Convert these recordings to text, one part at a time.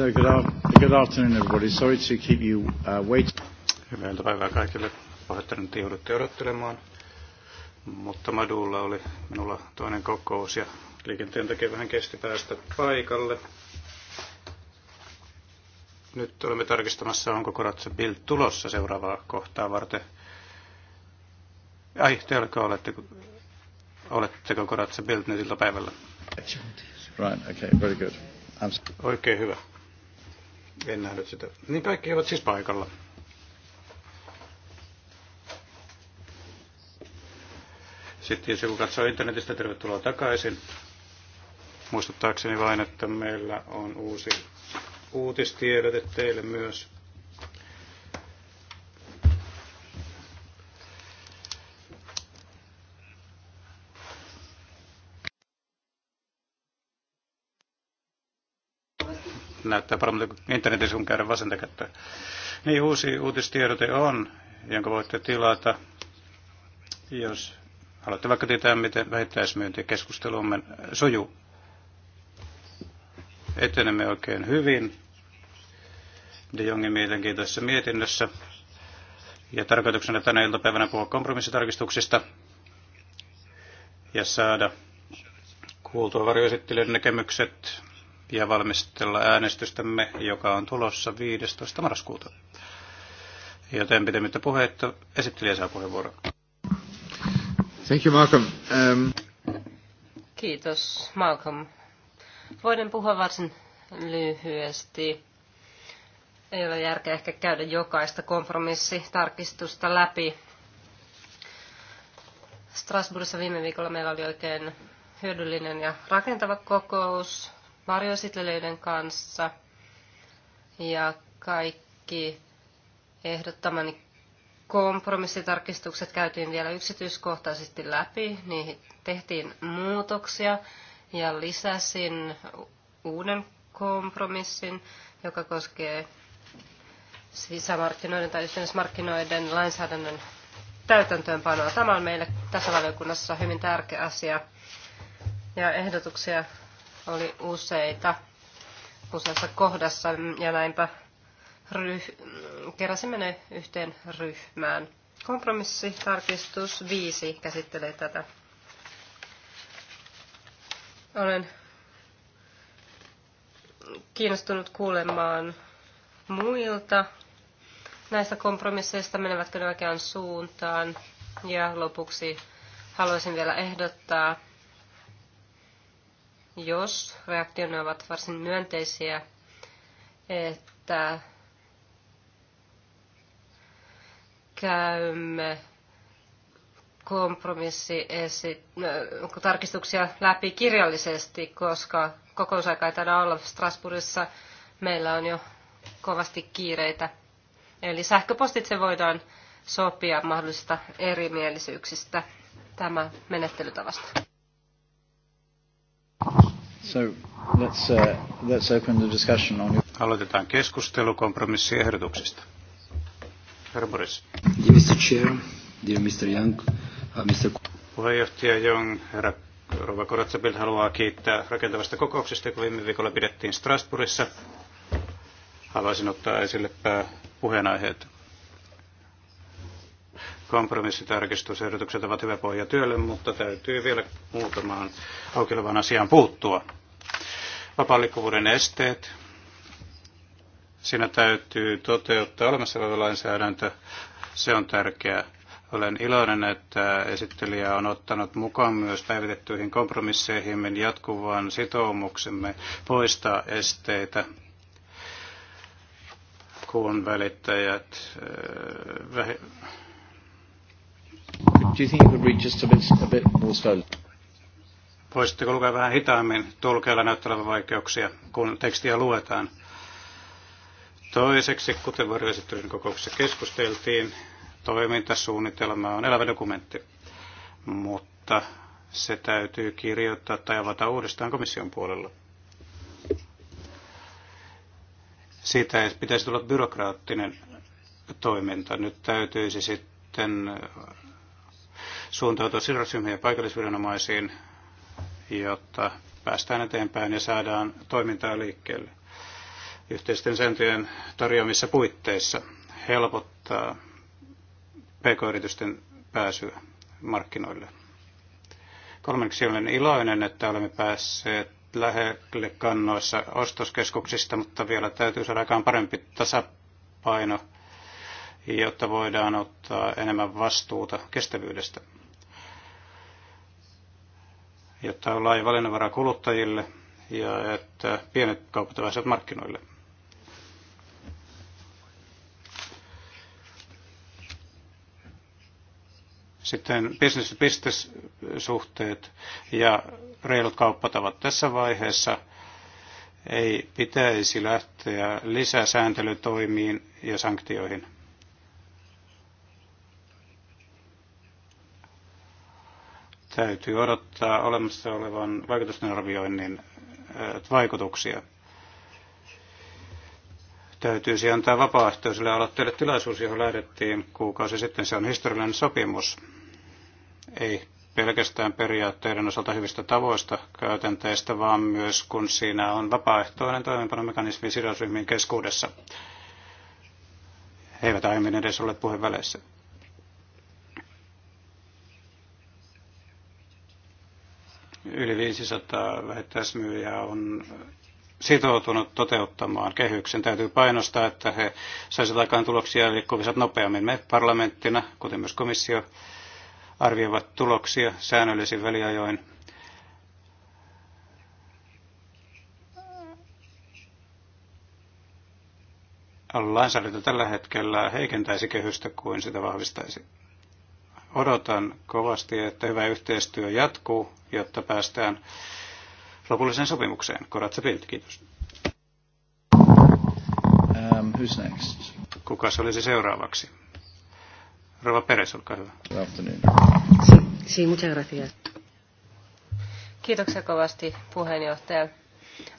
So good afternoon everybody. Sorry to keep you uh, waiting. Hyvää iltapäivää kaikille. Pahoittelen, että joudutte odottelemaan. Mutta Madulla oli minulla toinen kokous ja liikenteen takia vähän kesti päästä paikalle. Nyt olemme tarkistamassa, onko Koratsa Bild tulossa seuraavaa kohtaa varten. Ai, te olette, oletteko, oletteko Koratsa Bild nyt iltapäivällä? Right, okay, very good. Oikein hyvä. En nähnyt sitä. Niin kaikki ovat siis paikalla. Sitten jos joku katsoo internetistä, tervetuloa takaisin. Muistuttaakseni vain, että meillä on uusi uutistiedote teille myös. näyttää paremmin kuin internetissä, kun käydä vasenta kättä. Niin uusi uutistiedote on, jonka voitte tilata, jos haluatte vaikka tietää, miten vähittäismyynti keskustelumme sujuu. Etenemme oikein hyvin De Jongin mielenkiintoisessa mietinnössä. Ja tarkoituksena tänä iltapäivänä puhua kompromissitarkistuksista ja saada kuultua varjoesittelijöiden näkemykset ja valmistella äänestystämme, joka on tulossa 15. marraskuuta. Joten pitemmittä puheitta esittelijä saa puheenvuoron. Thank you, Malcolm. Um... Kiitos, Malcolm. Voin puhua varsin lyhyesti. Ei ole järkeä ehkä käydä jokaista kompromissitarkistusta läpi. Strasbourgissa viime viikolla meillä oli oikein hyödyllinen ja rakentava kokous varjoesittelijöiden kanssa ja kaikki ehdottamani kompromissitarkistukset käytiin vielä yksityiskohtaisesti läpi. Niihin tehtiin muutoksia ja lisäsin uuden kompromissin, joka koskee sisämarkkinoiden tai yhteismarkkinoiden lainsäädännön täytäntöönpanoa. Tämä on meille tässä valiokunnassa hyvin tärkeä asia. Ja ehdotuksia oli useita useassa kohdassa ja näinpä ryh- keräsimme ne yhteen ryhmään. Kompromissi tarkistus 5 käsittelee tätä. Olen kiinnostunut kuulemaan muilta näistä kompromisseista, menevätkö ne oikeaan suuntaan. Ja lopuksi haluaisin vielä ehdottaa, jos reaktionne ovat varsin myönteisiä, että käymme kompromissiesi, no, tarkistuksia läpi kirjallisesti, koska kokousaika ei taida olla Strasbourgissa. Meillä on jo kovasti kiireitä. Eli sähköpostitse voidaan sopia mahdollisista erimielisyyksistä tämä menettelytavasta. So, let's, uh, let's open the discussion on... Aloitetaan keskustelu kompromissiehdotuksesta. Herra Boris. Dear Mr. Chair, dear Mr. Young, uh, Mr. Puheenjohtaja Young, herra Rova Koratsabil haluaa kiittää rakentavasta kokouksesta, joka viime viikolla pidettiin Strasbourgissa. Haluaisin ottaa esille puheenaiheet Kompromissitarkistusehdotukset ovat hyvä pohja työlle, mutta täytyy vielä muutamaan aukilevan asiaan puuttua. Vapaan esteet. Siinä täytyy toteuttaa olemassa oleva lainsäädäntö. Se on tärkeää. Olen iloinen, että esittelijä on ottanut mukaan myös päivitettyihin kompromisseihin jatkuvan sitoumuksemme poistaa esteitä, kun välittäjät äh, Do you think you could read just a bit, a bit more slowly? Voisitteko lukea vähän hitaammin? Tulkeilla näyttää olevan vaikeuksia, kun tekstiä luetaan. Toiseksi, kuten varjoesittelyn kokouksessa keskusteltiin, toimintasuunnitelma on elävä dokumentti, mutta se täytyy kirjoittaa tai avata uudestaan komission puolella. Siitä ei pitäisi tulla byrokraattinen toiminta. Nyt täytyisi sitten suuntautua sidosryhmiin ja paikallisviranomaisiin, jotta päästään eteenpäin ja saadaan toimintaa liikkeelle yhteisten sääntöjen tarjoamissa puitteissa helpottaa pk-yritysten pääsyä markkinoille. Kolmanneksi olen iloinen, että olemme päässeet lähelle kannoissa ostoskeskuksista, mutta vielä täytyy saada aikaan parempi tasapaino, jotta voidaan ottaa enemmän vastuuta kestävyydestä jotta on laaja valinnanvara kuluttajille ja että pienet kaupat pääsevät markkinoille. Sitten business-to-business-suhteet ja reilut kauppatavat tässä vaiheessa ei pitäisi lähteä lisäsääntelytoimiin ja sanktioihin. täytyy odottaa olemassa olevan vaikutusten arvioinnin äh, vaikutuksia. Täytyisi antaa vapaaehtoisille aloitteille tilaisuus, johon lähdettiin kuukausi sitten. Se on historiallinen sopimus. Ei pelkästään periaatteiden osalta hyvistä tavoista käytänteistä, vaan myös kun siinä on vapaaehtoinen toimeenpanomekanismi sidosryhmien keskuudessa. He eivät aiemmin edes ole puheväleissä. Yli 500 vähittäismyyjää on sitoutunut toteuttamaan kehyksen. Täytyy painostaa, että he saisivat aikaan tuloksia ja liikkuvisat nopeammin. Me parlamenttina, kuten myös komissio, arvioivat tuloksia säännöllisin väliajoin. Lainsäädäntö tällä hetkellä heikentäisi kehystä kuin sitä vahvistaisi. Odotan kovasti, että hyvä yhteistyö jatkuu jotta päästään lopulliseen sopimukseen. Koratsa Bild, kiitos. Um, who's next? Kuka se olisi seuraavaksi? Rova Peres, olkaa hyvä. Good afternoon. muchas gracias. Kiitoksia kovasti puheenjohtaja.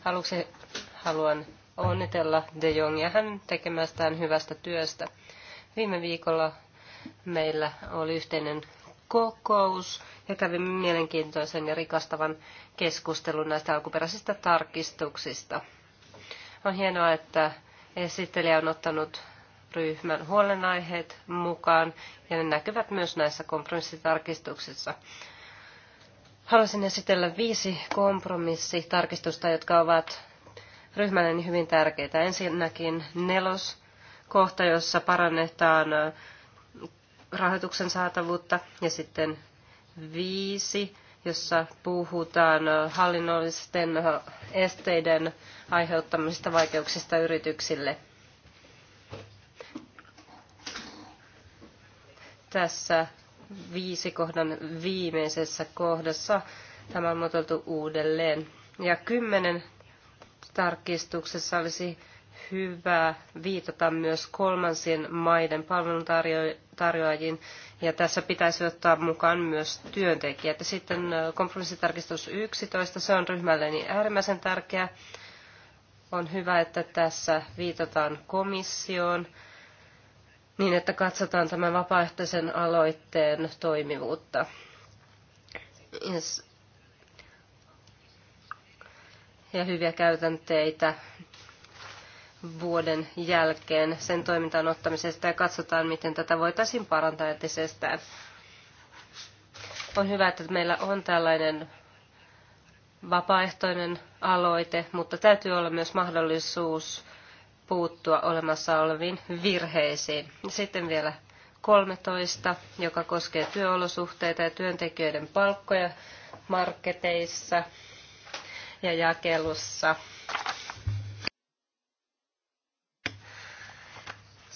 Aluksi haluan onnitella De Jongia hän tekemästään hyvästä työstä. Viime viikolla meillä oli yhteinen kokous ja kävimme mielenkiintoisen ja rikastavan keskustelun näistä alkuperäisistä tarkistuksista. On hienoa, että esittelijä on ottanut ryhmän huolenaiheet mukaan ja ne näkyvät myös näissä kompromissitarkistuksissa. Haluaisin esitellä viisi kompromissitarkistusta, jotka ovat ryhmälleni hyvin tärkeitä. Ensinnäkin nelos kohta, jossa parannetaan rahoituksen saatavuutta ja sitten viisi, jossa puhutaan hallinnollisten esteiden aiheuttamista vaikeuksista yrityksille. Tässä viisi kohdan viimeisessä kohdassa tämä on muotoiltu uudelleen. Ja kymmenen tarkistuksessa olisi hyvä viitata myös kolmansien maiden palveluntarjoajiin, ja tässä pitäisi ottaa mukaan myös työntekijät. Ja sitten kompromissitarkistus 11, se on ryhmälleni äärimmäisen tärkeä. On hyvä, että tässä viitataan komissioon niin, että katsotaan tämän vapaaehtoisen aloitteen toimivuutta. Yes ja hyviä käytänteitä vuoden jälkeen sen toimintaan ottamisesta ja katsotaan, miten tätä voitaisiin parantaa entisestään. On hyvä, että meillä on tällainen vapaaehtoinen aloite, mutta täytyy olla myös mahdollisuus puuttua olemassa oleviin virheisiin. Sitten vielä 13, joka koskee työolosuhteita ja työntekijöiden palkkoja marketeissa ja jakelussa.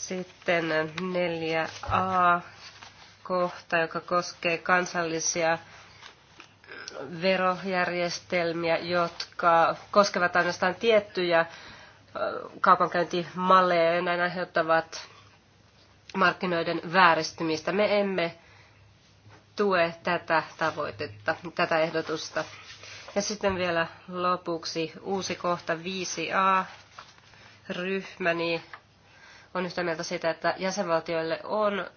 Sitten 4a kohta, joka koskee kansallisia verojärjestelmiä, jotka koskevat ainoastaan tiettyjä kaupankäyntimalleja ja näin aiheuttavat markkinoiden vääristymistä. Me emme tue tätä tavoitetta, tätä ehdotusta. Ja sitten vielä lopuksi uusi kohta 5a, ryhmäni on yhtä mieltä siitä, että jäsenvaltioille on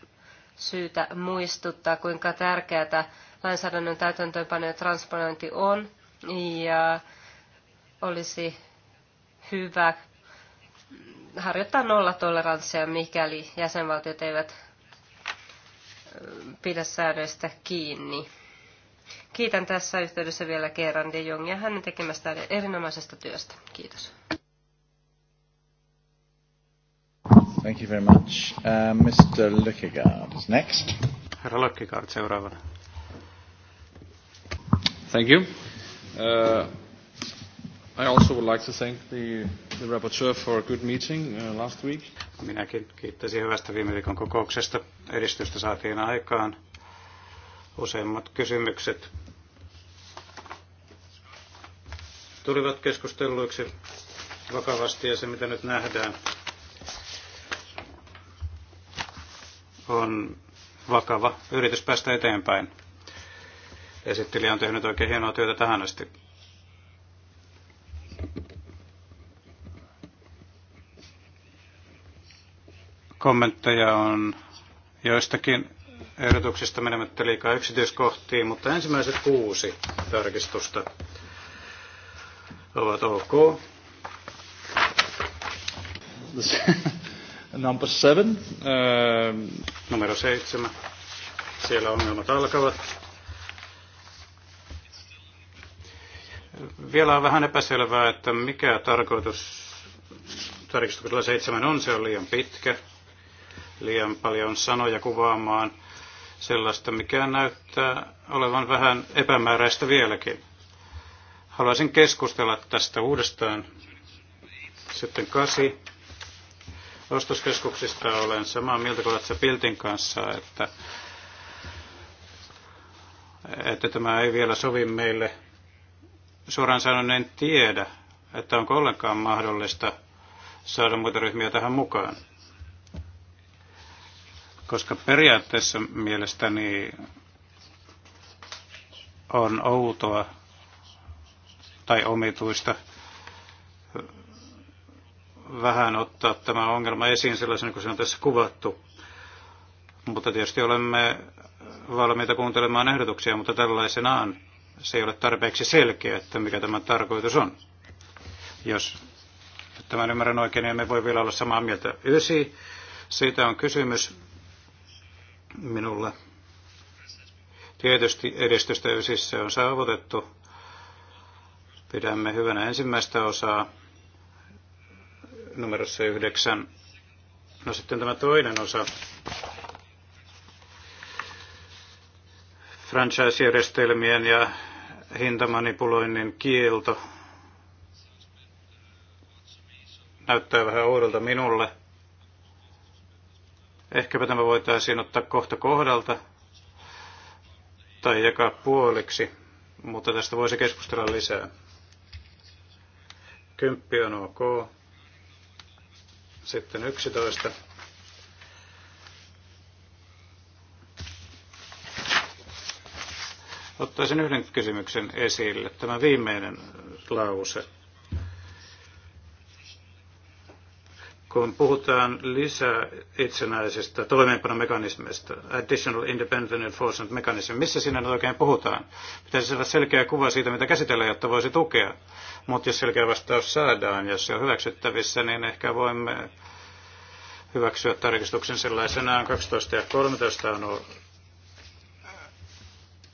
syytä muistuttaa, kuinka tärkeää lainsäädännön täytäntöönpano ja transponointi on. Ja olisi hyvä harjoittaa nollatoleranssia, mikäli jäsenvaltiot eivät pidä säädöistä kiinni. Kiitän tässä yhteydessä vielä kerran De Jongia hänen tekemästään erinomaisesta työstä. Kiitos. Uh, Herra Lückegaard seuraavana. Thank you. Uh, I also would like to thank the, the rapporteur for a good meeting uh, last week. Minäkin kiittäisin hyvästä viime viikon kokouksesta. Edistystä saatiin aikaan. Useimmat kysymykset tulivat keskustelluiksi vakavasti ja se mitä nyt nähdään on vakava yritys päästä eteenpäin. Esittelijä on tehnyt oikein hienoa työtä tähän asti. Kommentteja on joistakin ehdotuksista menemättä liikaa yksityiskohtiin, mutta ensimmäiset kuusi tarkistusta ovat ok. Number seven. Uh... Numero seitsemän. Siellä ongelmat alkavat. Vielä on vähän epäselvää, että mikä tarkoitus tarkistuksella seitsemän on. Se on liian pitkä, liian paljon sanoja kuvaamaan sellaista, mikä näyttää olevan vähän epämääräistä vieläkin. Haluaisin keskustella tästä uudestaan. Sitten kasi ostoskeskuksista olen samaa mieltä Kolatsa Piltin kanssa, että, että tämä ei vielä sovi meille. Suoraan sanoen en tiedä, että onko ollenkaan mahdollista saada muita ryhmiä tähän mukaan. Koska periaatteessa mielestäni on outoa tai omituista, vähän ottaa tämä ongelma esiin sellaisena kuin se on tässä kuvattu. Mutta tietysti olemme valmiita kuuntelemaan ehdotuksia, mutta tällaisenaan se ei ole tarpeeksi selkeä, että mikä tämä tarkoitus on. Jos tämän ymmärrän oikein, niin me voi vielä olla samaa mieltä. Ysi, siitä on kysymys minulle. Tietysti edistystä ysissä on saavutettu. Pidämme hyvänä ensimmäistä osaa, numerossa yhdeksän. No sitten tämä toinen osa. Franchise-järjestelmien ja hintamanipuloinnin kielto näyttää vähän oudolta minulle. Ehkäpä tämä voitaisiin ottaa kohta kohdalta tai jakaa puoliksi, mutta tästä voisi keskustella lisää. Kymppi on ok. Sitten 11. Ottaisin yhden kysymyksen esille. Tämä viimeinen lause – kun puhutaan lisää itsenäisestä toimeenpanomekanismista, additional independent enforcement mechanism, missä siinä nyt oikein puhutaan? Pitäisi olla selkeä kuva siitä, mitä käsitellään, jotta voisi tukea. Mutta jos selkeä vastaus saadaan, jos se on hyväksyttävissä, niin ehkä voimme hyväksyä tarkistuksen sellaisenaan. 12 ja 13 on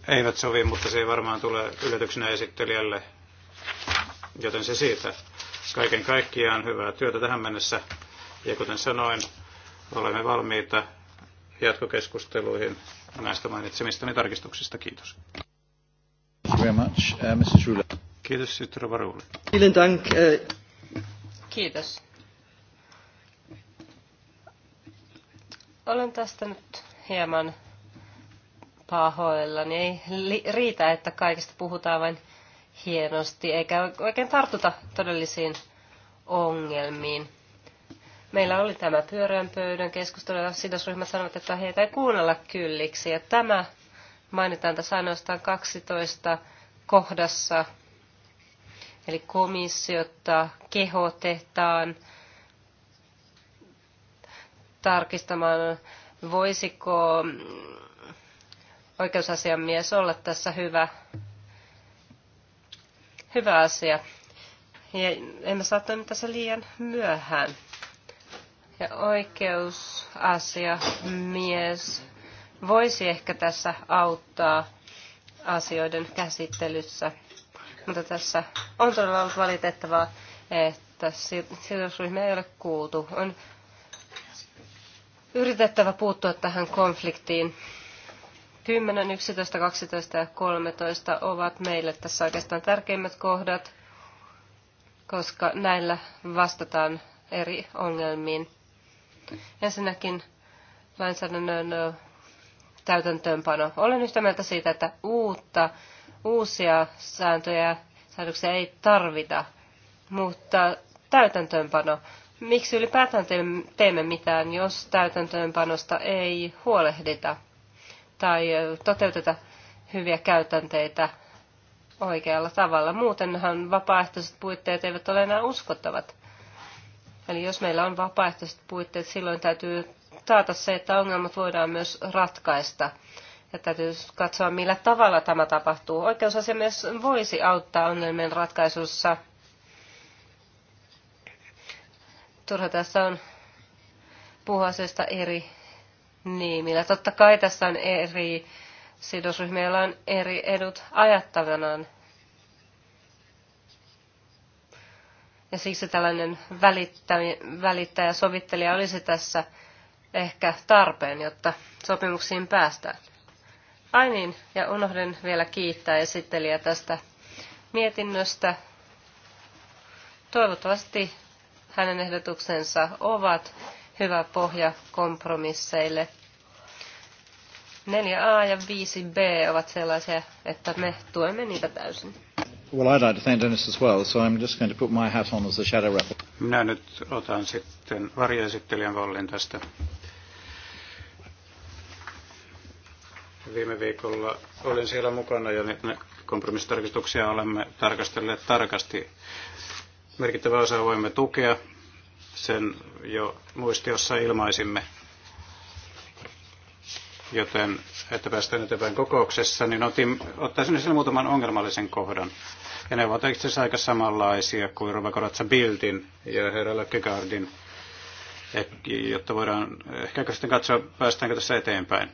eivät sovi, mutta se ei varmaan tule yllätyksenä esittelijälle, joten se siitä. Kaiken kaikkiaan hyvää työtä tähän mennessä. Ja kuten sanoin, olemme valmiita jatkokeskusteluihin näistä mainitsemistani tarkistuksista. Kiitos. Very much. Uh, Mrs. Kiitos, Sitrova Ruuli. Vielen Dank. Uh, Kiitos. Olen tästä nyt hieman pahoillani. Ei riitä, että kaikista puhutaan vain hienosti, eikä oikein tartuta todellisiin ongelmiin. Meillä oli tämä pyörän pöydän keskustelu, ja sidosryhmä sanoi, että heitä ei kuunnella kylliksi. Ja tämä mainitaan tässä ainoastaan 12 kohdassa, eli komissiota kehotetaan tarkistamaan, voisiko oikeusasiamies olla tässä hyvä, hyvä asia. Ja emme saa toimia se liian myöhään ja oikeusasiamies voisi ehkä tässä auttaa asioiden käsittelyssä. Mutta tässä on todella ollut valitettavaa, että sidosryhmä ei ole kuultu. On yritettävä puuttua tähän konfliktiin. 10, 11, 12 ja 13 ovat meille tässä oikeastaan tärkeimmät kohdat, koska näillä vastataan eri ongelmiin. Ensinnäkin lainsäädännön täytäntöönpano. Olen yhtä mieltä siitä, että uutta, uusia sääntöjä säädöksiä ei tarvita, mutta täytäntöönpano. Miksi ylipäätään teemme mitään, jos täytäntöönpanosta ei huolehdita tai toteuteta hyviä käytänteitä oikealla tavalla? Muutenhan vapaaehtoiset puitteet eivät ole enää uskottavat. Eli jos meillä on vapaaehtoiset puitteet, silloin täytyy taata se, että ongelmat voidaan myös ratkaista. Ja täytyy katsoa, millä tavalla tämä tapahtuu. Oikeusasiamies voisi auttaa ongelmien ratkaisussa. Turha tässä on puhua eri nimillä. Totta kai tässä on eri sidosryhmillä on eri edut ajattavanaan Ja siksi tällainen välittäjä, välittäjä sovittelija olisi tässä ehkä tarpeen, jotta sopimuksiin päästään. Ai niin, ja unohdin vielä kiittää esittelijä tästä mietinnöstä. Toivottavasti hänen ehdotuksensa ovat hyvä pohja kompromisseille. 4a ja 5b ovat sellaisia, että me tuemme niitä täysin. Well, I'd like to thank Dennis as well, so I'm just going to put my hat on as the shadow rapper. Minä nyt otan sitten varjoesittelijän vallin tästä. Viime viikolla olin siellä mukana ja nyt ne kompromissitarkistuksia olemme tarkastelleet tarkasti. Merkittävä osa voimme tukea, sen jo muistiossa ilmaisimme joten että päästään eteenpäin kokouksessa, niin otin, ottaisin esille muutaman ongelmallisen kohdan. Ja ne ovat itse asiassa aika samanlaisia kuin Rovakoratsa Bildin ja herra Lökkegaardin, jotta voidaan ehkä sitten katsoa, päästäänkö tässä eteenpäin.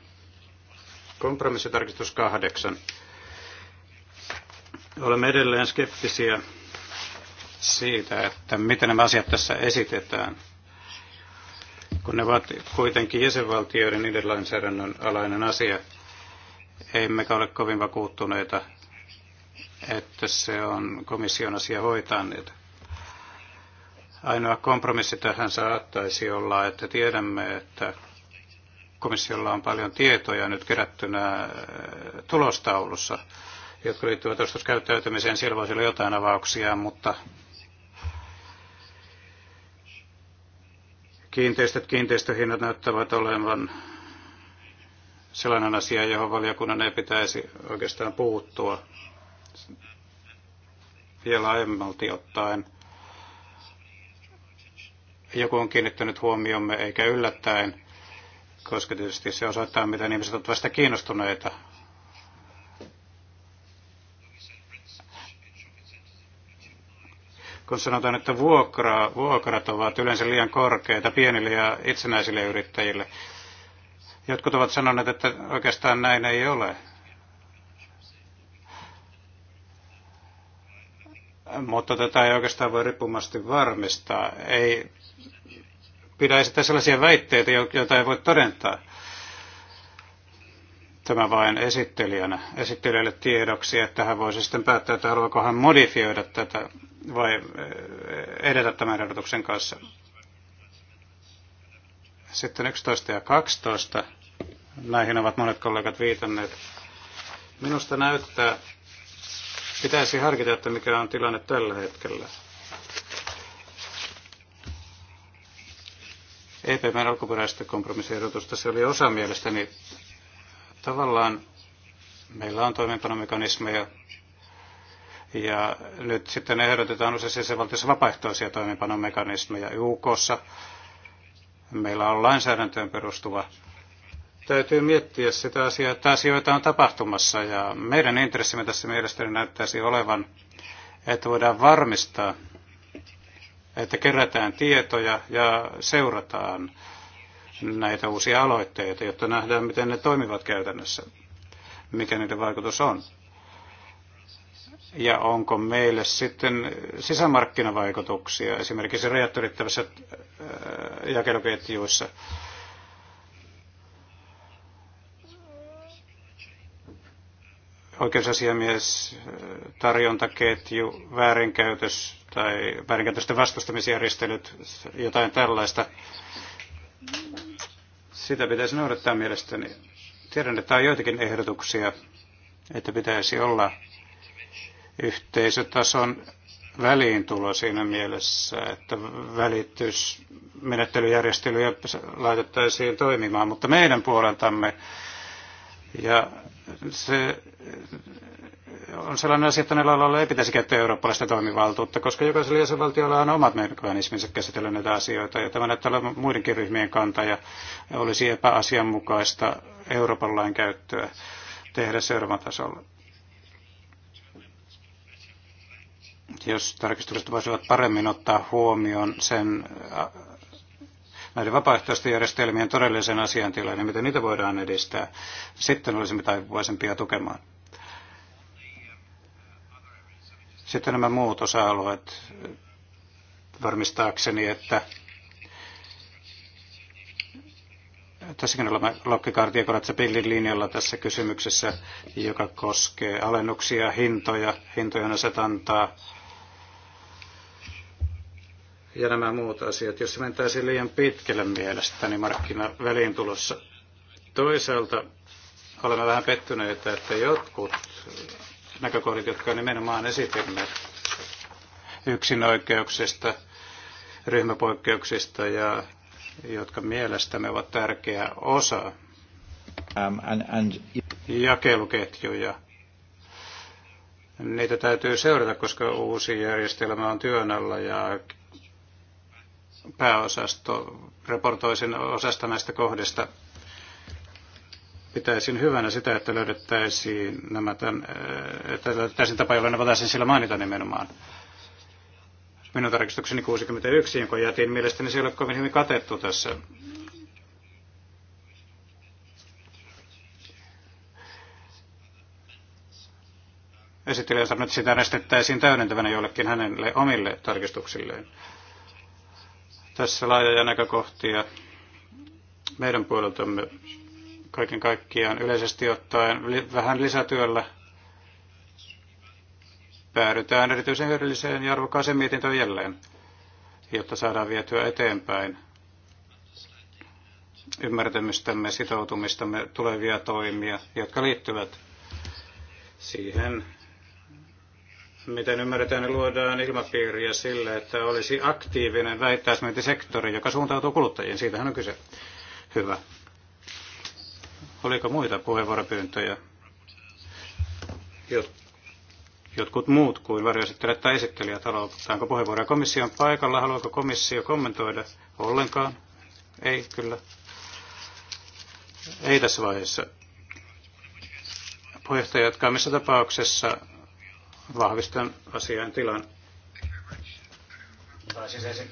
Kompromissitarkistus kahdeksan. Olemme edelleen skeptisiä siitä, että miten nämä asiat tässä esitetään – kun ne ovat kuitenkin jäsenvaltioiden niiden lainsäädännön alainen asia. Emmekä ole kovin vakuuttuneita, että se on komission asia hoitaa niitä. Ainoa kompromissi tähän saattaisi olla, että tiedämme, että komissiolla on paljon tietoja nyt kerättynä äh, tulostaulussa, jotka liittyvät ostoskäyttäytymiseen. Siellä voisi olla jotain avauksia, mutta Kiinteistöt, kiinteistöhinnat näyttävät olevan sellainen asia, johon valiokunnan ei pitäisi oikeastaan puuttua vielä laajemmalti ottaen. Joku on kiinnittänyt huomiomme eikä yllättäen, koska tietysti se osoittaa, miten ihmiset ovat vasta kiinnostuneita kun sanotaan, että vuokra, vuokrat ovat yleensä liian korkeita pienille ja itsenäisille yrittäjille. Jotkut ovat sanoneet, että oikeastaan näin ei ole. Mutta tätä ei oikeastaan voi riippumasti varmistaa. Ei pidä esittää sellaisia väitteitä, joita ei voi todentaa. Tämä vain esittelijänä, esittelijälle tiedoksi, että hän voisi sitten päättää, että haluaako hän modifioida tätä vai edetä eh, tämän ehdotuksen kanssa. Sitten 11 ja 12. Näihin ovat monet kollegat viitanneet. Minusta näyttää, pitäisi harkita, että mikä on tilanne tällä hetkellä. EPMn alkuperäistä kompromissiehdotusta, se oli osa mielestäni. Tavallaan meillä on toimeenpanomekanismeja, ja nyt sitten ehdotetaan useissa jäsenvaltioissa vapaaehtoisia toimeenpanomekanismeja YKssa. Meillä on lainsäädäntöön perustuva. Täytyy miettiä sitä asiaa, että asioita on tapahtumassa ja meidän intressimme tässä mielestäni näyttäisi olevan, että voidaan varmistaa, että kerätään tietoja ja seurataan näitä uusia aloitteita, jotta nähdään, miten ne toimivat käytännössä, mikä niiden vaikutus on. Ja onko meille sitten sisämarkkinavaikutuksia esimerkiksi rajat äh, jakeluketjuissa? oikeusasiamies, äh, tarjontaketju, väärinkäytös tai väärinkäytösten vastustamisjärjestelyt, jotain tällaista. Sitä pitäisi noudattaa mielestäni. Tiedän, että on joitakin ehdotuksia, että pitäisi olla yhteisötason väliintulo siinä mielessä, että välitysmenettelyjärjestelyjä laitettaisiin toimimaan, mutta meidän puoleltamme ja se on sellainen asia, että näillä aloilla ei pitäisi käyttää eurooppalaista toimivaltuutta, koska jokaisella jäsenvaltiolla on omat mekanisminsa käsitellä näitä asioita, ja tämä näyttää olevan muidenkin ryhmien kanta, ja olisi epäasianmukaista Euroopan lain käyttöä tehdä seuraavan tasolla. jos tarkistukset voisivat paremmin ottaa huomioon sen äh, näiden vapaaehtoisten järjestelmien todellisen asiantilan ja miten niitä voidaan edistää, sitten olisimme taipuvaisempia tukemaan. Sitten nämä muut osa-alueet varmistaakseni, että tässäkin olemme Lokkikaarti ja Koratsapillin linjalla tässä kysymyksessä, joka koskee alennuksia, hintoja, hintojen asetantaa, ja nämä muut asiat, jos mentäisiin liian pitkälle mielestäni markkinaväliin tulossa. Toisaalta olemme vähän pettyneitä, että jotkut näkökohdat, jotka on nimenomaan esitimme yksinoikeuksista, ryhmäpoikkeuksista ja jotka mielestämme ovat tärkeä osa um, and, and... jakeluketjuja. Niitä täytyy seurata, koska uusi järjestelmä on työn alla ja pääosasto raportoi sen osasta näistä kohdista. Pitäisin hyvänä sitä, että löydettäisiin nämä tämän, äh, että löydettäisiin tapa, jolla ne voitaisiin sillä mainita nimenomaan. Minun tarkistukseni 61, jonka jätin, mielestäni se ei ole kovin hyvin katettu tässä esittelijä sanoi, että sitä äänestettäisiin täydentävänä jollekin hänelle omille tarkistuksilleen. Tässä laajoja näkökohtia meidän puoleltamme kaiken kaikkiaan yleisesti ottaen vähän lisätyöllä päädytään erityisen hyödylliseen ja arvokkaaseen mietintöön jälleen, jotta saadaan vietyä eteenpäin ymmärtämystämme, sitoutumistamme, tulevia toimia, jotka liittyvät siihen miten ymmärretään niin luodaan ilmapiiriä sille, että olisi aktiivinen väittäismyyntisektori, joka suuntautuu kuluttajiin. Siitähän on kyse. Hyvä. Oliko muita puheenvuoropyyntöjä? Jotkut muut kuin varjoesittelijät tai esittelijät, aloitetaanko puheenvuoroja komission paikalla? Haluaako komissio kommentoida ollenkaan? Ei, kyllä. Ei tässä vaiheessa. Puheenjohtaja jatkaa missä tapauksessa Vahvistan asian tilan. Siis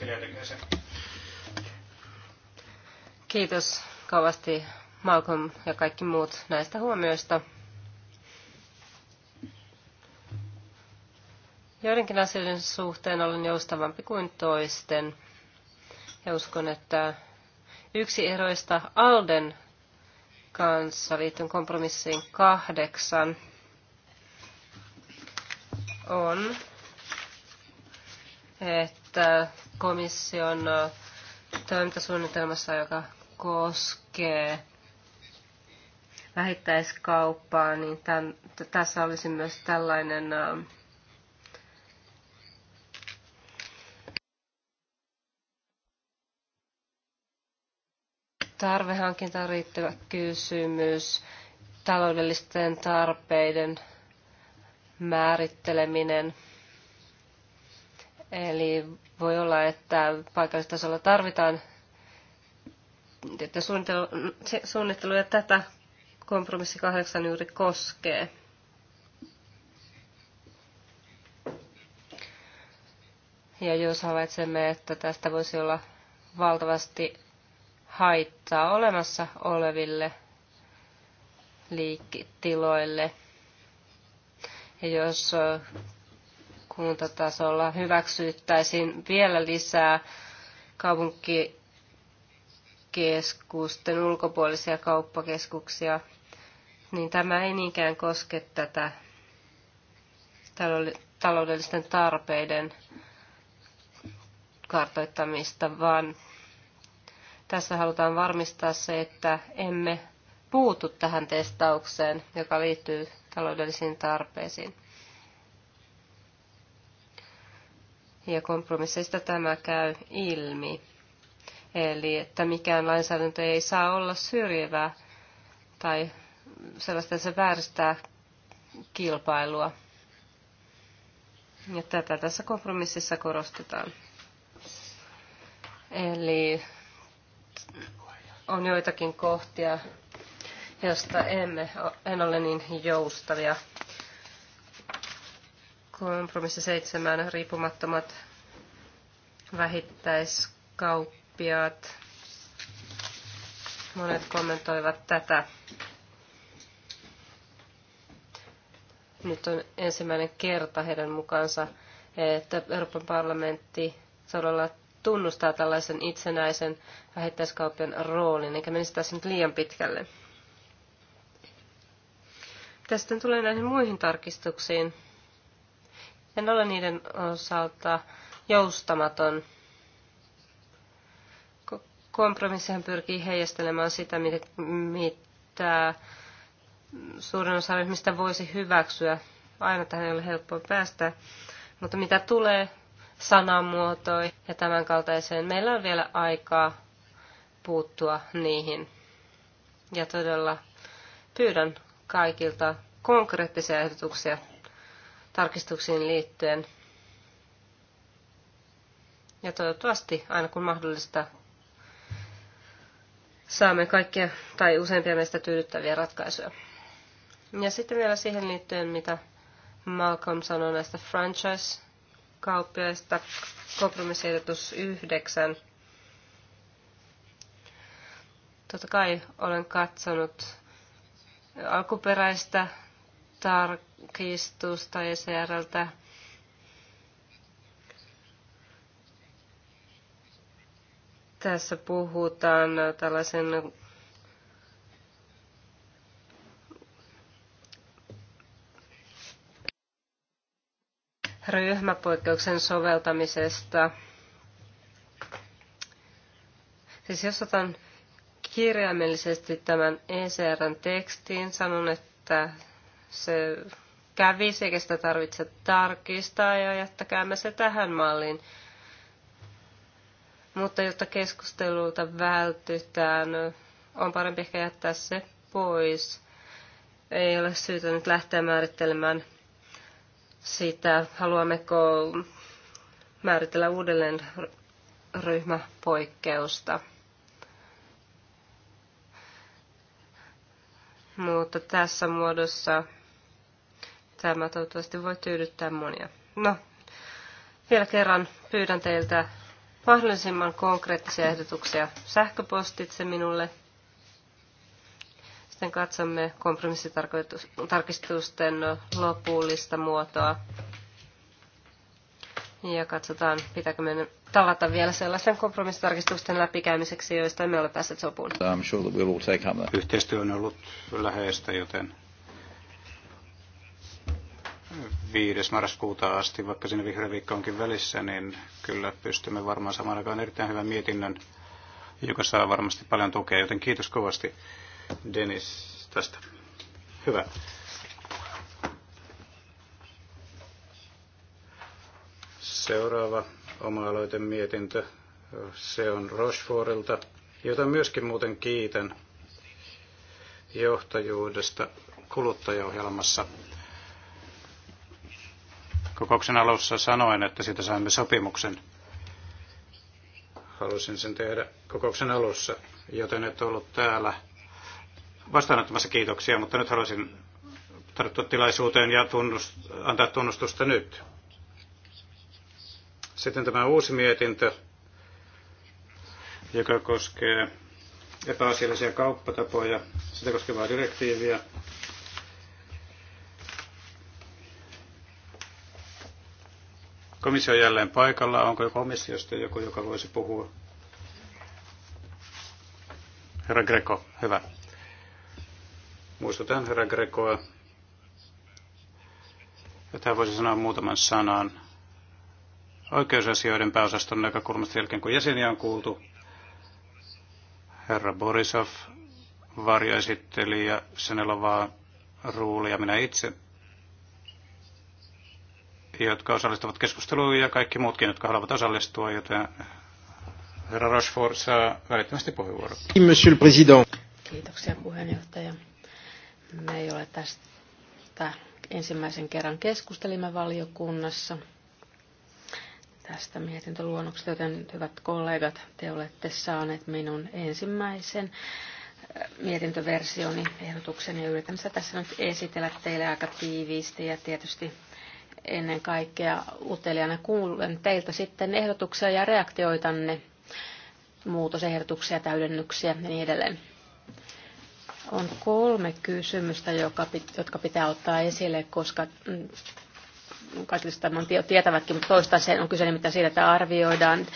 Kiitos kovasti Malcolm ja kaikki muut näistä huomioista. Joidenkin asioiden suhteen olen joustavampi kuin toisten. Ja uskon, että yksi eroista Alden kanssa liittyen kompromissiin kahdeksan – on, että komission toimintasuunnitelmassa, joka koskee vähittäiskauppaa, niin tämän, tässä olisi myös tällainen ähm, tarvehankintaan riittävä kysymys, taloudellisten tarpeiden määritteleminen. Eli voi olla, että paikallistasolla tarvitaan että suunnittelu, suunnittelu ja tätä kompromissi kahdeksan juuri koskee. Ja jos havaitsemme, että tästä voisi olla valtavasti haittaa olemassa oleville liikkitiloille, jos kuntatasolla hyväksyttäisiin vielä lisää kaupunkikeskusten ulkopuolisia kauppakeskuksia, niin tämä ei niinkään koske tätä taloudellisten tarpeiden kartoittamista, vaan tässä halutaan varmistaa se, että emme puutu tähän testaukseen, joka liittyy taloudellisiin tarpeisiin. Ja kompromisseista tämä käy ilmi. Eli että mikään lainsäädäntö ei saa olla syrjivää tai sellaista, että se vääristää kilpailua. Ja tätä tässä kompromississa korostetaan. Eli on joitakin kohtia, josta emme, en ole niin joustavia. Kompromissi seitsemän, riippumattomat vähittäiskauppiaat. Monet kommentoivat tätä. Nyt on ensimmäinen kerta heidän mukaansa, että Euroopan parlamentti todella tunnustaa tällaisen itsenäisen vähittäiskaupan roolin, eikä menisi tässä nyt liian pitkälle. Mitä sitten tulee näihin muihin tarkistuksiin? En ole niiden osalta joustamaton. Kompromissihan pyrkii heijastelemaan sitä, mitä suurin osa ryhmistä voisi hyväksyä. Aina tähän ei ole helppoa päästä. Mutta mitä tulee sanamuotoihin ja tämän kaltaiseen, meillä on vielä aikaa puuttua niihin. Ja todella pyydän kaikilta konkreettisia ehdotuksia tarkistuksiin liittyen. Ja toivottavasti aina kun mahdollista saamme kaikkia tai useampia meistä tyydyttäviä ratkaisuja. Ja sitten vielä siihen liittyen, mitä Malcolm sanoi näistä franchise-kauppiaista, kompromissiehdotus 9. Totta kai olen katsonut alkuperäistä tarkistusta ECRltä. Tässä puhutaan tällaisen ryhmäpoikkeuksen soveltamisesta. Siis jos otan kirjaimellisesti tämän ECRn tekstin. Sanon, että se kävi, eikä sitä tarvitse tarkistaa ja jättäkäämme se tähän malliin. Mutta jotta keskustelulta vältytään, on parempi ehkä jättää se pois. Ei ole syytä nyt lähteä määrittelemään sitä, haluammeko määritellä uudelleen ryhmäpoikkeusta. mutta tässä muodossa tämä toivottavasti voi tyydyttää monia. No, vielä kerran pyydän teiltä mahdollisimman konkreettisia ehdotuksia sähköpostitse minulle. Sitten katsomme kompromissitarkistusten lopullista muotoa ja katsotaan, pitääkö meidän tavata vielä sellaisen kompromissitarkistusten läpikäymiseksi, joista emme ole päässeet sopuun. Yhteistyö on ollut läheistä, joten 5. marraskuuta asti, vaikka sinne vihreä viikko onkin välissä, niin kyllä pystymme varmaan samaan aikaan erittäin hyvän mietinnön, joka saa varmasti paljon tukea. Joten kiitos kovasti Dennis tästä. Hyvä. Seuraava oma-aloitemietintö. Se on Rochefortilta, jota myöskin muuten kiitän johtajuudesta kuluttajaohjelmassa. Kokouksen alussa sanoin, että siitä saimme sopimuksen. Halusin sen tehdä kokouksen alussa, joten et ollut täällä vastaanottamassa kiitoksia, mutta nyt haluaisin tarttua tilaisuuteen ja tunnust, antaa tunnustusta nyt. Sitten tämä uusi mietintö, joka koskee epäasiallisia kauppatapoja, sitä koskevaa direktiiviä. Komissio on jälleen paikalla. Onko jo komissiosta joku, joka voisi puhua? Herra Greco, hyvä. Muistutan herra Grecoa, että hän voisi sanoa muutaman sanan oikeusasioiden pääosaston näkökulmasta jälkeen, kun jäseniä on kuultu. Herra Borisov, ja Senelovaa, Ruuli ja minä itse, jotka osallistuvat keskusteluun ja kaikki muutkin, jotka haluavat osallistua, joten herra Rochefort saa välittömästi puheenvuoron. Monsieur le Président. Kiitoksia puheenjohtaja. Me ei ole tästä ensimmäisen kerran keskustelimme valiokunnassa tästä mietintöluonnoksesta, joten hyvät kollegat, te olette saaneet minun ensimmäisen äh, mietintöversioni ehdotuksen ja yritän sitä tässä nyt esitellä teille aika tiiviisti ja tietysti ennen kaikkea uteliaana kuulen teiltä sitten ehdotuksia ja reaktioitanne, muutosehdotuksia, täydennyksiä ja niin edelleen. On kolme kysymystä, jotka pitää ottaa esille, koska mm, kaikille tämän tietävätkin, mutta toistaiseen on kyse nimittäin siitä, että arvioidaan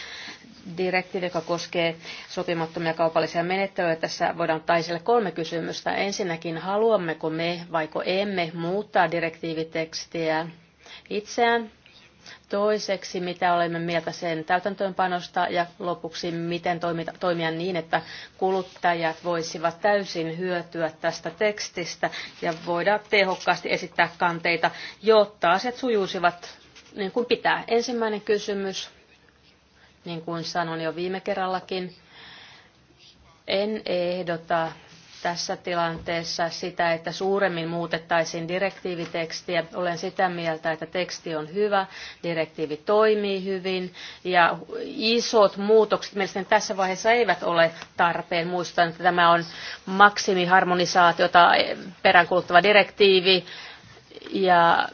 direktiivi, joka koskee sopimattomia kaupallisia menettelyjä. Tässä voidaan ottaa esille kolme kysymystä. Ensinnäkin, haluammeko me vaiko emme muuttaa direktiivitekstiä itseään Toiseksi, mitä olemme mieltä sen täytäntöönpanosta ja lopuksi, miten toimia niin, että kuluttajat voisivat täysin hyötyä tästä tekstistä ja voidaan tehokkaasti esittää kanteita, jotta asiat sujuisivat niin kuin pitää. Ensimmäinen kysymys, niin kuin sanoin jo viime kerrallakin, en ehdota tässä tilanteessa sitä, että suuremmin muutettaisiin direktiivitekstiä. Olen sitä mieltä, että teksti on hyvä, direktiivi toimii hyvin ja isot muutokset mielestäni tässä vaiheessa eivät ole tarpeen. Muistan, että tämä on maksimiharmonisaatiota peräänkuuluttava direktiivi ja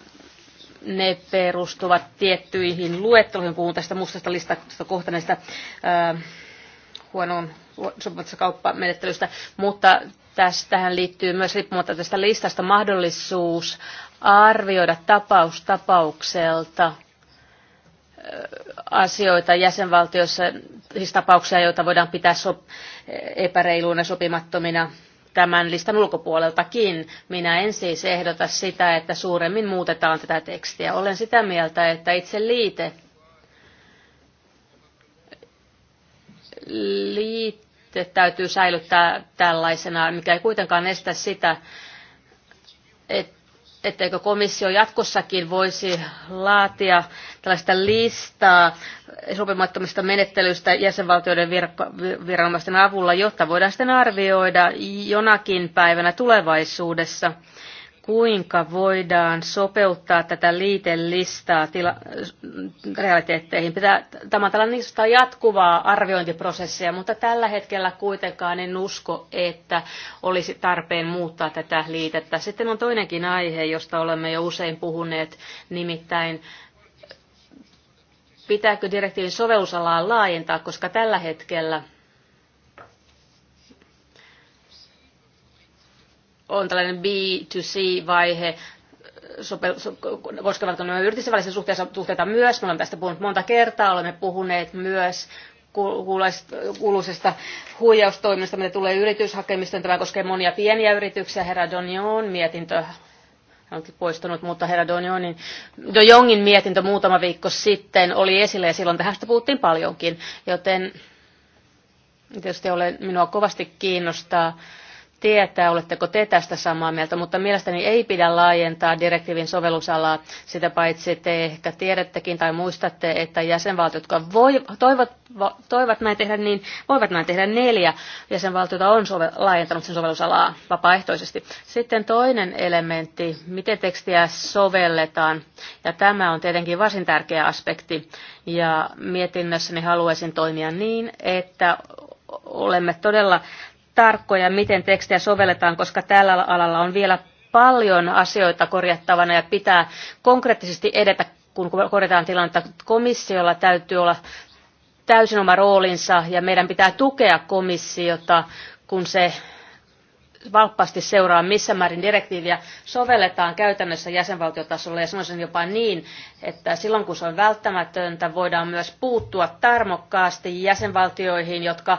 ne perustuvat tiettyihin luetteluihin, puhun tästä mustasta listasta kohta näistä ää, huonoon sopimuksessa kauppamenettelystä, mutta tähän liittyy myös riippumatta tästä listasta mahdollisuus arvioida tapaus tapaukselta asioita jäsenvaltioissa, siis tapauksia, joita voidaan pitää sop- epäreiluina sopimattomina tämän listan ulkopuoleltakin. Minä en siis ehdota sitä, että suuremmin muutetaan tätä tekstiä. Olen sitä mieltä, että itse liite liitte täytyy säilyttää tällaisena, mikä ei kuitenkaan estä sitä, että etteikö komissio jatkossakin voisi laatia tällaista listaa sopimattomista menettelyistä jäsenvaltioiden viranomaisten avulla, jotta voidaan sitten arvioida jonakin päivänä tulevaisuudessa – kuinka voidaan sopeuttaa tätä liitelistaa tila- realiteetteihin. Pitää, tämä on tällainen niin jatkuvaa arviointiprosessia, mutta tällä hetkellä kuitenkaan en usko, että olisi tarpeen muuttaa tätä liitettä. Sitten on toinenkin aihe, josta olemme jo usein puhuneet, nimittäin pitääkö direktiivin sovellusalaa laajentaa, koska tällä hetkellä – on tällainen B2C-vaihe, koskevatko nämä yritysten välisiä suhteita, suhteita myös. Me olemme tästä puhunut monta kertaa, olemme puhuneet myös kuuluisesta huijaustoiminnasta, mitä tulee yrityshakemistoon. Tämä koskee monia pieniä yrityksiä. Herra Donion mietintö onkin poistunut, mutta herra Donjonin, Dojongin mietintö muutama viikko sitten oli esille ja silloin tähän puhuttiin paljonkin, joten tietysti olen, minua kovasti kiinnostaa tietää, oletteko te tästä samaa mieltä, mutta mielestäni ei pidä laajentaa direktiivin sovellusalaa. Sitä paitsi te ehkä tiedättekin tai muistatte, että jäsenvaltiot, jotka voi, toivat, toivat näin tehdä, niin voivat näin tehdä neljä jäsenvaltiota on sove, laajentanut sen sovellusalaa vapaaehtoisesti. Sitten toinen elementti, miten tekstiä sovelletaan, ja tämä on tietenkin varsin tärkeä aspekti, ja mietinnössäni haluaisin toimia niin, että olemme todella tarkkoja, miten tekstiä sovelletaan, koska tällä alalla on vielä paljon asioita korjattavana ja pitää konkreettisesti edetä, kun korjataan tilannetta. Komissiolla täytyy olla täysin oma roolinsa ja meidän pitää tukea komissiota, kun se valppaasti seuraa, missä määrin direktiiviä sovelletaan käytännössä jäsenvaltiotasolla, ja sanoisin jopa niin, että silloin kun se on välttämätöntä, voidaan myös puuttua tarmokkaasti jäsenvaltioihin, jotka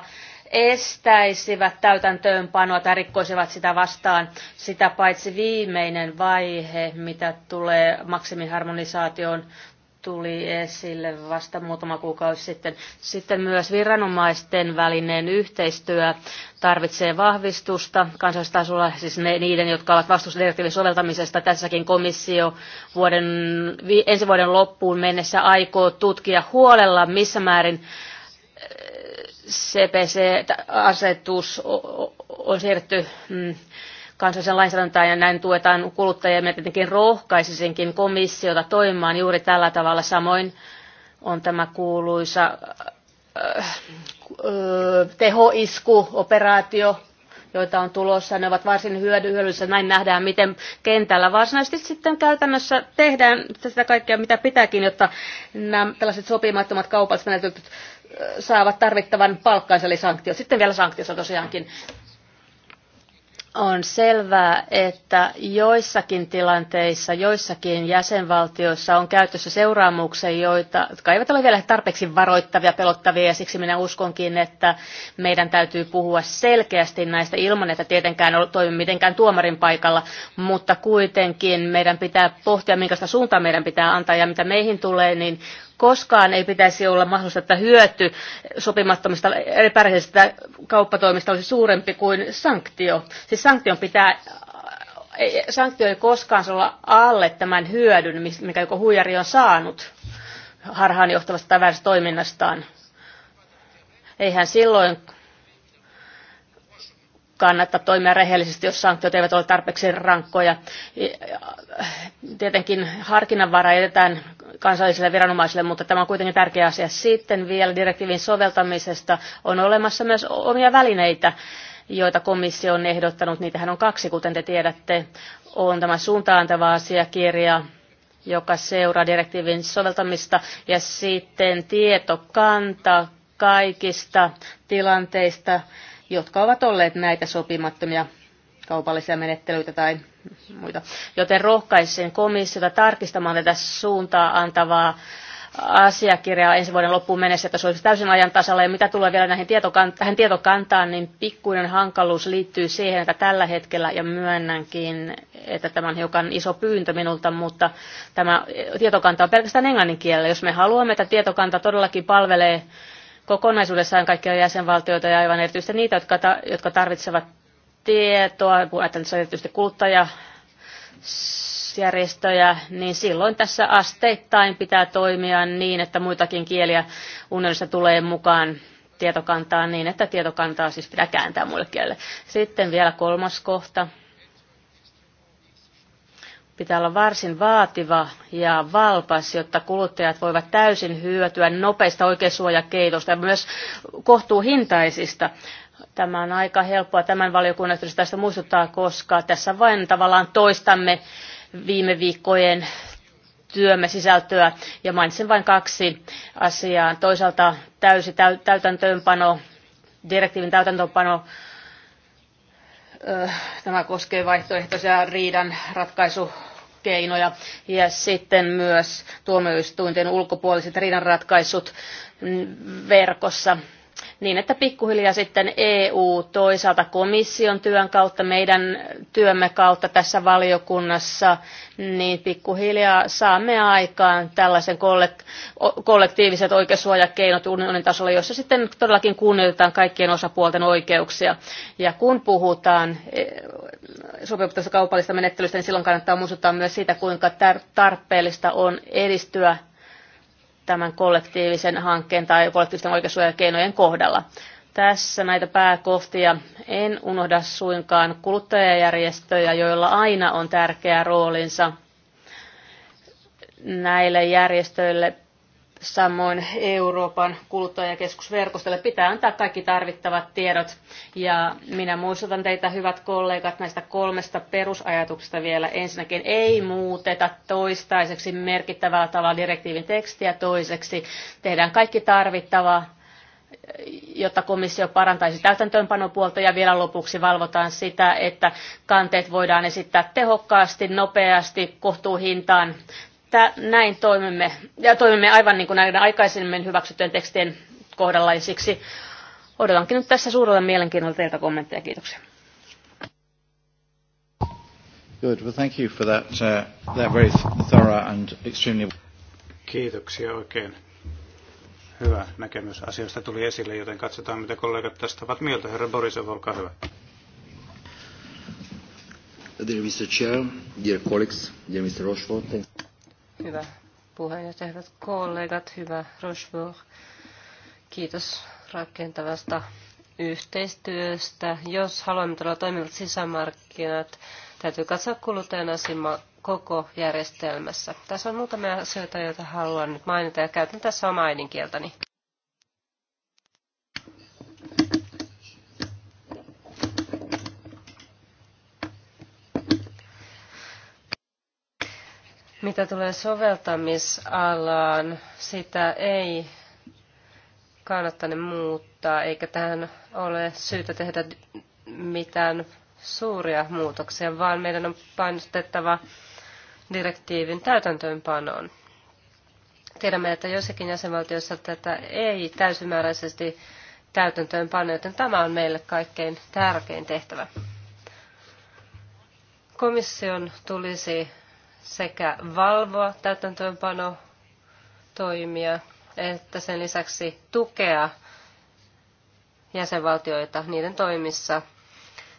estäisivät täytäntöönpanoa tai rikkoisivat sitä vastaan. Sitä paitsi viimeinen vaihe, mitä tulee maksimiharmonisaatioon, tuli esille vasta muutama kuukausi sitten. Sitten myös viranomaisten välinen yhteistyö tarvitsee vahvistusta kansallistasolla, siis ne, niiden, jotka ovat vastuussa direktiivin soveltamisesta. Tässäkin komissio vuoden, ensi vuoden loppuun mennessä aikoo tutkia huolella, missä määrin CPC-asetus on siirretty mm, kansallisen lainsäädäntöön ja näin tuetaan kuluttajia. Me tietenkin rohkaisisinkin komissiota toimimaan juuri tällä tavalla. Samoin on tämä kuuluisa äh, äh, tehoiskuoperaatio, joita on tulossa. Ne ovat varsin hyödyllisiä. Näin nähdään, miten kentällä varsinaisesti sitten käytännössä tehdään sitä kaikkea, mitä pitääkin, jotta nämä tällaiset sopimattomat kaupalliset menetelmät saavat tarvittavan palkkansa, eli sanktio. Sitten vielä sanktiossa tosiaankin. On selvää, että joissakin tilanteissa, joissakin jäsenvaltioissa on käytössä seuraamuksia, joita, jotka eivät ole vielä tarpeeksi varoittavia, pelottavia, ja siksi minä uskonkin, että meidän täytyy puhua selkeästi näistä ilman, että tietenkään toimi mitenkään tuomarin paikalla, mutta kuitenkin meidän pitää pohtia, minkästä suuntaa meidän pitää antaa, ja mitä meihin tulee, niin Koskaan ei pitäisi olla mahdollista, että hyöty sopimattomista epärehellisistä kauppatoimista olisi suurempi kuin sanktio. Siis sanktion pitää sanktio ei koskaan olla alle tämän hyödyn, mikä joko huijari on saanut harhaanjohtavasta tai väärästä toiminnastaan. Eihän silloin kannattaa toimia rehellisesti, jos sanktiot eivät ole tarpeeksi rankkoja. Tietenkin harkinnanvara jätetään kansallisille viranomaisille, mutta tämä on kuitenkin tärkeä asia. Sitten vielä direktiivin soveltamisesta on olemassa myös omia välineitä, joita komissio on ehdottanut. Niitähän on kaksi, kuten te tiedätte. On tämä suuntaantava asiakirja, joka seuraa direktiivin soveltamista, ja sitten tietokanta kaikista tilanteista, jotka ovat olleet näitä sopimattomia kaupallisia menettelyitä tai muita. Joten rohkaisen komissiota tarkistamaan tätä suuntaa antavaa asiakirjaa ensi vuoden loppuun mennessä, että se olisi täysin ajan tasalla. Ja mitä tulee vielä näihin tietokant- tähän tietokantaan, niin pikkuinen hankaluus liittyy siihen, että tällä hetkellä, ja myönnänkin, että tämä on hiukan iso pyyntö minulta, mutta tämä tietokanta on pelkästään englannin kielellä. Jos me haluamme, että tietokanta todellakin palvelee kokonaisuudessaan kaikkia jäsenvaltioita ja aivan erityisesti niitä, jotka, ta- jotka tarvitsevat tietoa, ajatellaan tietysti kuluttajajärjestöjä, niin silloin tässä asteittain pitää toimia niin, että muitakin kieliä unionissa tulee mukaan tietokantaa niin, että tietokantaa siis pitää kääntää muille kielelle. Sitten vielä kolmas kohta. Pitää olla varsin vaativa ja valpas, jotta kuluttajat voivat täysin hyötyä nopeista oikeussuojakeitosta ja myös kohtuuhintaisista Tämä on aika helppoa tämän valiokunnan tästä muistuttaa, koska tässä vain tavallaan toistamme viime viikkojen työmme sisältöä ja mainitsen vain kaksi asiaa. Toisaalta täysi täytäntöönpano, direktiivin täytäntöönpano, tämä koskee vaihtoehtoisia riidan ratkaisu keinoja ja sitten myös tuomioistuinten ulkopuoliset riidanratkaisut mm, verkossa niin että pikkuhiljaa sitten EU toisaalta komission työn kautta, meidän työmme kautta tässä valiokunnassa, niin pikkuhiljaa saamme aikaan tällaisen kollektiiviset oikeussuojakeinot unionin tasolla, jossa sitten todellakin kunnioitetaan kaikkien osapuolten oikeuksia. Ja kun puhutaan e- sopimuksesta kaupallista menettelystä, niin silloin kannattaa muistuttaa myös siitä, kuinka tarpeellista on edistyä tämän kollektiivisen hankkeen tai kollektiivisten oikeussuojakeinojen kohdalla. Tässä näitä pääkohtia en unohda suinkaan kuluttajajärjestöjä, joilla aina on tärkeä roolinsa näille järjestöille Samoin Euroopan kuluttajakeskusverkostolle pitää antaa kaikki tarvittavat tiedot. Ja minä muistutan teitä, hyvät kollegat, näistä kolmesta perusajatuksesta vielä. Ensinnäkin ei muuteta toistaiseksi merkittävällä tavalla direktiivin tekstiä. Toiseksi tehdään kaikki tarvittava jotta komissio parantaisi täytäntöönpanopuolta ja vielä lopuksi valvotaan sitä, että kanteet voidaan esittää tehokkaasti, nopeasti, kohtuuhintaan Tää, näin toimimme, ja toimimme aivan niin kuin näiden aikaisemmin hyväksyttyjen tekstien kohdalla, ja siksi odotankin nyt tässä suurella mielenkiinnolla teiltä kommentteja. Kiitoksia. Good. Well, thank you for that, uh, that very thorough and extremely... Kiitoksia oikein. Hyvä näkemys asioista tuli esille, joten katsotaan, mitä kollegat tästä ovat mieltä. Herra Borisov, olkaa hyvä. Dear Mr. Chair, dear colleagues, dear Mr. Rochefort, thanks. Hyvä puheenjohtaja, hyvät kollegat, hyvä Rochefort. Kiitos rakentavasta yhteistyöstä. Jos haluamme tulla toimivat sisämarkkinat, täytyy katsoa kuluttajan asema koko järjestelmässä. Tässä on muutamia asioita, joita haluan nyt mainita ja käytän tässä omaa äidinkieltäni. Mitä tulee soveltamisalaan, sitä ei kannattane muuttaa, eikä tähän ole syytä tehdä mitään suuria muutoksia, vaan meidän on painostettava direktiivin täytäntöönpanoon. Tiedämme, että joissakin jäsenvaltioissa tätä ei täysimääräisesti täytäntöönpano, joten tämä on meille kaikkein tärkein tehtävä. Komission tulisi sekä valvoa täytäntöönpano toimia, että sen lisäksi tukea jäsenvaltioita niiden toimissa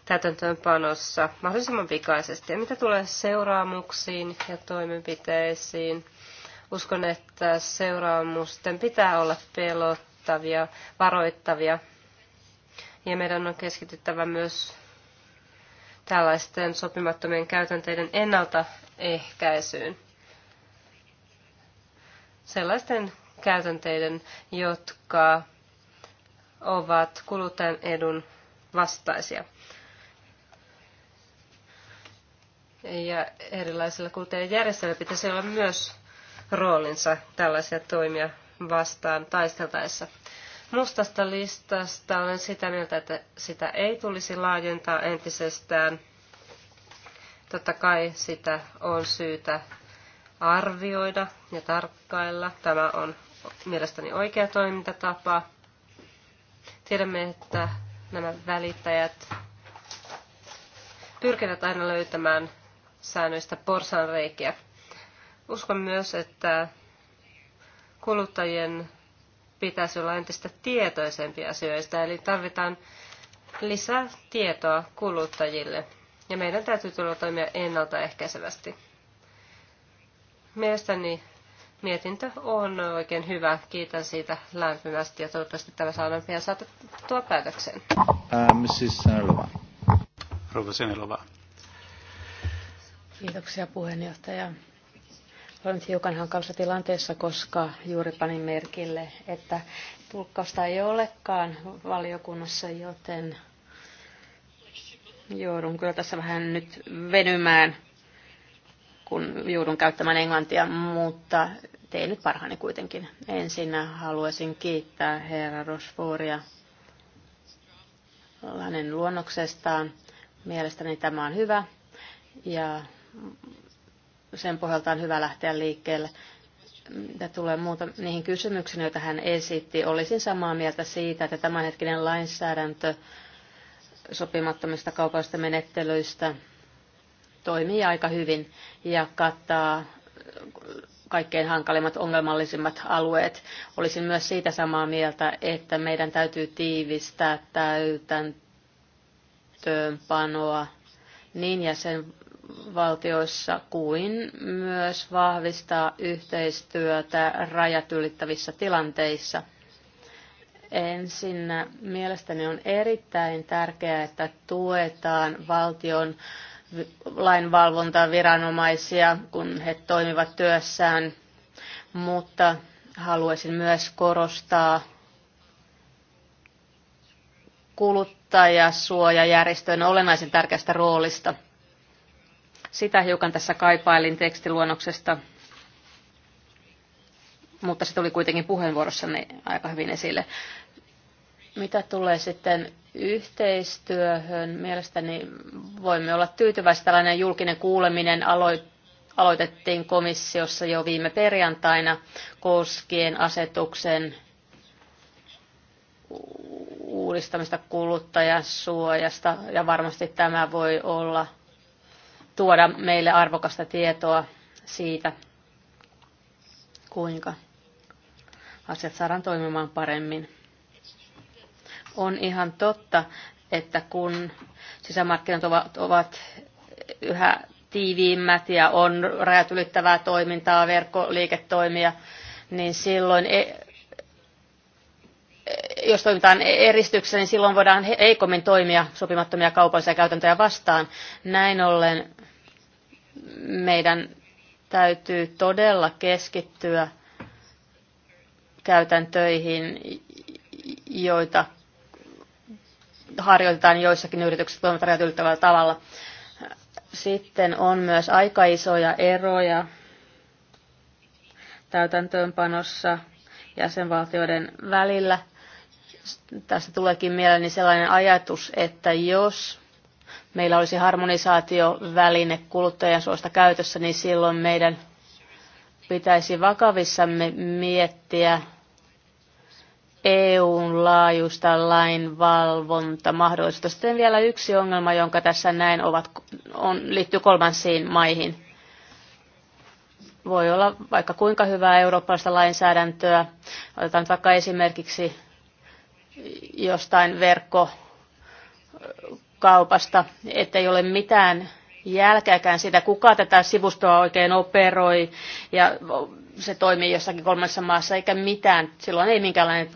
täytäntöönpanossa mahdollisimman pikaisesti. Ja mitä tulee seuraamuksiin ja toimenpiteisiin, uskon, että seuraamusten pitää olla pelottavia, varoittavia. Ja meidän on keskityttävä myös tällaisten sopimattomien käytänteiden ennaltaehkäisyyn. Sellaisten käytänteiden, jotka ovat kuluttajan edun vastaisia. Ja erilaisilla kuluttajajärjestöillä pitäisi olla myös roolinsa tällaisia toimia vastaan taisteltaessa. Mustasta listasta olen sitä mieltä, että sitä ei tulisi laajentaa entisestään. Totta kai sitä on syytä arvioida ja tarkkailla. Tämä on mielestäni oikea toimintatapa. Tiedämme, että nämä välittäjät pyrkivät aina löytämään säännöistä porsanreikiä. Uskon myös, että kuluttajien pitäisi olla entistä tietoisempia asioista, eli tarvitaan lisää tietoa kuluttajille. Ja meidän täytyy tulla toimia ennaltaehkäisevästi. Mielestäni mietintö on oikein hyvä. Kiitän siitä lämpimästi ja toivottavasti tämä saadaan pian saatettua päätökseen. Mrs. Rouva Senelova. Kiitoksia puheenjohtaja. Olen hiukan hankalassa tilanteessa, koska juuri panin merkille, että tulkkausta ei olekaan valiokunnassa, joten joudun kyllä tässä vähän nyt venymään, kun joudun käyttämään englantia, mutta tein nyt parhaani kuitenkin. Ensin haluaisin kiittää herra Rosforia hänen luonnoksestaan. Mielestäni tämä on hyvä ja sen pohjalta on hyvä lähteä liikkeelle. Ja tulee muuta niihin kysymyksiin, joita hän esitti, olisin samaa mieltä siitä, että tämänhetkinen lainsäädäntö sopimattomista kaupallisista menettelyistä toimii aika hyvin ja kattaa kaikkein hankalimmat, ongelmallisimmat alueet. Olisin myös siitä samaa mieltä, että meidän täytyy tiivistää täytäntöönpanoa niin jäsen, valtioissa kuin myös vahvistaa yhteistyötä rajat ylittävissä tilanteissa. Ensin mielestäni on erittäin tärkeää, että tuetaan valtion lainvalvontaviranomaisia, kun he toimivat työssään, mutta haluaisin myös korostaa kuluttajasuojajärjestön olennaisen tärkeästä roolista – sitä hiukan tässä kaipailin tekstiluonnoksesta, mutta se tuli kuitenkin puheenvuorossanne aika hyvin esille. Mitä tulee sitten yhteistyöhön, mielestäni voimme olla tyytyväisiä. Tällainen julkinen kuuleminen aloitettiin komissiossa jo viime perjantaina koskien asetuksen uudistamista kuluttajasuojasta ja varmasti tämä voi olla – tuoda meille arvokasta tietoa siitä, kuinka asiat saadaan toimimaan paremmin. On ihan totta, että kun sisämarkkinat ovat, ovat yhä tiiviimmät ja on rajat ylittävää toimintaa, verkkoliiketoimia, niin silloin e- jos toimitaan eristyksessä, niin silloin voidaan heikommin toimia sopimattomia kaupallisia käytäntöjä vastaan. Näin ollen meidän täytyy todella keskittyä käytäntöihin, joita harjoitetaan joissakin yrityksissä toimivat rajat tavalla. Sitten on myös aika isoja eroja täytäntöönpanossa jäsenvaltioiden välillä. Tästä tuleekin mieleeni sellainen ajatus, että jos meillä olisi harmonisaatioväline kuluttajan suosta käytössä, niin silloin meidän pitäisi vakavissamme miettiä EUn laajuista lainvalvonta mahdollista. Sitten vielä yksi ongelma, jonka tässä näin ovat, on, liittyy kolmansiin maihin. Voi olla vaikka kuinka hyvää eurooppalaista lainsäädäntöä. Otetaan vaikka esimerkiksi jostain verkko kaupasta, ei ole mitään jälkeäkään sitä kuka tätä sivustoa oikein operoi ja se toimii jossakin kolmessa maassa eikä mitään. Silloin ei minkäänlainen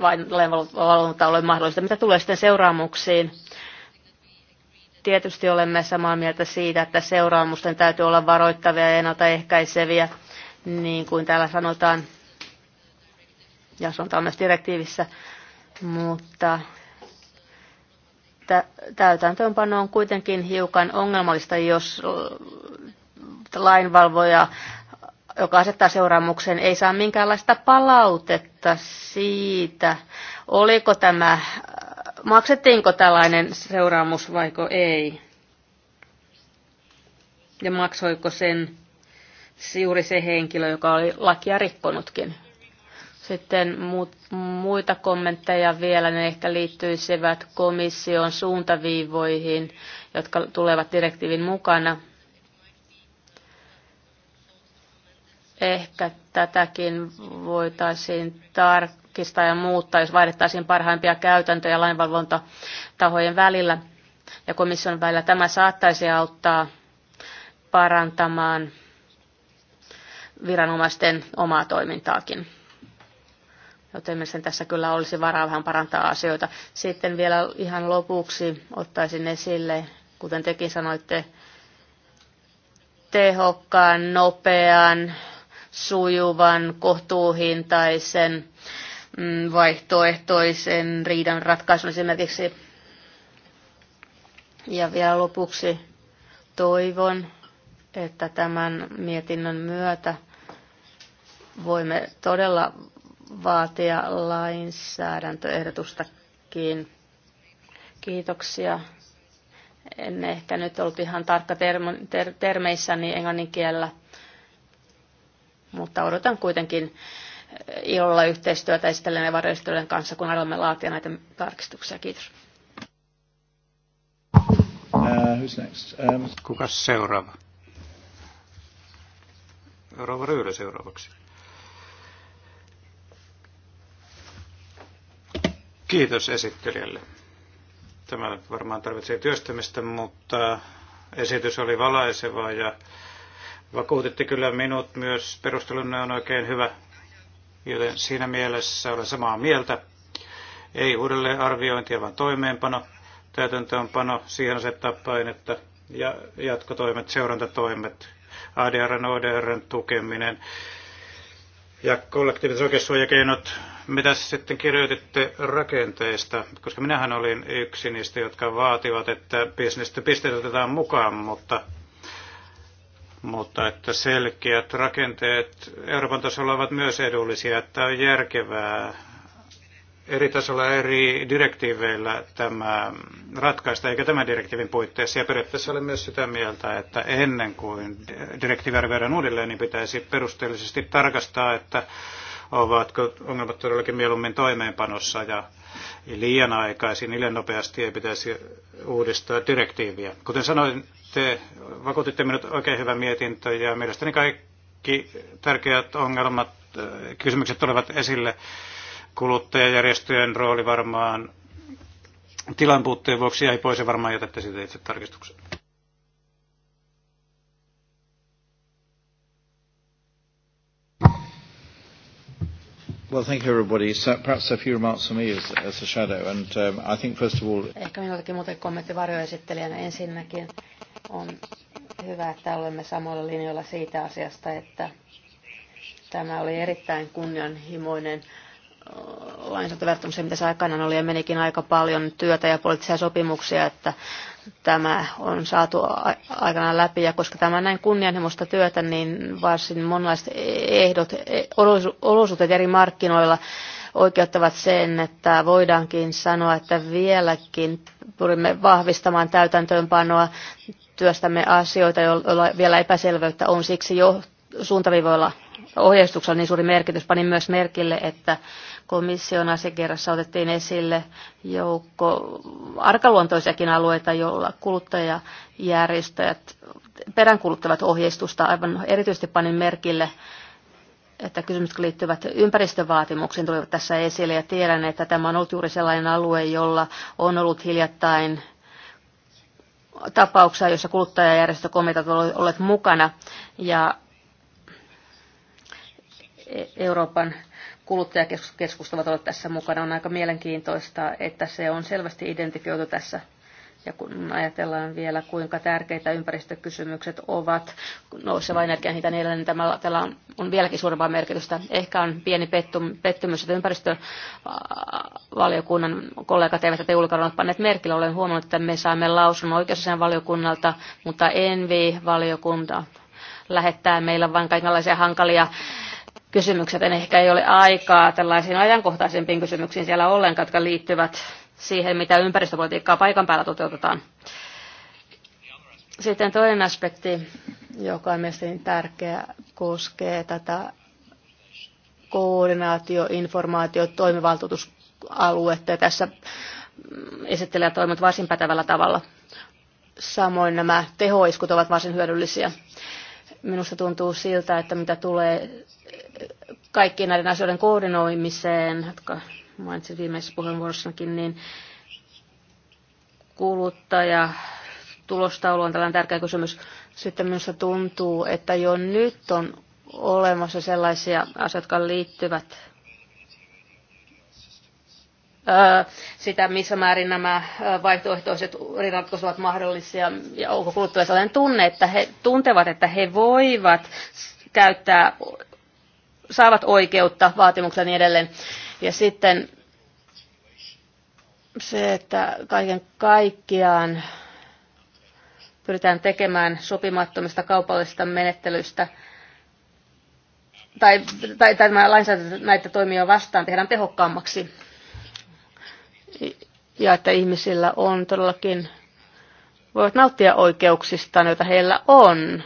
valvonta ole mahdollista. Mitä tulee sitten seuraamuksiin? Tietysti olemme samaa mieltä siitä, että seuraamusten täytyy olla varoittavia ja ennaltaehkäiseviä, niin kuin täällä sanotaan, ja sanotaan myös direktiivissä, mutta täytäntöönpano on kuitenkin hiukan ongelmallista, jos äh, lainvalvoja, joka asettaa seuraamuksen, ei saa minkäänlaista palautetta siitä, oliko tämä, äh, maksettiinko tällainen seuraamus vaiko ei. Ja maksoiko sen juuri se henkilö, joka oli lakia rikkonutkin. Sitten muut, muita kommentteja vielä, ne ehkä liittyisivät komission suuntaviivoihin, jotka tulevat direktiivin mukana. Ehkä tätäkin voitaisiin tarkistaa ja muuttaa, jos vaihdettaisiin parhaimpia käytäntöjä lainvalvontatahojen välillä ja komission välillä. Tämä saattaisi auttaa parantamaan viranomaisten omaa toimintaakin joten sen tässä kyllä olisi varaa vähän parantaa asioita. Sitten vielä ihan lopuksi ottaisin esille, kuten tekin sanoitte, tehokkaan, nopean, sujuvan, kohtuuhintaisen, mm, vaihtoehtoisen riidan ratkaisun esimerkiksi. Ja vielä lopuksi toivon, että tämän mietinnön myötä voimme todella vaatia lainsäädäntöehdotustakin. Kiitoksia. En ehkä nyt ollut ihan tarkka termo, ter, termeissäni englannin kielellä, mutta odotan kuitenkin eh, ilolla yhteistyötä esittelen ja kanssa, kun haluamme laatia näitä tarkistuksia. Kiitos. Uh, who's next? Um... Kuka seuraava? Rova Ryylä seuraavaksi. Kiitos esittelijälle. Tämä varmaan tarvitsee työstämistä, mutta esitys oli valaiseva ja vakuutitte kyllä minut myös. Perustelunne on oikein hyvä, joten siinä mielessä olen samaa mieltä. Ei uudelleen arviointia, vaan toimeenpano, täytäntöönpano, siihen asettaa painetta ja jatkotoimet, seurantatoimet, ADR, ODR tukeminen ja kollektiiviset oikeussuojakeinot. Mitä sitten kirjoititte rakenteista? Koska minähän olin yksi niistä, jotka vaativat, että bisnestypisteet otetaan mukaan, mutta, mutta että selkeät rakenteet Euroopan tasolla ovat myös edullisia, että on järkevää eri tasolla eri direktiiveillä tämä ratkaista, eikä tämän direktiivin puitteissa. Ja periaatteessa olen myös sitä mieltä, että ennen kuin direktiivi arvioidaan uudelleen, niin pitäisi perusteellisesti tarkastaa, että ovatko ongelmat todellakin mieluummin toimeenpanossa ja liian aikaisin, liian nopeasti ei pitäisi uudistaa direktiiviä. Kuten sanoin, te vakuutitte minut oikein hyvä mietintö ja mielestäni kaikki tärkeät ongelmat, kysymykset tulevat esille kuluttajajärjestöjen rooli varmaan tilan puutteen vuoksi jäi pois ja varmaan jätätte siitä itse tarkistuksen. Well, thank you everybody. So perhaps a few remarks from me as, as a shadow. And um, I think first of all... Ehkä minultakin muuten kommentti varjoesittelijänä ensinnäkin. On hyvä, että olemme samalla linjalla siitä asiasta, että tämä oli erittäin kunnianhimoinen lainsäädäntövertaamiseen, mitä se aikanaan oli, ja menikin aika paljon työtä ja poliittisia sopimuksia, että tämä on saatu aikanaan läpi. Ja koska tämä on näin kunnianhimoista työtä, niin varsin monenlaiset ehdot, olosuhteet eri markkinoilla oikeuttavat sen, että voidaankin sanoa, että vieläkin pyrimme vahvistamaan täytäntöönpanoa, työstämme asioita, joilla vielä epäselvyyttä on. Siksi jo suuntaviivoilla ohjeistuksella niin suuri merkitys. Panin myös merkille, että Komission asiakirjassa otettiin esille joukko arkaluontoisiakin alueita, joilla kuluttajajärjestöjät peräänkuluttavat ohjeistusta. Aivan erityisesti panin merkille että kysymykset liittyvät ympäristövaatimuksiin tulivat tässä esille ja tiedän, että tämä on ollut juuri sellainen alue, jolla on ollut hiljattain tapauksia, joissa kuluttajajärjestökomiteat ovat olleet mukana ja e- Euroopan kuluttajakeskus ovat olleet tässä mukana. On aika mielenkiintoista, että se on selvästi identifioitu tässä. Ja kun ajatellaan vielä, kuinka tärkeitä ympäristökysymykset ovat nouseva energian hinta niillä, niin tämä, tällä on, on vieläkin suurempaa merkitystä. Ehkä on pieni pettum, pettymys, että ympäristövaliokunnan kollegat eivät tätä julkaisua panneet merkille. Olen huomannut, että me saamme lausunnon oikeusasian valiokunnalta, mutta Envi-valiokunta lähettää meillä vain kaikenlaisia hankalia kysymykset, en ehkä ei ole aikaa tällaisiin ajankohtaisempiin kysymyksiin siellä ollenkaan, jotka liittyvät siihen, mitä ympäristöpolitiikkaa paikan päällä toteutetaan. Sitten toinen aspekti, joka on mielestäni tärkeä, koskee tätä koordinaatio, informaatio, toimivaltuutusaluetta. Ja tässä esittelijät toimivat varsin pätevällä tavalla. Samoin nämä tehoiskut ovat varsin hyödyllisiä. Minusta tuntuu siltä, että mitä tulee kaikkien näiden asioiden koordinoimiseen, jotka mainitsin viimeisessä puheenvuorossakin, niin kuluttaja tulostaulu on tällainen tärkeä kysymys. Sitten minusta tuntuu, että jo nyt on olemassa sellaisia asioita, jotka liittyvät sitä, missä määrin nämä vaihtoehtoiset ratkaisut ovat mahdollisia ja onko kuluttajilla sellainen tunne, että he tuntevat, että he voivat käyttää, saavat oikeutta vaatimuksen niin edelleen. Ja sitten se, että kaiken kaikkiaan pyritään tekemään sopimattomista kaupallisista menettelyistä tai, tai, tai tämä lainsäädäntö näitä toimia vastaan tehdään tehokkaammaksi ja että ihmisillä on todellakin, voivat nauttia oikeuksistaan, joita heillä on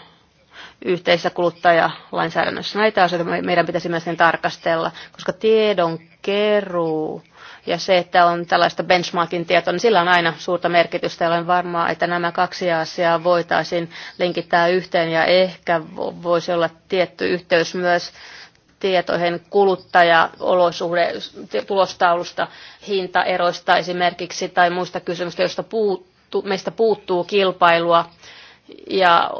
yhteisessä kuluttajalainsäädännössä. Näitä asioita meidän pitäisi mielestäni tarkastella, koska tiedon keruu ja se, että on tällaista benchmarkin tietoa, niin sillä on aina suurta merkitystä. Ja olen varma, että nämä kaksi asiaa voitaisiin linkittää yhteen ja ehkä voisi olla tietty yhteys myös tietoihin kuluttajaolosuhde tulostaulusta, hintaeroista esimerkiksi tai muista kysymyksistä, joista puuttu, meistä puuttuu kilpailua ja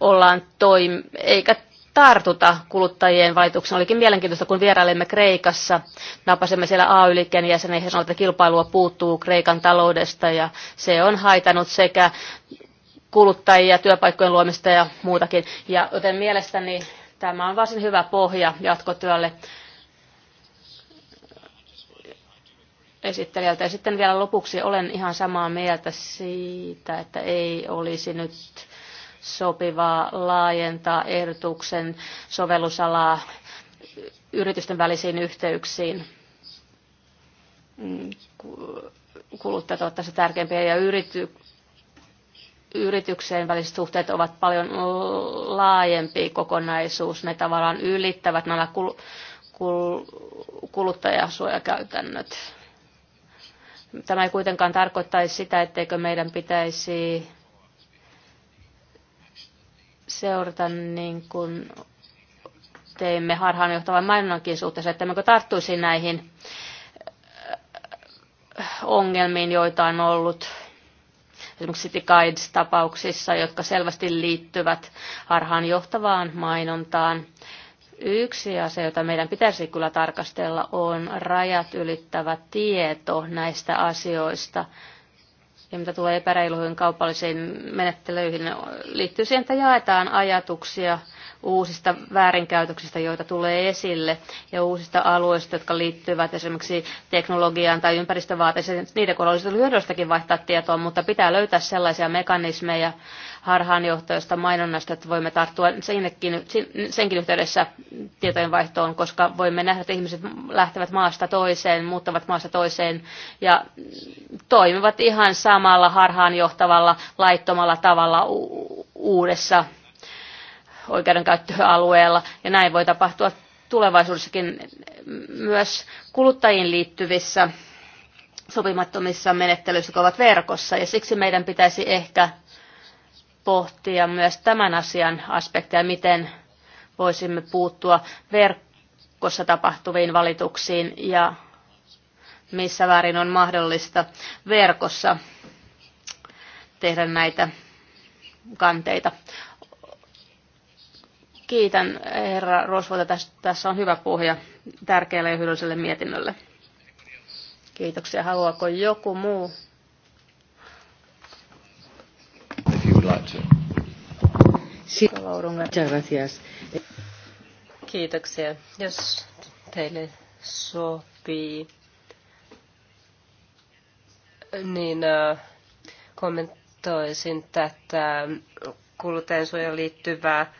ollaan toim, eikä tartuta kuluttajien valituksen. Olikin mielenkiintoista, kun vierailimme Kreikassa, napasimme siellä AY-liikkeen jäseniä, he sanoivat, että kilpailua puuttuu Kreikan taloudesta ja se on haitanut sekä kuluttajia, työpaikkojen luomista ja muutakin. Ja joten mielestäni Tämä on varsin hyvä pohja jatkotyölle esittelijältä. Ja sitten vielä lopuksi olen ihan samaa mieltä siitä, että ei olisi nyt sopivaa laajentaa ehdotuksen sovellusalaa yritysten välisiin yhteyksiin. Mm, kuluttajat ovat tässä tärkeimpiä ja yrity, yritykseen väliset suhteet ovat paljon laajempi kokonaisuus. Ne tavallaan ylittävät nämä kul- kul- kuluttajasuojakäytännöt. Tämä ei kuitenkaan tarkoittaisi sitä, etteikö meidän pitäisi seurata niin kuin teimme harhaanjohtavan mainonnankin suhteessa, että me tarttuisi näihin ongelmiin, joita on ollut esimerkiksi City Guides-tapauksissa, jotka selvästi liittyvät harhaan johtavaan mainontaan. Yksi asia, jota meidän pitäisi kyllä tarkastella, on rajat ylittävä tieto näistä asioista. Ja mitä tulee epäreiluihin kaupallisiin menettelyihin, liittyy siihen, että jaetaan ajatuksia – uusista väärinkäytöksistä, joita tulee esille, ja uusista alueista, jotka liittyvät esimerkiksi teknologiaan tai ympäristövaateisiin. Niiden kohdalla olisi hyödyllistäkin vaihtaa tietoa, mutta pitää löytää sellaisia mekanismeja harhaanjohtajasta mainonnasta, että voimme tarttua senkin, senkin yhteydessä tietojen vaihtoon, koska voimme nähdä, että ihmiset lähtevät maasta toiseen, muuttavat maasta toiseen ja toimivat ihan samalla harhaanjohtavalla laittomalla tavalla uudessa oikeudenkäyttöalueella, ja näin voi tapahtua tulevaisuudessakin myös kuluttajiin liittyvissä sopimattomissa menettelyissä, jotka ovat verkossa, ja siksi meidän pitäisi ehkä pohtia myös tämän asian aspekteja, miten voisimme puuttua verkossa tapahtuviin valituksiin ja missä väärin on mahdollista verkossa tehdä näitä kanteita. Kiitän herra Rosvolta, tässä on hyvä pohja tärkeälle ja hyödylliselle mietinnölle. Kiitoksia. Haluaako joku muu? If you would like to. Kiitoksia. Jos teille sopii, niin äh, kommentoisin tätä kuluttajansuojaan liittyvää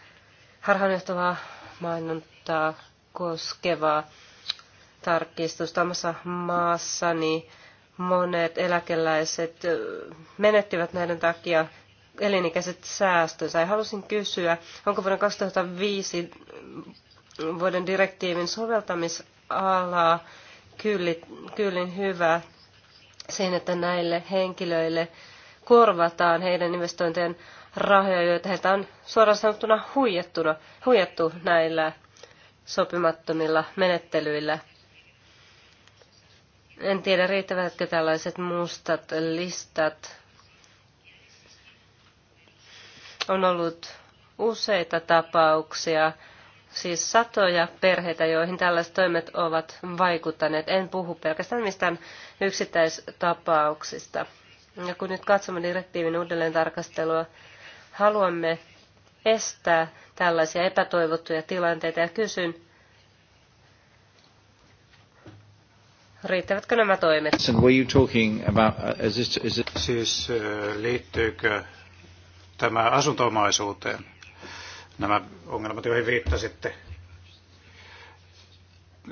harhaanjohtavaa mainontaa koskevaa tarkistusta omassa maassani. Monet eläkeläiset menettivät näiden takia elinikäiset säästönsä. Ja halusin kysyä, onko vuoden 2005 vuoden direktiivin soveltamisalaa kyllin hyvä siinä, että näille henkilöille korvataan heidän investointien rahoja, joita heiltä on suoraan sanottuna huijattu, huijattu näillä sopimattomilla menettelyillä. En tiedä, riittävätkö tällaiset mustat listat. On ollut useita tapauksia, siis satoja perheitä, joihin tällaiset toimet ovat vaikuttaneet. En puhu pelkästään mistään yksittäistapauksista. Ja kun nyt katsomme direktiivin uudelleen tarkastelua, Haluamme estää tällaisia epätoivottuja tilanteita ja kysyn, riittävätkö nämä toimet? Uh, siis äh, liittyykö tämä asuntomaisuuteen? Nämä ongelmat, joihin viittasitte,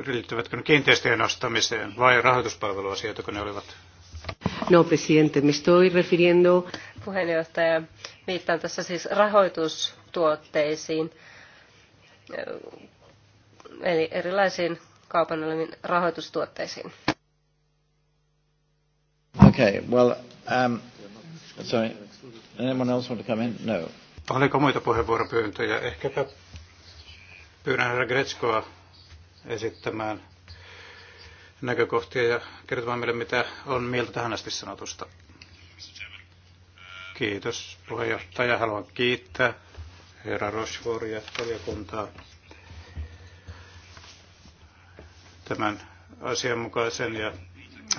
liittyvätkö ne kiinteistöjen ostamiseen vai rahoituspalveluasioita, kun ne olivat No, presidente, me estoy refiriendo... Puheenjohtaja, viittaan tässä siis rahoitustuotteisiin, eli erilaisiin kaupan oleviin rahoitustuotteisiin. Okay, well, um, sorry, anyone else want to come in? No. Oliko muita puheenvuoropyyntöjä? Ehkäpä pyydän herra Gretskoa esittämään näkökohtia ja kertomaan meille, mitä on mieltä tähän asti sanotusta. Kiitos puheenjohtaja. Haluan kiittää herra Rochefort ja valiokuntaa tämän asianmukaisen ja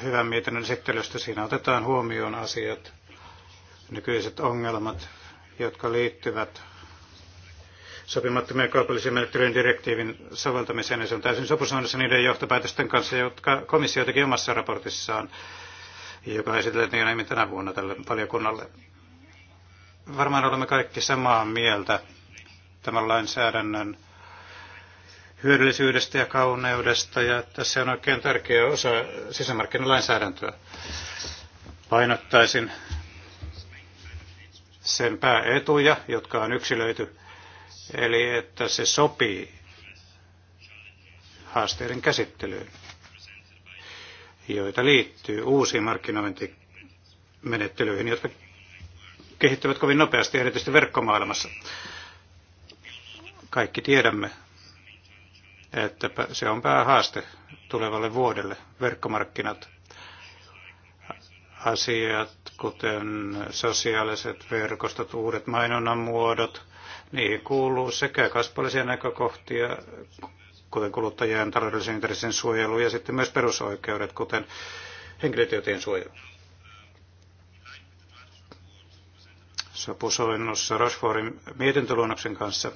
hyvän mietinnön esittelystä. Siinä otetaan huomioon asiat, nykyiset ongelmat, jotka liittyvät sopimattomia kaupallisia menettelyjen direktiivin soveltamiseen, ja se on täysin sopusoinnissa niiden johtopäätösten kanssa, jotka komissio teki omassa raportissaan, joka esiteltiin aiemmin tänä vuonna tälle valiokunnalle. Varmaan olemme kaikki samaa mieltä tämän lainsäädännön hyödyllisyydestä ja kauneudesta, ja tässä on oikein tärkeä osa sisämarkkinalainsäädäntöä. Painottaisin sen pääetuja, jotka on yksilöity Eli että se sopii haasteiden käsittelyyn, joita liittyy uusiin markkinointimenettelyihin, jotka kehittyvät kovin nopeasti, erityisesti verkkomaailmassa. Kaikki tiedämme, että se on päähaaste tulevalle vuodelle, verkkomarkkinat, asiat kuten sosiaaliset verkostot, uudet mainonnan muodot, Niihin kuuluu sekä kasvallisia näkökohtia, kuten kuluttajien taloudellisen intressin suojelu, ja sitten myös perusoikeudet, kuten henkilötietojen suojelu. Sopusoinnussa Rochefortin mietintöluonnoksen kanssa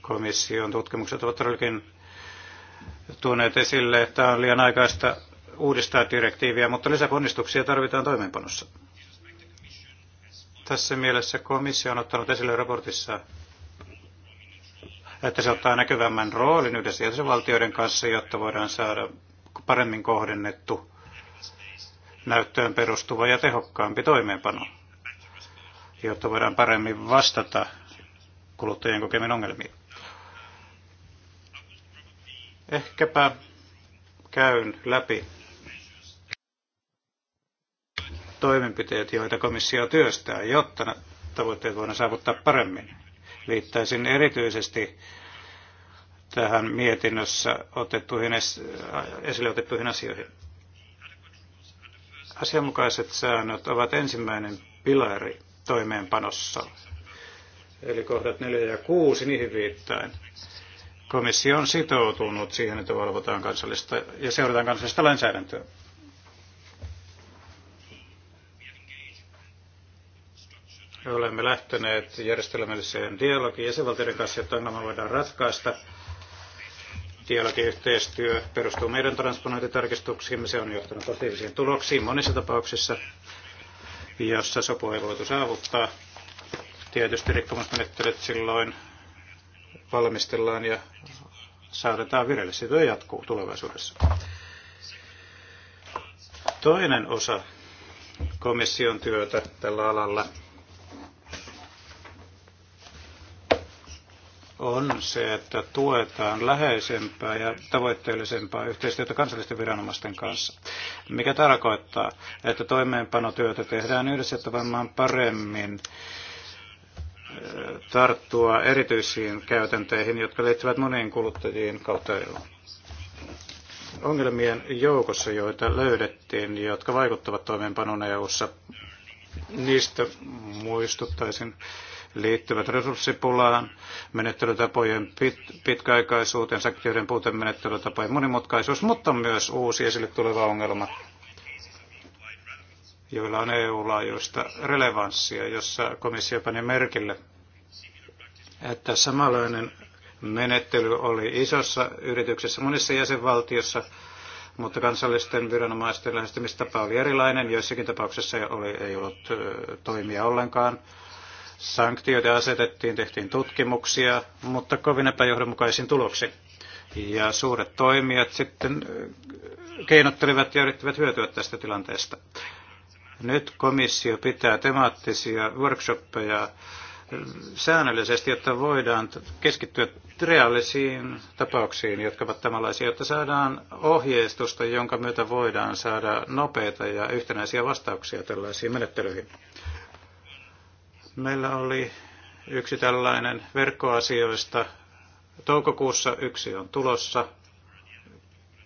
komission tutkimukset ovat todellakin tuoneet esille, että on liian aikaista uudistaa direktiiviä, mutta lisäponnistuksia tarvitaan toimeenpanossa. Tässä mielessä komissio on ottanut esille raportissa, että se ottaa näkyvämmän roolin yhdessä jäsenvaltioiden kanssa, jotta voidaan saada paremmin kohdennettu näyttöön perustuva ja tehokkaampi toimeenpano, jotta voidaan paremmin vastata kuluttajien kokemin ongelmiin. Ehkäpä käyn läpi toimenpiteet, joita komissio työstää, jotta tavoitteet voidaan saavuttaa paremmin. Viittaisin erityisesti tähän mietinnössä otettuihin, esille otettuihin asioihin. Asianmukaiset säännöt ovat ensimmäinen pilari toimeenpanossa, eli kohdat 4 ja 6 niihin viittain. Komissio on sitoutunut siihen, että valvotaan kansallista ja seurataan kansallista lainsäädäntöä. Olemme lähteneet järjestelmälliseen dialogiin jäsenvaltioiden kanssa, jotta ongelma voidaan ratkaista. Dialogiyhteistyö perustuu meidän transponointitarkistuksiimme. Se on johtanut positiivisiin tuloksiin monissa tapauksissa, jossa sopu ei voitu saavuttaa. Tietysti rikkomusmenettelyt silloin valmistellaan ja saatetaan vireille. Se työ jatkuu tulevaisuudessa. Toinen osa komission työtä tällä alalla on se, että tuetaan läheisempää ja tavoitteellisempaa yhteistyötä kansallisten viranomaisten kanssa, mikä tarkoittaa, että toimeenpanotyötä tehdään yhdessä, että varmaan paremmin eh, tarttua erityisiin käytänteihin, jotka liittyvät moniin kuluttajiin kautta EU. Ongelmien joukossa, joita löydettiin, jotka vaikuttavat toimeenpanon EU-ssa, niistä muistuttaisin liittyvät resurssipulaan, menettelytapojen pit- pitkäaikaisuuteen, sanktioiden puuten menettelytapojen monimutkaisuus, mutta myös uusi esille tuleva ongelma, joilla on EU-laajuista relevanssia, jossa komissio pani merkille, että samanlainen menettely oli isossa yrityksessä monissa jäsenvaltiossa, mutta kansallisten viranomaisten lähestymistapa oli erilainen. Joissakin tapauksissa ei, oli, ei ollut toimia ollenkaan. Sanktioita asetettiin, tehtiin tutkimuksia, mutta kovin epäjohdonmukaisin tuloksi. Ja suuret toimijat sitten keinottelivat ja yrittivät hyötyä tästä tilanteesta. Nyt komissio pitää temaattisia workshoppeja säännöllisesti, jotta voidaan keskittyä reaalisiin tapauksiin, jotka ovat tämänlaisia, jotta saadaan ohjeistusta, jonka myötä voidaan saada nopeita ja yhtenäisiä vastauksia tällaisiin menettelyihin. Meillä oli yksi tällainen verkkoasioista. Toukokuussa yksi on tulossa,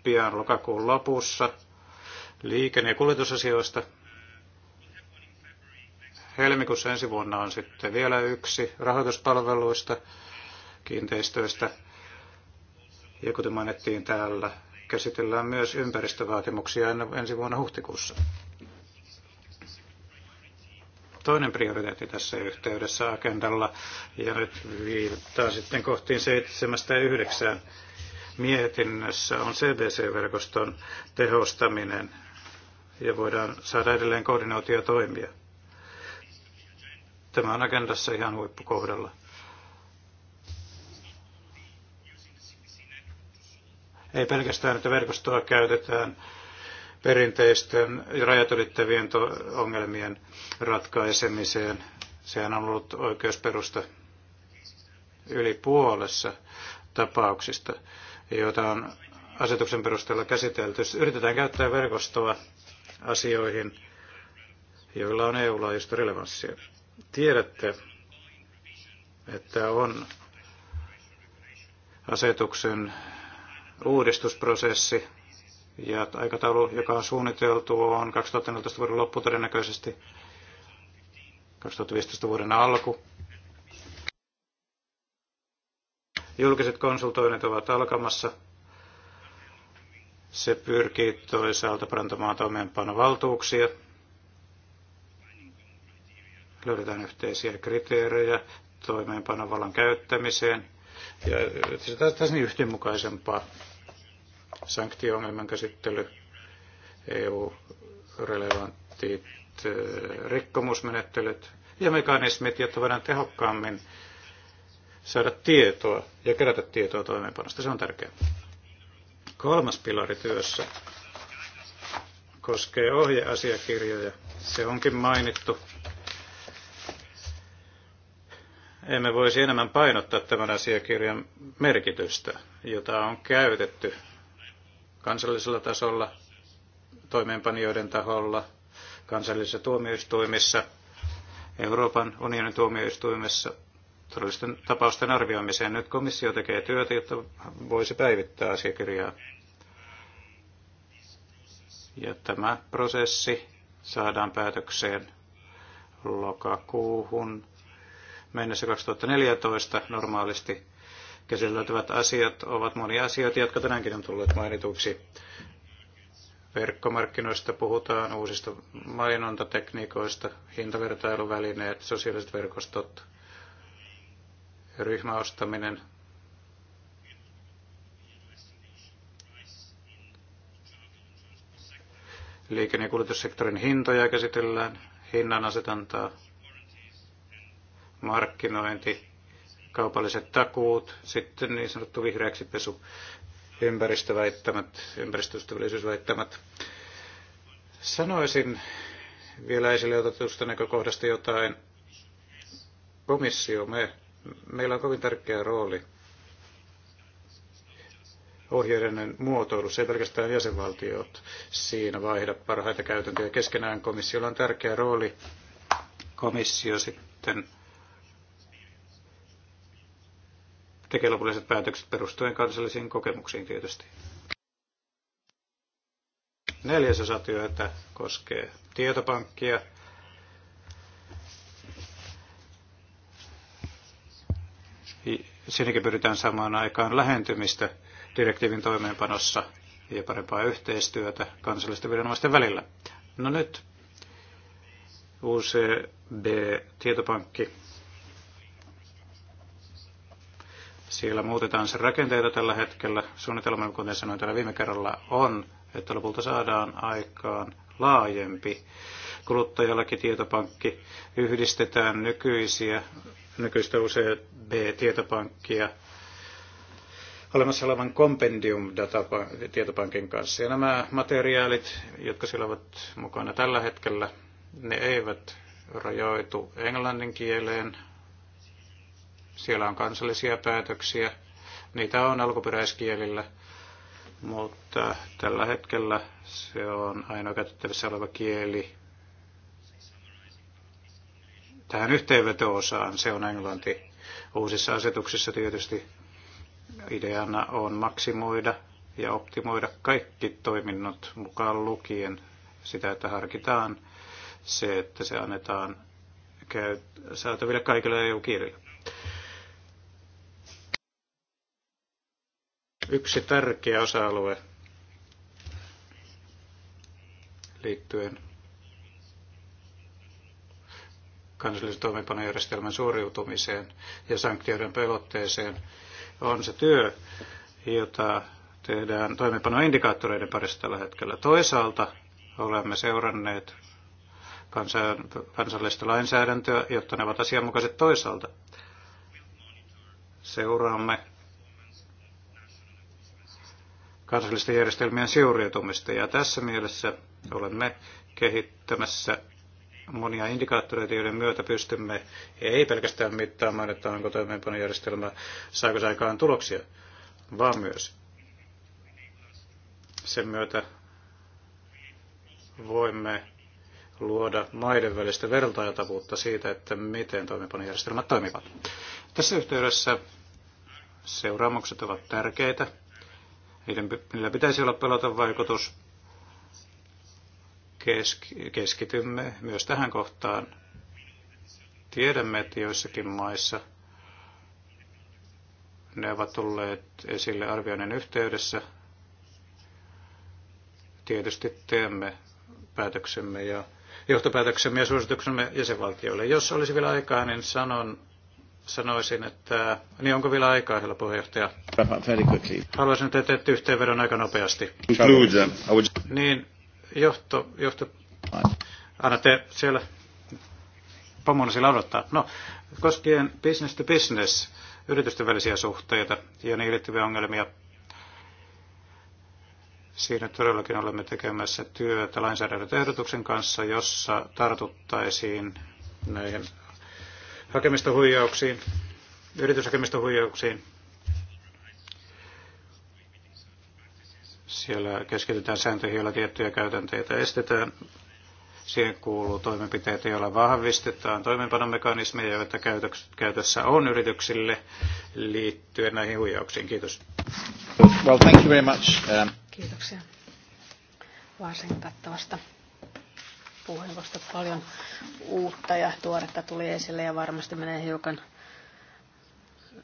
pian lokakuun lopussa, liikenne- ja kuljetusasioista. Helmikuussa ensi vuonna on sitten vielä yksi rahoituspalveluista, kiinteistöistä. Ja kuten mainittiin täällä, käsitellään myös ympäristövaatimuksia ensi vuonna huhtikuussa toinen prioriteetti tässä yhteydessä agendalla. Ja nyt viittaa sitten kohtiin 7 ja 9 mietinnössä on CBC-verkoston tehostaminen ja voidaan saada edelleen toimia. Tämä on agendassa ihan huippukohdalla. Ei pelkästään, että verkostoa käytetään perinteisten rajat ylittävien ongelmien ratkaisemiseen. Sehän on ollut oikeusperusta yli puolessa tapauksista, joita on asetuksen perusteella käsitelty. Yritetään käyttää verkostoa asioihin, joilla on EU-laajuista relevanssia. Tiedätte, että on asetuksen uudistusprosessi, ja aikataulu, joka on suunniteltu, on 2014 vuoden loppu todennäköisesti, 2015 vuoden alku. Julkiset konsultoinnit ovat alkamassa. Se pyrkii toisaalta parantamaan toimeenpanovaltuuksia. Löydetään yhteisiä kriteerejä toimeenpanovallan käyttämiseen ja tässä niin yhdenmukaisempaa sanktio-ongelman käsittely, EU-relevantit eh, rikkomusmenettelyt ja mekanismit, jotta voidaan tehokkaammin saada tietoa ja kerätä tietoa toimeenpanosta. Se on tärkeää. Kolmas pilari työssä koskee ohjeasiakirjoja. Se onkin mainittu. Emme voisi enemmän painottaa tämän asiakirjan merkitystä, jota on käytetty kansallisella tasolla, toimeenpanijoiden taholla, kansallisissa tuomioistuimissa, Euroopan unionin tuomioistuimessa todellisten tapausten arvioimiseen. Nyt komissio tekee työtä, jotta voisi päivittää asiakirjaa. Ja tämä prosessi saadaan päätökseen lokakuuhun mennessä 2014 normaalisti käsiteltävät asiat ovat monia asioita, jotka tänäänkin on tullut mainituksi. Verkkomarkkinoista puhutaan, uusista mainontatekniikoista, hintavertailuvälineet, sosiaaliset verkostot, ryhmäostaminen, liikenne- ja kuljetussektorin hintoja käsitellään, hinnan asetantaa, markkinointi, kaupalliset takuut, sitten niin sanottu vihreäksi pesu, ympäristöväittämät, ympäristöystävällisyysväittämät. Sanoisin vielä esille otetusta näkökohdasta jotain. Komissio, me, meillä on kovin tärkeä rooli ohjeiden muotoilu, se ei pelkästään jäsenvaltiot siinä vaihda parhaita käytäntöjä keskenään. Komissiolla on tärkeä rooli. Komissio sitten tekee lopulliset päätökset perustuen kansallisiin kokemuksiin tietysti. Neljäs osa työtä koskee tietopankkia. Siinäkin pyritään samaan aikaan lähentymistä direktiivin toimeenpanossa ja parempaa yhteistyötä kansallisten viranomaisten välillä. No nyt UCB-tietopankki Siellä muutetaan sen rakenteita tällä hetkellä. Suunnitelma, kuten sanoin täällä viime kerralla, on, että lopulta saadaan aikaan laajempi kuluttajallakin tietopankki. Yhdistetään nykyisiä, nykyistä UCB-tietopankkia olemassa olevan Compendium-tietopankin kanssa. Ja nämä materiaalit, jotka siellä ovat mukana tällä hetkellä, ne eivät rajoitu englannin kieleen, siellä on kansallisia päätöksiä. Niitä on alkuperäiskielillä, mutta tällä hetkellä se on ainoa käytettävissä oleva kieli. Tähän yhteenveto-osaan se on englanti. Uusissa asetuksissa tietysti ideana on maksimoida ja optimoida kaikki toiminnot mukaan lukien sitä, että harkitaan se, että se annetaan käy, saataville kaikille EU-kielillä. yksi tärkeä osa-alue liittyen kansallisen toimeenpanojärjestelmän suoriutumiseen ja sanktioiden pelotteeseen on se työ, jota tehdään toimeenpanoindikaattoreiden parissa tällä hetkellä. Toisaalta olemme seuranneet kansallista lainsäädäntöä, jotta ne ovat asianmukaiset toisaalta. Seuraamme kansallisten järjestelmien siuriutumista. Ja tässä mielessä olemme kehittämässä monia indikaattoreita, joiden myötä pystymme ei pelkästään mittaamaan, että onko toimeenpanojärjestelmä, saako se aikaan tuloksia, vaan myös sen myötä voimme luoda maiden välistä vertailtavuutta siitä, että miten toimeenpanojärjestelmät toimivat. Tässä yhteydessä seuraamukset ovat tärkeitä niiden, niillä pitäisi olla vaikutus. Kesk, keskitymme myös tähän kohtaan. Tiedämme, että joissakin maissa ne ovat tulleet esille arvioinnin yhteydessä. Tietysti teemme päätöksemme ja johtopäätöksemme ja suosituksemme jäsenvaltioille. Jos olisi vielä aikaa, niin sanon sanoisin, että... Niin onko vielä aikaa, herra puheenjohtaja? Haluaisin tehdä yhteenvedon aika nopeasti. Um, niin, johto, johto... Annatte siellä pomon sillä odottaa. No, koskien business to business, yritysten välisiä suhteita ja niihin liittyviä ongelmia, siinä todellakin olemme tekemässä työtä lainsäädäntöehdotuksen kanssa, jossa tartuttaisiin näihin Hakemistohuijauksiin, yrityshakemistohuijauksiin. Siellä keskitytään sääntöihin, joilla tiettyjä käytänteitä estetään. Siihen kuuluu toimenpiteitä, joilla vahvistetaan toimeenpanomekanismeja, joita käytössä on yrityksille liittyen näihin huijauksiin. Kiitos. Well, thank you very much. Um, Kiitoksia varsin kattavasta puheenvuorosta paljon uutta ja tuoretta tuli esille ja varmasti menee hiukan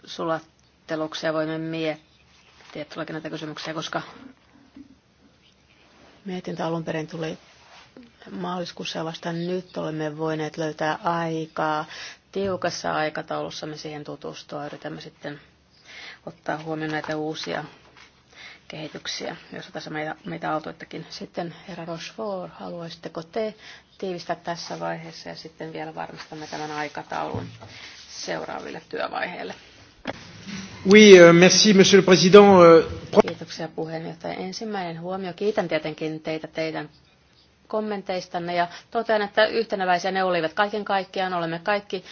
sulatteluksi ja voimme miettiä tuleekin näitä kysymyksiä, koska mietintä alun perin tuli maaliskuussa ja vasta nyt olemme voineet löytää aikaa tiukassa aikataulussa me siihen tutustua. Yritämme sitten ottaa huomioon näitä uusia kehityksiä, jos tässä meitä, meitä autoittakin. Sitten herra Rochefort, haluaisitteko te tiivistää tässä vaiheessa ja sitten vielä varmistamme tämän aikataulun seuraaville työvaiheille? Oui, euh, merci, monsieur le président. Euh, Kiitoksia puheenjohtaja. Ensimmäinen huomio. Kiitän tietenkin teitä teidän kommenteistanne ja totean, että yhtenäväisiä ne olivat. Kaiken kaikkiaan olemme kaikki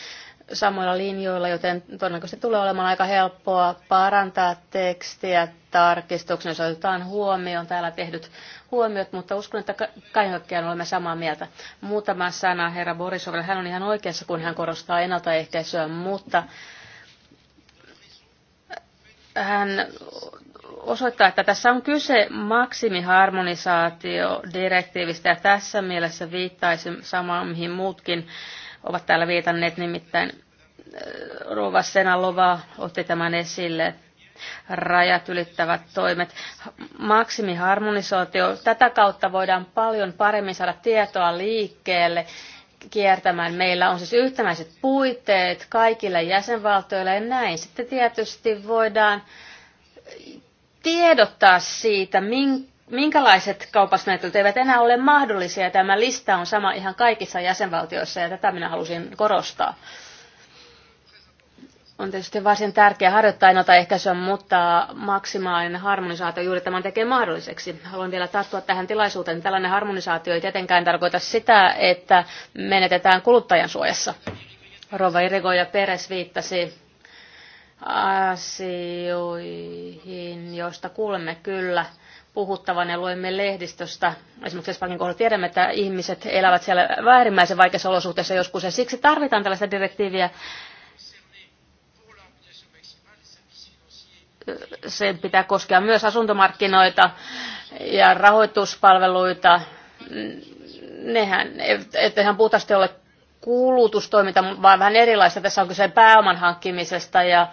samoilla linjoilla, joten todennäköisesti tulee olemaan aika helppoa parantaa tekstiä tarkistuksen, jos otetaan huomioon täällä tehdyt huomiot, mutta uskon, että kaikkiaan olemme samaa mieltä. Muutama sana herra Borisoville. Hän on ihan oikeassa, kun hän korostaa ennaltaehkäisyä, mutta hän osoittaa, että tässä on kyse maksimiharmonisaatiodirektiivistä ja tässä mielessä viittaisin samaan, mihin muutkin ovat täällä viitanneet, nimittäin äh, Rova Senalova otti tämän esille rajat ylittävät toimet. maksimiharmonisaatio. Tätä kautta voidaan paljon paremmin saada tietoa liikkeelle kiertämään. Meillä on siis yhtenäiset puitteet kaikille jäsenvaltioille ja näin sitten tietysti voidaan tiedottaa siitä, minkä minkälaiset kaupasmenettelyt eivät enää ole mahdollisia. Tämä lista on sama ihan kaikissa jäsenvaltioissa ja tätä minä halusin korostaa. On tietysti varsin tärkeää harjoittaa ennaltaehkäisyä, mutta maksimaalinen harmonisaatio juuri tämän tekee mahdolliseksi. Haluan vielä tarttua tähän tilaisuuteen. Tällainen harmonisaatio ei tietenkään tarkoita sitä, että menetetään kuluttajan suojassa. Rova Irigo ja Peres viittasi asioihin, joista kuulemme kyllä puhuttavan ja luemme lehdistöstä. Esimerkiksi Espanjan kohdalla tiedämme, että ihmiset elävät siellä väärimmäisen vaikeassa olosuhteessa joskus ja siksi tarvitaan tällaista direktiiviä. Sen pitää koskea myös asuntomarkkinoita ja rahoituspalveluita. Nehän, ihan puhtaasti ole kulutustoiminta, vaan vähän erilaista. Tässä on kyse pääoman hankkimisesta ja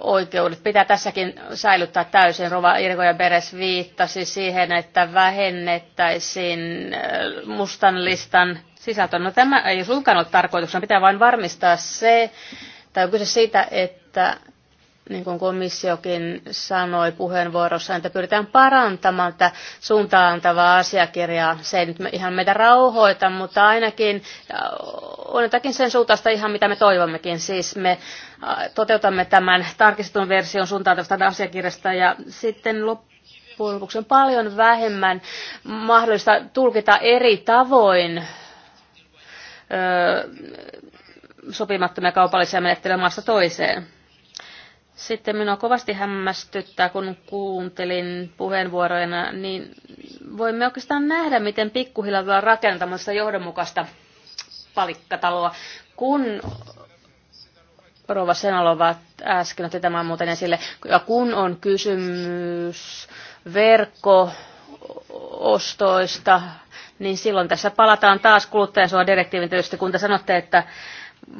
oikeudet pitää tässäkin säilyttää täysin. Rova Irko ja Beres viittasi siihen, että vähennettäisiin äh, mustan listan sisältöä. No tämä ei suinkaan ole tarkoituksena, pitää vain varmistaa se, tai on kyse siitä, että niin kuin komissiokin sanoi puheenvuorossa, että pyritään parantamaan tätä suuntaan antavaa asiakirjaa. Se ei nyt ihan meitä rauhoita, mutta ainakin on jotakin sen suuntaista ihan mitä me toivommekin. Siis me toteutamme tämän tarkistetun version suuntaan tästä asiakirjasta ja sitten loppujen lopuksi on paljon vähemmän mahdollista tulkita eri tavoin öö, sopimattomia kaupallisia menettelyjä maasta toiseen sitten minua kovasti hämmästyttää, kun kuuntelin puheenvuoroina, niin voimme oikeastaan nähdä, miten pikkuhiljaa ollaan rakentamassa johdonmukaista palikkataloa. Kun Rova Senalova äsken otti tämän muuten esille, ja kun on kysymys verkkoostoista, niin silloin tässä palataan taas kuluttajansuojadirektiivin tietysti, kun te sanotte, että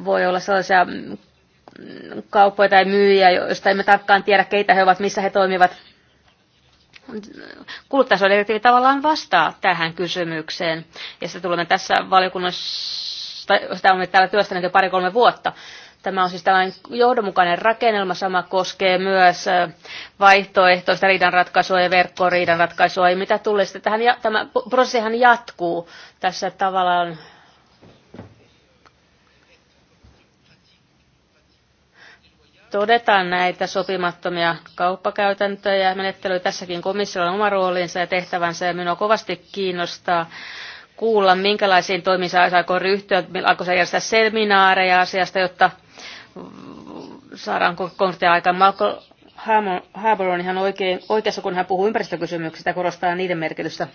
voi olla sellaisia kauppoja tai myyjiä, joista emme tarkkaan tiedä, keitä he ovat, missä he toimivat. Kuluttajasuojadirektiivi tavallaan vastaa tähän kysymykseen, ja sitä tulemme tässä valiokunnassa, tai sitä olemme täällä työstäneet jo pari-kolme vuotta. Tämä on siis tällainen johdonmukainen rakennelma. Sama koskee myös äh, vaihtoehtoista riidanratkaisua ja verkkoriidanratkaisua. Ja mitä tulee sitten tähän, ja, tämä prosessihan jatkuu. Tässä tavallaan todetaan näitä sopimattomia kauppakäytäntöjä ja Tässäkin komissiolla on oma roolinsa ja tehtävänsä ja minua kovasti kiinnostaa kuulla, minkälaisiin toimiin saako ryhtyä, alkoi se järjestää seminaareja asiasta, jotta saadaan konkreettia aikaan. Malko Haber on ihan oikein, oikeassa, kun hän puhuu ympäristökysymyksistä ja korostaa niiden merkitystä.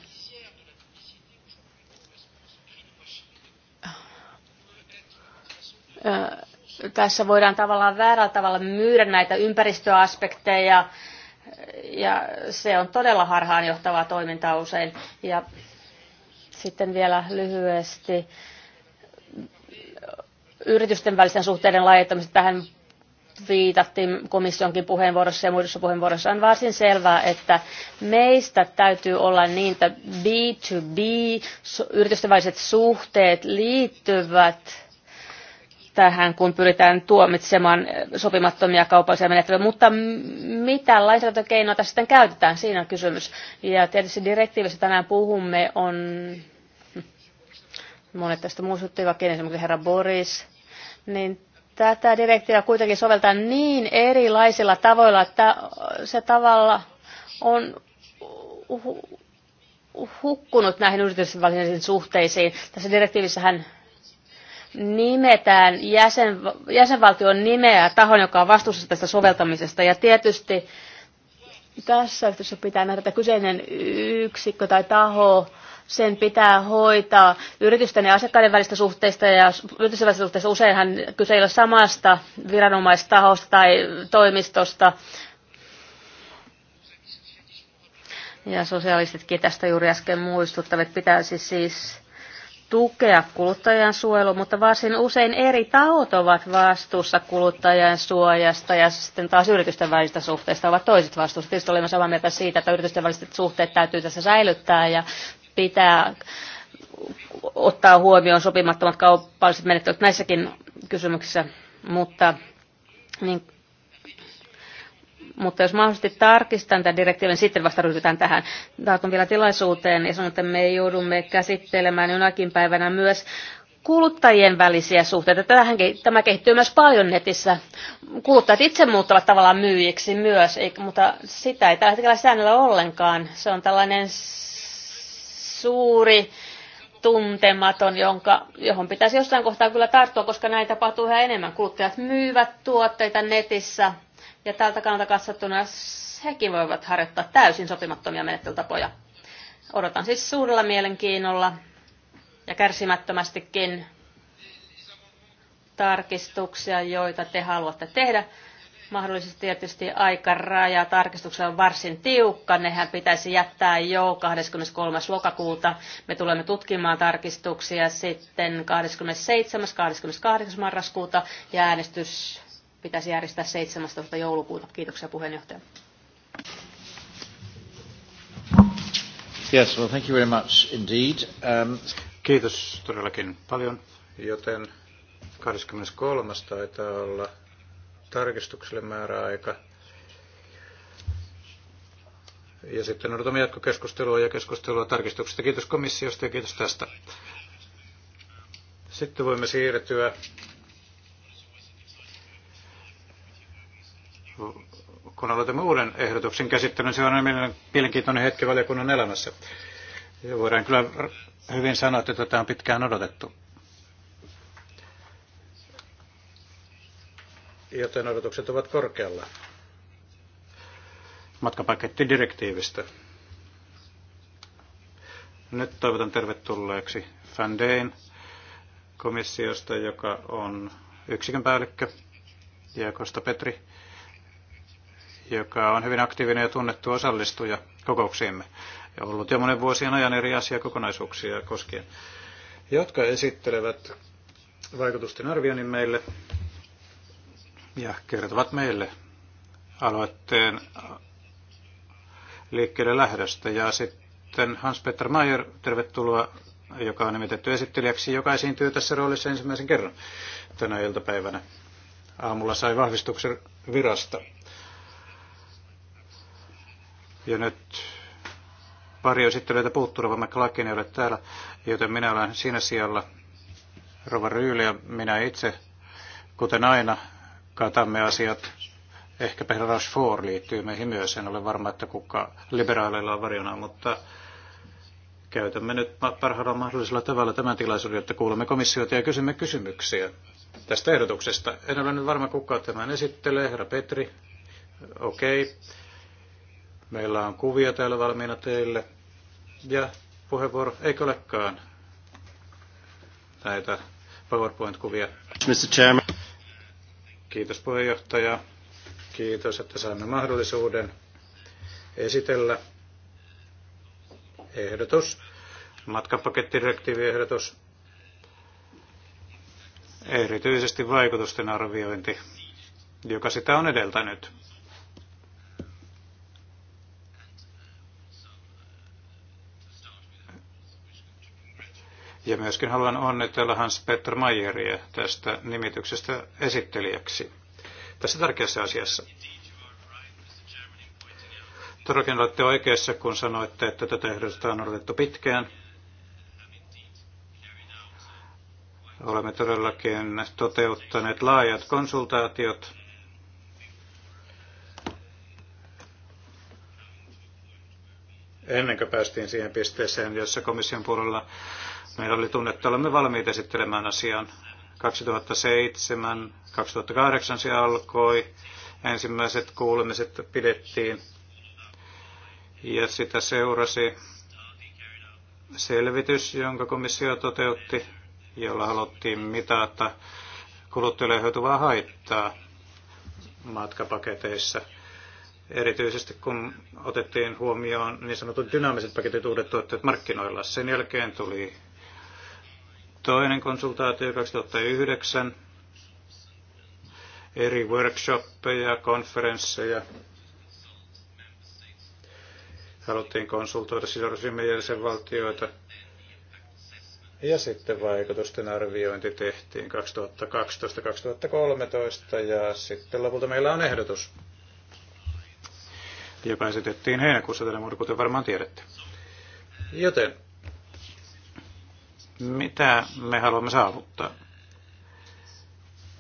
Öö tässä voidaan tavallaan väärällä tavalla myydä näitä ympäristöaspekteja ja se on todella harhaanjohtavaa toimintaa usein. Ja sitten vielä lyhyesti yritysten välisten suhteiden laajentamista tähän viitattiin komissionkin puheenvuorossa ja muissa puheenvuoroissa, on varsin selvää, että meistä täytyy olla niin, että B2B, yritysten väliset suhteet liittyvät tähän, kun pyritään tuomitsemaan sopimattomia kaupallisia menettelyjä, mutta mitä lainsäädäntökeinoja tässä sitten käytetään, siinä on kysymys. Ja tietysti direktiivissä tänään puhumme on, monet tästä muistuttivatkin, esimerkiksi herra Boris, niin tätä direktiiviä kuitenkin soveltaa niin erilaisilla tavoilla, että se tavalla on hukkunut näihin yritysvälisiin suhteisiin. Tässä direktiivissähän nimetään jäsen, jäsenvaltion nimeä tahon, joka on vastuussa tästä soveltamisesta. Ja tietysti tässä yhteydessä pitää nähdä, että kyseinen yksikkö tai taho, sen pitää hoitaa yritysten ja asiakkaiden välistä suhteista ja yritysten välistä suhteista useinhan kyse ei ole samasta viranomaistahosta tai toimistosta. Ja sosialistitkin tästä juuri äsken muistuttavat, pitäisi siis tukea kuluttajan suojelu, mutta varsin usein eri tahot ovat vastuussa kuluttajan suojasta ja sitten taas yritysten välistä suhteista ovat toiset vastuussa. Tietysti olemme samaa mieltä siitä, että yritysten väliset suhteet täytyy tässä säilyttää ja pitää ottaa huomioon sopimattomat kaupalliset menettelyt näissäkin kysymyksissä, mutta niin mutta jos mahdollisesti tarkistan tämän direktiivin, niin sitten vasta ryhdytään tähän. Tartun vielä tilaisuuteen ja sanon, että me joudumme käsittelemään jonakin päivänä myös kuluttajien välisiä suhteita. Tämähän, tämä kehittyy myös paljon netissä. Kuluttajat itse muuttavat tavallaan myyjiksi myös, mutta sitä ei tällä hetkellä säännöllä ollenkaan. Se on tällainen suuri tuntematon, jonka, johon pitäisi jossain kohtaa kyllä tarttua, koska näin tapahtuu yhä enemmän. Kuluttajat myyvät tuotteita netissä ja tältä kannalta katsottuna hekin voivat harjoittaa täysin sopimattomia menettelytapoja. Odotan siis suurella mielenkiinnolla ja kärsimättömästikin tarkistuksia, joita te haluatte tehdä. Mahdollisesti tietysti aikaraja tarkistuksella on varsin tiukka. Nehän pitäisi jättää jo 23. lokakuuta. Me tulemme tutkimaan tarkistuksia sitten 27. 28. marraskuuta ja äänestys pitäisi järjestää 17. joulukuuta. Kiitoksia puheenjohtaja. Yes, well, thank you very much indeed. Um... Kiitos todellakin paljon, joten 23. taitaa olla tarkistukselle määräaika. Ja sitten odotamme jatkokeskustelua ja keskustelua tarkistuksesta. Kiitos komissiosta ja kiitos tästä. Sitten voimme siirtyä kun aloitamme uuden ehdotuksen käsittelyn, se on aina mielenkiintoinen hetki valiokunnan elämässä. Ja voidaan kyllä hyvin sanoa, että tätä on pitkään odotettu. Joten odotukset ovat korkealla matkapakettidirektiivistä. Nyt toivotan tervetulleeksi Fandein komissiosta, joka on yksikön päällikkö, Jaakosta Petri joka on hyvin aktiivinen ja tunnettu osallistuja kokouksiimme. Ja ollut jo monen vuosien ajan eri asiakokonaisuuksia koskien, jotka esittelevät vaikutusten arvioinnin meille ja kertovat meille aloitteen liikkeelle lähdöstä. Ja sitten Hans-Peter Mayer, tervetuloa, joka on nimitetty esittelijäksi, joka esiintyy tässä roolissa ensimmäisen kerran tänä iltapäivänä. Aamulla sai vahvistuksen virasta. Ja nyt pari esittelyitä puuttuu, Rova McLaughlin ei ole täällä, joten minä olen siinä sijalla Rova Ryyli ja minä itse, kuten aina, katamme asiat. ehkä Rush 4 liittyy meihin myös, en ole varma, että kuka liberaaleilla on varjona, mutta käytämme nyt parhaalla mahdollisella tavalla tämän tilaisuuden, että kuulemme komissiota ja kysymme kysymyksiä tästä ehdotuksesta. En ole nyt varma, kuka tämän esittelee, herra Petri. Okei. Okay Meillä on kuvia täällä valmiina teille. Ja puheenvuoro, eikö olekaan näitä PowerPoint-kuvia? Mr. Chairman. Kiitos puheenjohtaja. Kiitos, että saimme mahdollisuuden esitellä ehdotus, matkapakettidirektiiviehdotus, erityisesti vaikutusten arviointi, joka sitä on edeltänyt Ja myöskin haluan onnitella Hans Petter Mayeria tästä nimityksestä esittelijäksi tässä tärkeässä asiassa. Todellakin olette oikeassa, kun sanoitte, että tätä ehdotusta on odotettu pitkään. Olemme todellakin toteuttaneet laajat konsultaatiot. Ennen kuin päästiin siihen pisteeseen, jossa komission puolella Meillä oli tunne, että olemme valmiita esittelemään asian. 2007-2008 se alkoi. Ensimmäiset kuulemiset pidettiin ja sitä seurasi selvitys, jonka komissio toteutti, jolla haluttiin mitata kuluttajille aiheutuvaa haittaa matkapaketeissa. Erityisesti kun otettiin huomioon niin sanotut dynaamiset paketit uudet tuotteet markkinoilla. Sen jälkeen tuli Toinen konsultaatio 2009, eri workshoppeja, konferensseja. Haluttiin konsultoida sidosryhmien jäsenvaltioita. Ja sitten vaikutusten arviointi tehtiin 2012-2013 ja sitten lopulta meillä on ehdotus, joka esitettiin heinäkuussa tänä vuonna, kuten varmaan tiedätte. Joten mitä me haluamme saavuttaa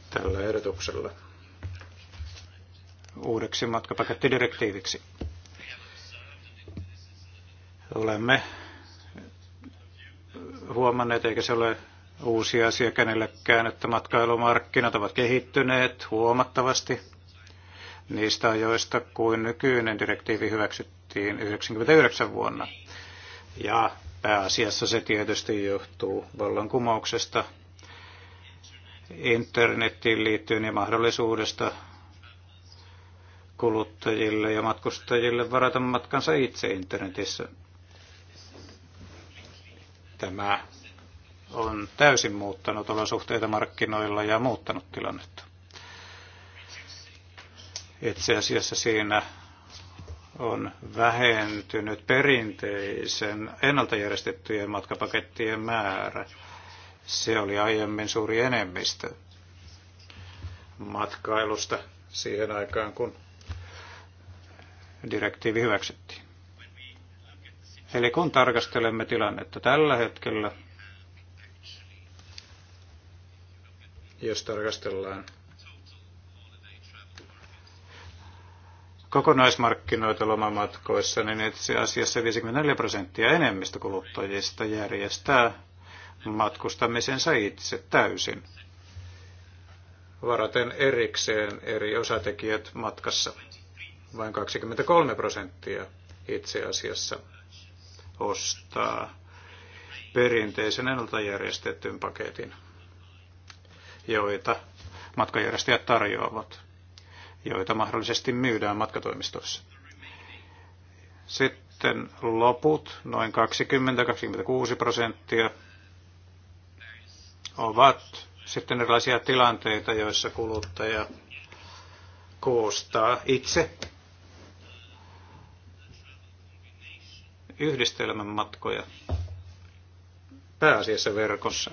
tällä ehdotuksella uudeksi matkapakettidirektiiviksi? Olemme huomanneet, eikä se ole uusi asia kenellekään, että matkailumarkkinat ovat kehittyneet huomattavasti niistä ajoista, kuin nykyinen direktiivi hyväksyttiin 1999 vuonna. Ja Pääasiassa se tietysti johtuu vallankumouksesta internettiin liittyen ja mahdollisuudesta kuluttajille ja matkustajille varata matkansa itse internetissä. Tämä on täysin muuttanut olosuhteita markkinoilla ja muuttanut tilannetta. Itse asiassa siinä on vähentynyt perinteisen ennalta järjestettyjen matkapakettien määrä. Se oli aiemmin suuri enemmistö matkailusta siihen aikaan, kun direktiivi hyväksyttiin. Eli kun tarkastelemme tilannetta tällä hetkellä, jos tarkastellaan kokonaismarkkinoita lomamatkoissa, niin itse asiassa 54 prosenttia enemmistö kuluttajista järjestää matkustamisensa itse täysin, varaten erikseen eri osatekijät matkassa. Vain 23 prosenttia itse asiassa ostaa perinteisen ennalta järjestetyn paketin, joita matkajärjestäjät tarjoavat joita mahdollisesti myydään matkatoimistossa. Sitten loput, noin 20-26 prosenttia, ovat sitten erilaisia tilanteita, joissa kuluttaja koostaa itse yhdistelmän matkoja pääasiassa verkossa.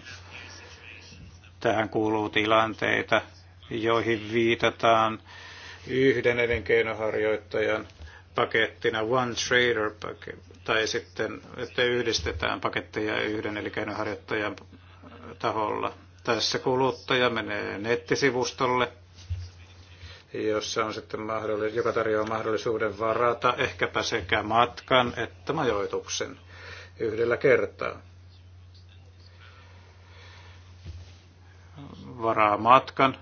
Tähän kuuluu tilanteita, joihin viitataan yhden elinkeinoharjoittajan pakettina One Trader tai sitten, että yhdistetään paketteja yhden elinkeinoharjoittajan taholla. Tässä kuluttaja menee nettisivustolle, jossa on sitten mahdollis- joka tarjoaa mahdollisuuden varata ehkäpä sekä matkan että majoituksen yhdellä kertaa. Varaa matkan,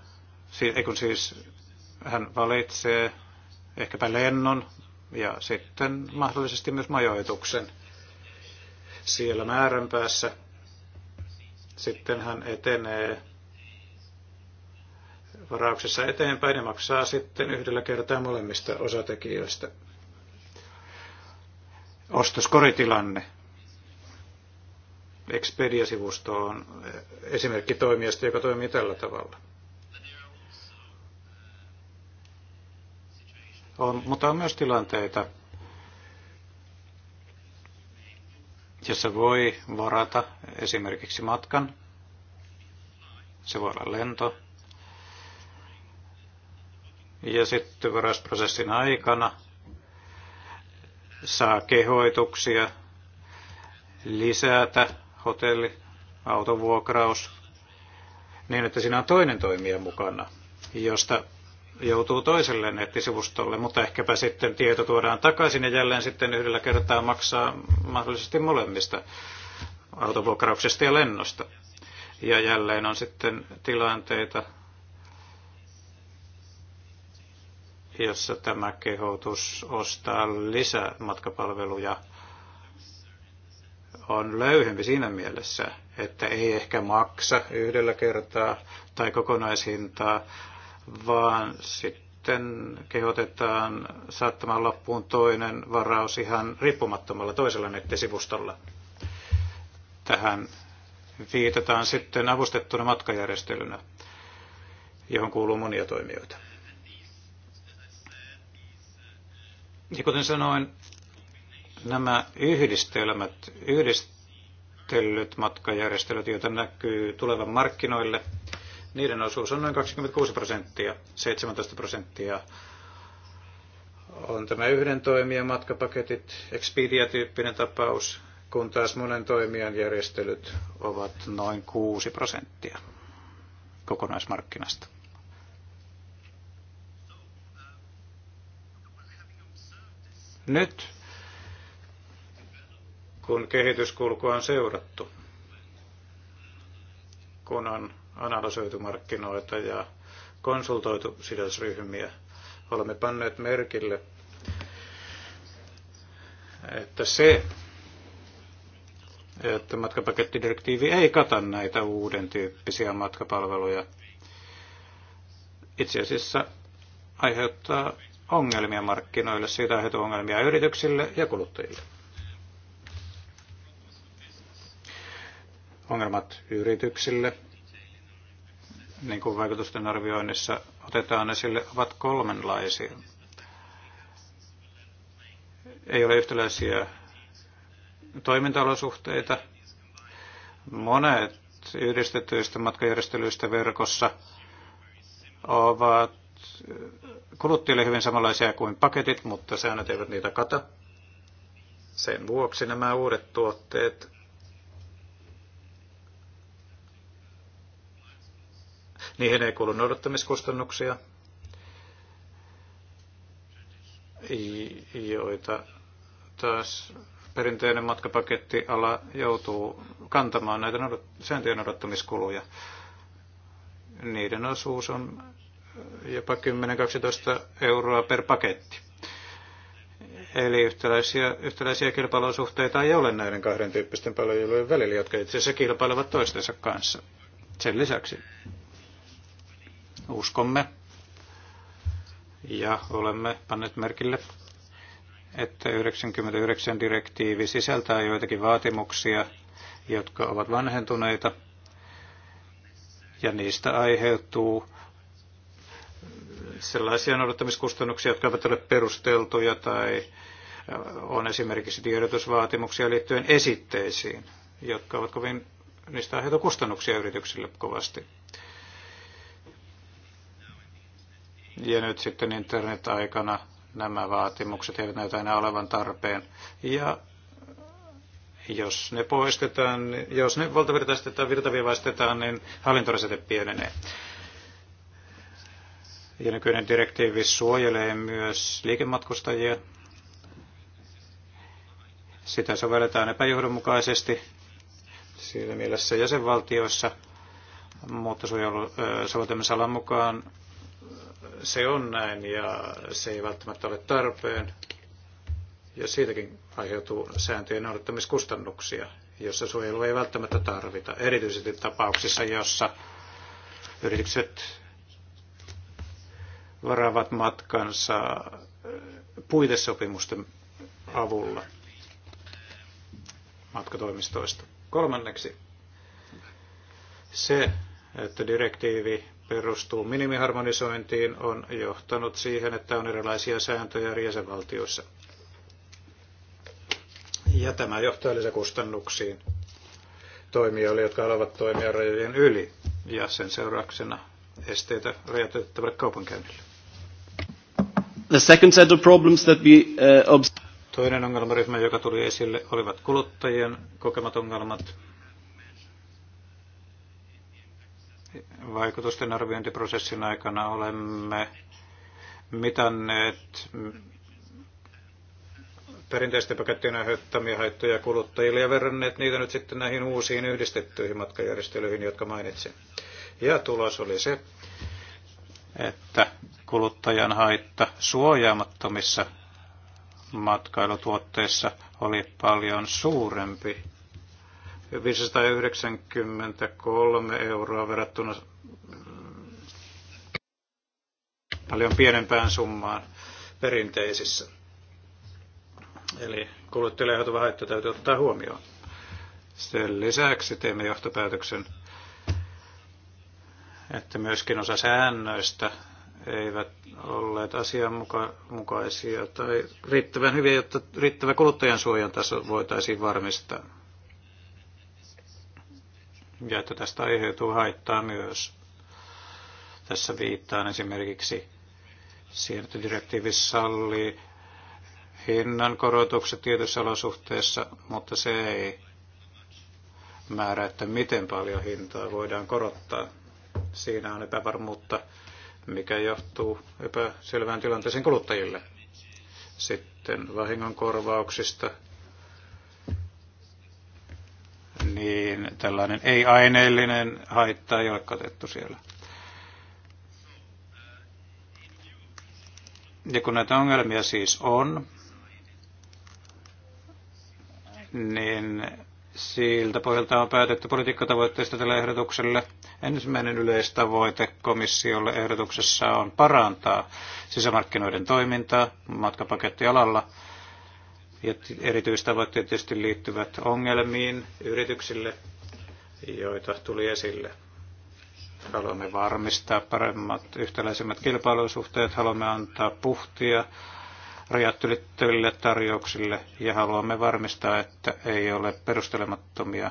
ei kun siis hän valitsee ehkäpä lennon ja sitten mahdollisesti myös majoituksen siellä määränpäässä. Sitten hän etenee varauksessa eteenpäin ja maksaa sitten yhdellä kertaa molemmista osatekijöistä. Ostoskoritilanne. Expedia-sivusto on esimerkki toimijasta, joka toimii tällä tavalla. On, mutta on myös tilanteita, jossa voi varata esimerkiksi matkan. Se voi olla lento. Ja sitten varausprosessin aikana saa kehoituksia lisätä hotelli, autovuokraus, niin että siinä on toinen toimija mukana, josta joutuu toiselle nettisivustolle, mutta ehkäpä sitten tieto tuodaan takaisin ja jälleen sitten yhdellä kertaa maksaa mahdollisesti molemmista autovuokrauksesta ja lennosta. Ja jälleen on sitten tilanteita, jossa tämä kehotus ostaa lisämatkapalveluja on löyhempi siinä mielessä, että ei ehkä maksa yhdellä kertaa tai kokonaishintaa, vaan sitten kehotetaan saattamaan loppuun toinen varaus ihan riippumattomalla toisella nettisivustolla. Tähän viitataan sitten avustettuna matkajärjestelynä, johon kuuluu monia toimijoita. Ja kuten sanoin, nämä yhdistelmät, yhdistelyt, matkajärjestelyt, joita näkyy tulevan markkinoille – niiden osuus on noin 26 prosenttia, 17 prosenttia on tämä yhden toimijan matkapaketit, Expedia-tyyppinen tapaus, kun taas monen toimijan järjestelyt ovat noin 6 prosenttia kokonaismarkkinasta. Nyt, kun kehityskulku on seurattu, kun on analysoitu markkinoita ja konsultoitu sidosryhmiä. Olemme panneet merkille, että se, että matkapakettidirektiivi ei kata näitä uuden tyyppisiä matkapalveluja, itse asiassa aiheuttaa ongelmia markkinoille, siitä aiheutuu ongelmia yrityksille ja kuluttajille. Ongelmat yrityksille niin kuin vaikutusten arvioinnissa otetaan esille, ovat kolmenlaisia. Ei ole yhtäläisiä toimintaolosuhteita. Monet yhdistetyistä matkajärjestelyistä verkossa ovat kuluttajille hyvin samanlaisia kuin paketit, mutta säännöt eivät niitä kata. Sen vuoksi nämä uudet tuotteet Niihin ei kuulu noudattamiskustannuksia, joita taas perinteinen matkapakettiala joutuu kantamaan näitä sääntöjen noudattamiskuluja. Niiden osuus on jopa 10-12 euroa per paketti. Eli yhtäläisiä, yhtäläisiä kilpailusuhteita ei ole näiden kahden tyyppisten palvelujen välillä, jotka itse asiassa kilpailevat toistensa kanssa. Sen lisäksi uskomme ja olemme panneet merkille, että 99 direktiivi sisältää joitakin vaatimuksia, jotka ovat vanhentuneita ja niistä aiheutuu sellaisia noudattamiskustannuksia, jotka eivät ole perusteltuja tai on esimerkiksi tiedotusvaatimuksia liittyen esitteisiin, jotka ovat kovin, niistä aiheutuu kustannuksia yrityksille kovasti. Ja nyt sitten internet-aikana nämä vaatimukset eivät näytä enää olevan tarpeen. Ja jos ne poistetaan, jos ne valtavirtaistetaan, virtaviivaistetaan, niin hallintoresete pienenee. Ja nykyinen direktiivi suojelee myös liikematkustajia. Sitä sovelletaan epäjohdonmukaisesti siinä mielessä jäsenvaltioissa, mutta soveltamisalan mukaan se on näin ja se ei välttämättä ole tarpeen. Ja siitäkin aiheutuu sääntöjen noudattamiskustannuksia, jossa suojelu ei välttämättä tarvita. Erityisesti tapauksissa, jossa yritykset varaavat matkansa äh, puitesopimusten avulla matkatoimistoista. Kolmanneksi se, että direktiivi perustuu minimiharmonisointiin, on johtanut siihen, että on erilaisia sääntöjä eri jäsenvaltioissa. Ja tämä johtaa lisäkustannuksiin toimijoille, jotka haluavat toimia rajojen yli, ja sen seurauksena esteitä rajoitettavalle kaupankäynnille. The second set of problems that we, uh, Toinen ongelmaryhmä, joka tuli esille, olivat kuluttajien kokemat ongelmat, vaikutusten arviointiprosessin aikana olemme mitanneet perinteisten pakettien aiheuttamia haittoja kuluttajille ja verranneet niitä nyt sitten näihin uusiin yhdistettyihin matkajärjestelyihin, jotka mainitsin. Ja tulos oli se, että kuluttajan haitta suojaamattomissa matkailutuotteissa oli paljon suurempi 593 euroa verrattuna paljon pienempään summaan perinteisissä. Eli kuluttajille aiheutuva haitta täytyy ottaa huomioon. Sen lisäksi teemme johtopäätöksen, että myöskin osa säännöistä eivät olleet asianmukaisia tai riittävän hyviä, jotta riittävä kuluttajan suojan taso voitaisiin varmistaa ja että tästä aiheutuu haittaa myös. Tässä viittaan esimerkiksi siihen, että direktiivi sallii hinnan korotukset tietyissä olosuhteissa, mutta se ei määrä, että miten paljon hintaa voidaan korottaa. Siinä on epävarmuutta, mikä johtuu epäselvään tilanteeseen kuluttajille. Sitten vahingonkorvauksista korvauksista niin tällainen ei-aineellinen haitta ei ole katettu siellä. Ja kun näitä ongelmia siis on, niin siltä pohjalta on päätetty politiikkatavoitteista tälle ehdotukselle. Ensimmäinen yleistavoite komissiolle ehdotuksessa on parantaa sisämarkkinoiden toimintaa matkapakettialalla. alalla erityistavoitteet tietysti liittyvät ongelmiin yrityksille, joita tuli esille. Haluamme varmistaa paremmat yhtäläisemmät kilpailusuhteet, haluamme antaa puhtia rajat tarjouksille ja haluamme varmistaa, että ei ole perustelemattomia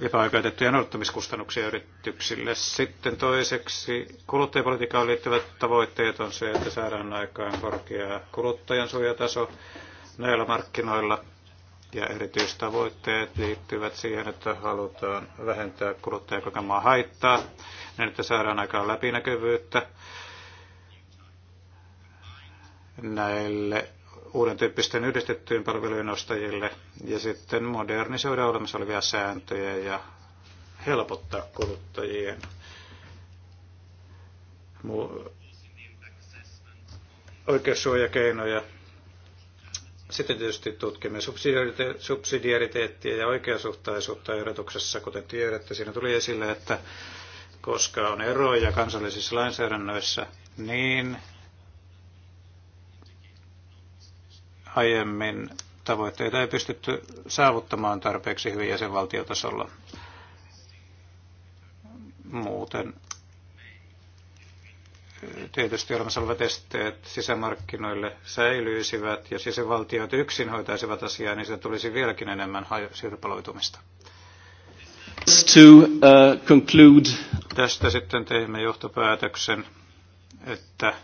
epäoikeutettuja noudattamiskustannuksia yrityksille. Sitten toiseksi kuluttajapolitiikkaan liittyvät tavoitteet on se, että saadaan aikaan korkea kuluttajan suojataso, näillä markkinoilla. Ja erityistavoitteet liittyvät siihen, että halutaan vähentää kuluttajan kokemaa haittaa, niin että saadaan aikaan läpinäkyvyyttä näille uuden tyyppisten yhdistettyjen palvelujen ostajille ja sitten modernisoida olemassa olevia sääntöjä ja helpottaa kuluttajien oikeussuojakeinoja sitten tietysti tutkimme subsidiariteettia ja oikeasuhtaisuutta ehdotuksessa, kuten tiedätte. Siinä tuli esille, että koska on eroja kansallisissa lainsäädännöissä, niin aiemmin tavoitteita ei pystytty saavuttamaan tarpeeksi hyvin jäsenvaltiotasolla. Muuten tietysti olemassa olevat esteet sisämarkkinoille säilyisivät ja sisävaltiot yksin hoitaisivat asiaa, niin se tulisi vieläkin enemmän sirpaloitumista. To, uh, conclude. Tästä sitten teemme johtopäätöksen, että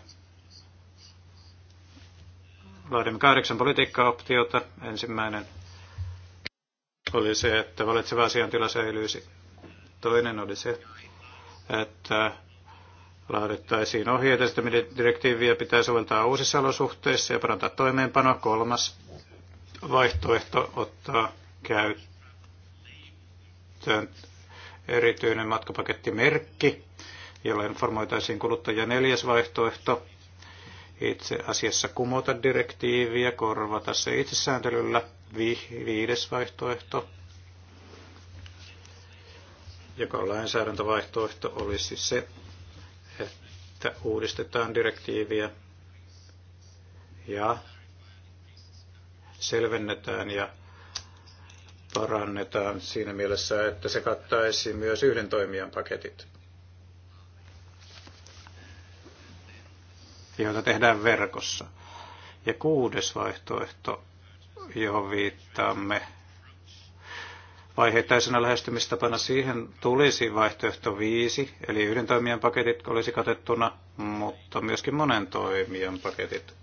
laadimme kahdeksan politiikkaoptiota. Ensimmäinen oli se, että valitseva asiantila säilyisi. Toinen oli se, että laadittaisiin ohjeita, että direktiiviä pitää soveltaa uusissa olosuhteissa ja parantaa toimeenpanoa. Kolmas vaihtoehto ottaa käyttöön erityinen matkapakettimerkki, jolla informoitaisiin kuluttajia. Neljäs vaihtoehto itse asiassa kumota direktiiviä, korvata se itsesääntelyllä. Vi, viides vaihtoehto, joka lainsäädäntövaihtoehto olisi se, että uudistetaan direktiiviä ja selvennetään ja parannetaan siinä mielessä, että se kattaisi myös yhden toimijan paketit, joita tehdään verkossa. Ja kuudes vaihtoehto, johon viittaamme vaiheittaisena lähestymistapana siihen tulisi vaihtoehto viisi, eli yhden toimijan paketit olisi katettuna, mutta myöskin monen toimijan paketit.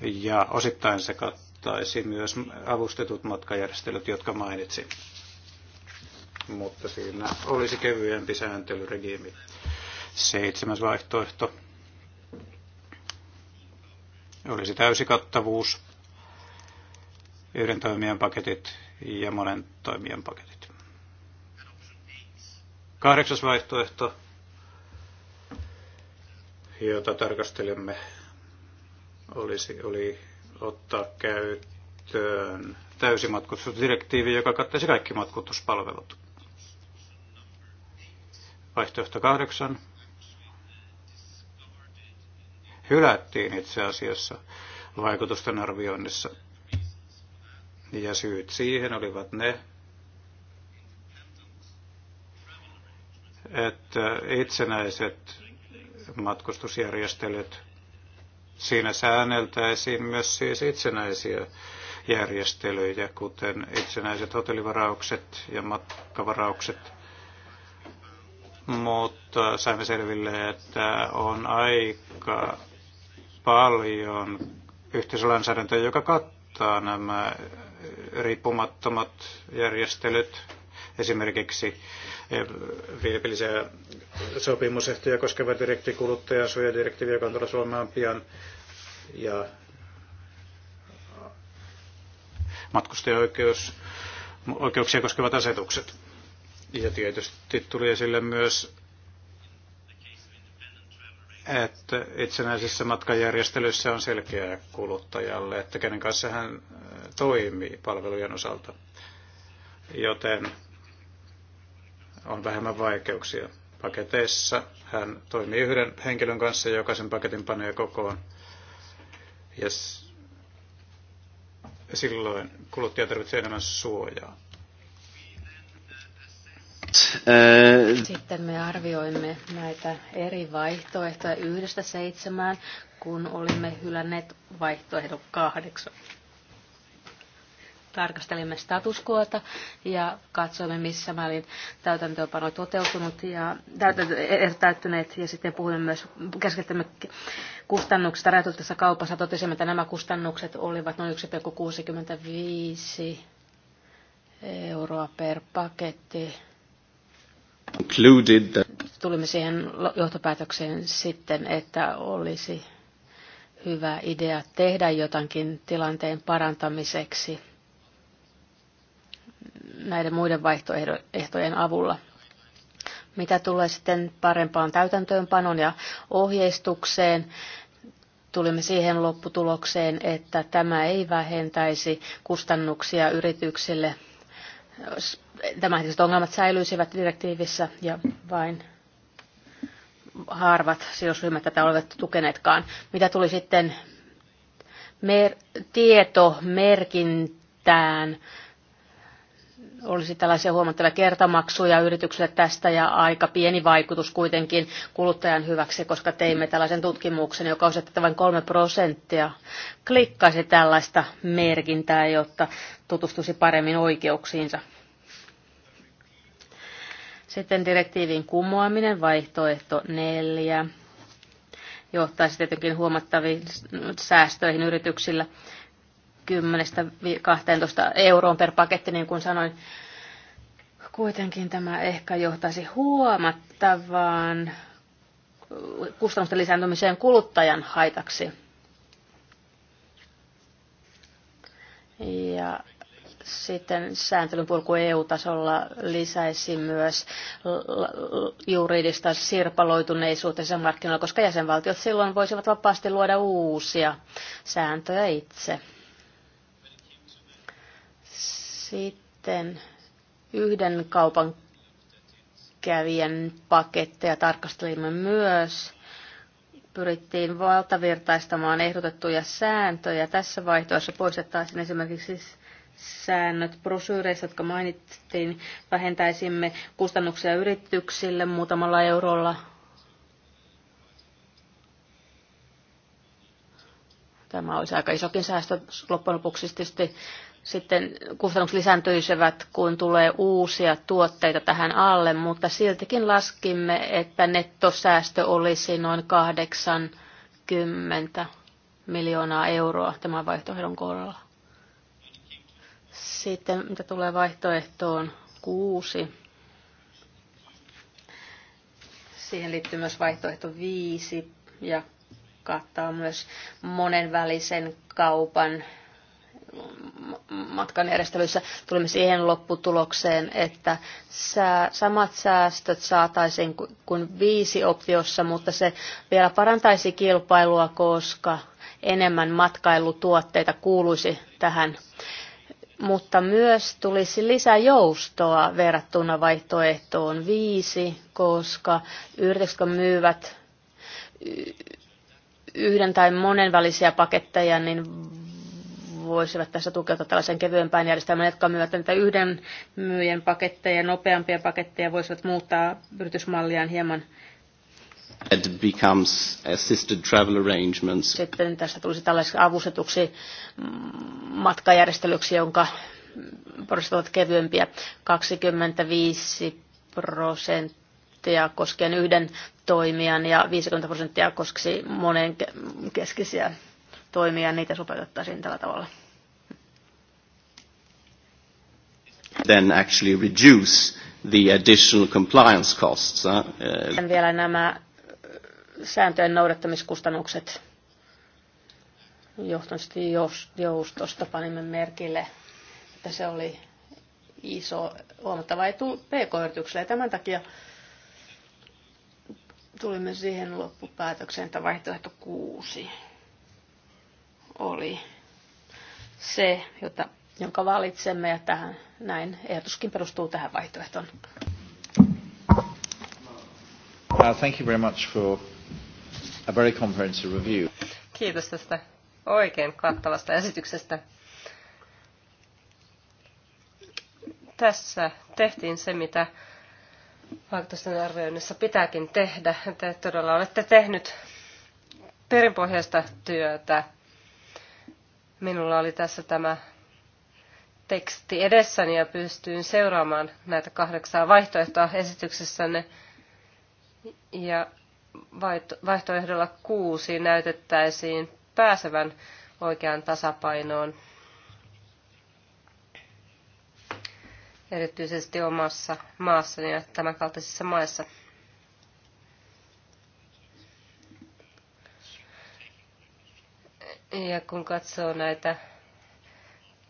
Ja osittain se kattaisi myös avustetut matkajärjestelyt, jotka mainitsin. Mutta siinä olisi kevyempi sääntelyregiimi. Seitsemäs vaihtoehto olisi täysi kattavuus yhden toimijan paketit ja monen toimijan paketit. Kahdeksas vaihtoehto, jota tarkastelemme, olisi, oli ottaa käyttöön täysimatkustusdirektiivi, joka kattaisi kaikki matkustuspalvelut. Vaihtoehto kahdeksan hylättiin itse asiassa vaikutusten arvioinnissa ja syyt siihen olivat ne, että itsenäiset matkustusjärjestelyt, siinä säänneltäisiin myös siis itsenäisiä järjestelyjä, kuten itsenäiset hotellivaraukset ja matkavaraukset. Mutta saimme selville, että on aika paljon yhteisölainsäädäntöä, joka kattaa nämä riippumattomat järjestelyt, esimerkiksi eh, vilpillisiä sopimusehtoja koskeva direkti, kuluttajansuojadirektiivi, joka on tullut Suomeen pian, ja oikeuksia koskevat asetukset. Ja tietysti tuli esille myös että itsenäisissä matkajärjestelyissä on selkeää kuluttajalle, että kenen kanssa hän äh, toimii palvelujen osalta, joten on vähemmän vaikeuksia. Paketeissa hän toimii yhden henkilön kanssa, joka sen paketin panee kokoon. Ja silloin kuluttaja tarvitsee enemmän suojaa. Äh, sitten me arvioimme näitä eri vaihtoehtoja yhdestä seitsemään, kun olimme hylänneet vaihtoehdon kahdeksan. Tarkastelimme statuskuota ja katsoimme, missä määrin täytäntöönpano on toteutunut ja e, e, täyttäneet. Ja sitten puhuimme myös, käskettämme kustannuksista rajoitettavassa kaupassa. Totesimme, että nämä kustannukset olivat noin 1,65 euroa per paketti Tulimme siihen johtopäätökseen sitten, että olisi hyvä idea tehdä jotakin tilanteen parantamiseksi näiden muiden vaihtoehtojen avulla. Mitä tulee sitten parempaan täytäntöönpanon ja ohjeistukseen, tulimme siihen lopputulokseen, että tämä ei vähentäisi kustannuksia yrityksille – tämänhetkiset ongelmat säilyisivät direktiivissä ja vain harvat sidosryhmät tätä olivat tukeneetkaan. Mitä tuli sitten mer- tietomerkintään, olisi tällaisia huomattavia kertamaksuja yrityksille tästä ja aika pieni vaikutus kuitenkin kuluttajan hyväksi, koska teimme tällaisen tutkimuksen, joka osoitti, että vain kolme prosenttia klikkaisi tällaista merkintää, jotta tutustuisi paremmin oikeuksiinsa. Sitten direktiivin kumoaminen, vaihtoehto neljä johtaisi tietenkin huomattaviin säästöihin yrityksillä. 10-12 euroon per paketti, niin kuin sanoin. Kuitenkin tämä ehkä johtaisi huomattavaan kustannusten lisääntymiseen kuluttajan haitaksi. Ja sitten sääntelyn purku EU-tasolla lisäisi myös juridista sirpaloituneisuutta markkinoilla, koska jäsenvaltiot silloin voisivat vapaasti luoda uusia sääntöjä itse. Sitten yhden kaupan kävijän paketteja tarkastelimme myös. Pyrittiin valtavirtaistamaan ehdotettuja sääntöjä. Tässä vaihtoehdossa poistettaisiin esimerkiksi säännöt brosyyreissä, jotka mainittiin. Vähentäisimme kustannuksia yrityksille muutamalla eurolla. Tämä olisi aika isokin säästö loppujen lopuksi tietysti sitten kustannukset lisääntyisivät, kun tulee uusia tuotteita tähän alle, mutta siltikin laskimme, että nettosäästö olisi noin 80 miljoonaa euroa tämän vaihtoehdon kohdalla. Sitten mitä tulee vaihtoehtoon kuusi. Siihen liittyy myös vaihtoehto viisi ja kattaa myös monenvälisen kaupan matkan järjestelyissä tulimme siihen lopputulokseen, että sää, samat säästöt saataisiin kuin viisi optiossa, mutta se vielä parantaisi kilpailua, koska enemmän matkailutuotteita kuuluisi tähän mutta myös tulisi lisää joustoa verrattuna vaihtoehtoon viisi, koska yritykset, myyvät yhden tai monen välisiä paketteja, niin voisivat tässä tukeutua tällaisen kevyempään järjestelmään, jotka myyvät näitä yhden myyjän paketteja ja nopeampia paketteja voisivat muuttaa yritysmalliaan hieman. It becomes assisted travel arrangements. Sitten tästä tulisi tällaisiksi avustetuksi matkajärjestelyksi, jonka prosessit ovat kevyempiä. 25 prosenttia koskien yhden toimijan ja 50 prosenttia koskisi monen keskisiä toimia, niitä sopeutettaisiin tällä tavalla. Then actually reduce the additional compliance costs. Uh, Vielä nämä äh, sääntöjen noudattamiskustannukset johtuisesti joustosta panimme merkille, että se oli iso huomattava etu pk-yritykselle. Tämän takia tulimme siihen loppupäätökseen, että vaihtoehto kuusi oli se, jota, jonka valitsemme, ja tähän, näin ehdotuskin perustuu tähän vaihtoehtoon. Uh, thank you very much for a very comprehensive review. Kiitos tästä oikein kattavasta esityksestä. Tässä tehtiin se, mitä vaikutusten arvioinnissa pitääkin tehdä. Te todella olette tehnyt perinpohjaista työtä Minulla oli tässä tämä teksti edessäni ja pystyin seuraamaan näitä kahdeksaa vaihtoehtoa esityksessänne. Ja vaihtoehdolla kuusi näytettäisiin pääsevän oikeaan tasapainoon. Erityisesti omassa maassani ja tämänkaltaisissa maissa. Ja kun katsoo näitä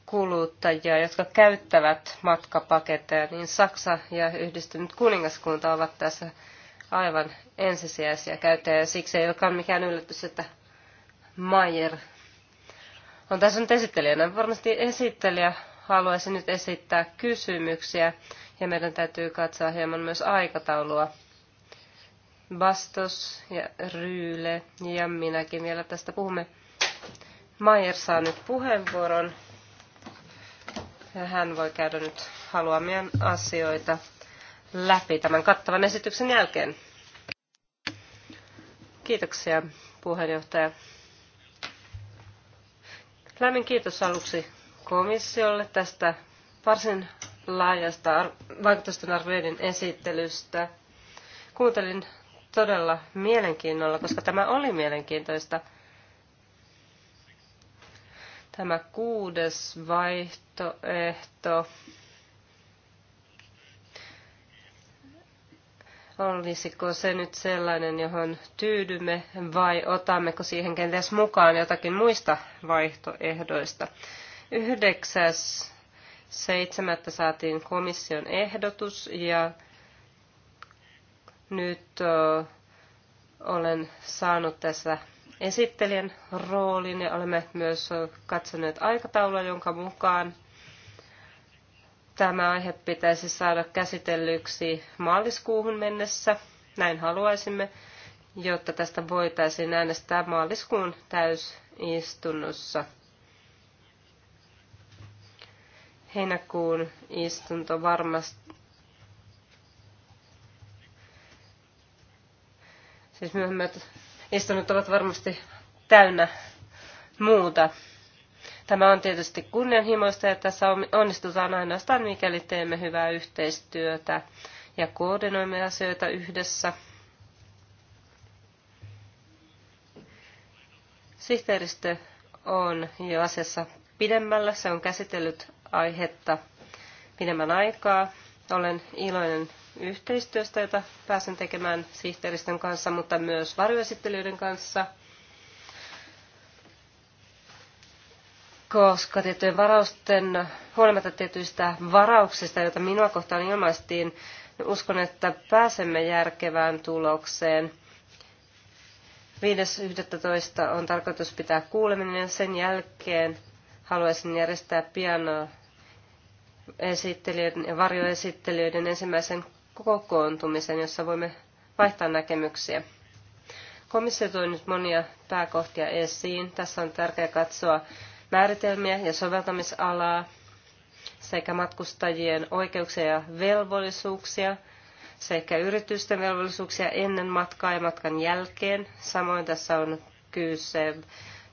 kuluttajia, jotka käyttävät matkapaketteja, niin Saksa ja yhdistynyt kuningaskunta ovat tässä aivan ensisijaisia käyttäjiä. Siksi ei olekaan mikään yllätys, että Mayer on tässä nyt esittelijänä. Varmasti esittelijä haluaisi nyt esittää kysymyksiä ja meidän täytyy katsoa hieman myös aikataulua. Bastos ja Ryyle ja minäkin vielä tästä puhumme. Maier saa nyt puheenvuoron ja hän voi käydä nyt haluamien asioita läpi tämän kattavan esityksen jälkeen. Kiitoksia puheenjohtaja. Lämmin kiitos aluksi komissiolle tästä varsin laajasta vaikutusten arvioiden esittelystä. Kuuntelin todella mielenkiinnolla, koska tämä oli mielenkiintoista – Tämä kuudes vaihtoehto olisiko se nyt sellainen, johon tyydymme vai otammeko siihen kenties mukaan jotakin muista vaihtoehdoista. Yhdeksäs seitsemättä saatiin komission ehdotus ja nyt olen saanut tässä esittelijän roolin ja olemme myös katsoneet aikataulua, jonka mukaan tämä aihe pitäisi saada käsitellyksi maaliskuuhun mennessä. Näin haluaisimme, jotta tästä voitaisiin äänestää maaliskuun täysistunnossa. Heinäkuun istunto varmasti Siis myöhemmät istunut ovat varmasti täynnä muuta. Tämä on tietysti kunnianhimoista ja tässä onnistutaan ainoastaan, mikäli teemme hyvää yhteistyötä ja koordinoimme asioita yhdessä. Sihteeristö on jo asiassa pidemmällä. Se on käsitellyt aihetta pidemmän aikaa. Olen iloinen yhteistyöstä, jota pääsen tekemään sihteeristön kanssa, mutta myös varjoesittelijöiden kanssa. Koska tiettyjen varausten, huolimatta tietyistä varauksista, joita minua kohtaan ilmaistiin, uskon, että pääsemme järkevään tulokseen. 5.11. on tarkoitus pitää kuuleminen. Sen jälkeen haluaisin järjestää pian esittelijöiden ja varjoesittelijöiden ensimmäisen kokoontumisen, jossa voimme vaihtaa näkemyksiä. Komissio toi nyt monia pääkohtia esiin. Tässä on tärkeää katsoa määritelmiä ja soveltamisalaa sekä matkustajien oikeuksia ja velvollisuuksia sekä yritysten velvollisuuksia ennen matkaa ja matkan jälkeen. Samoin tässä on kyse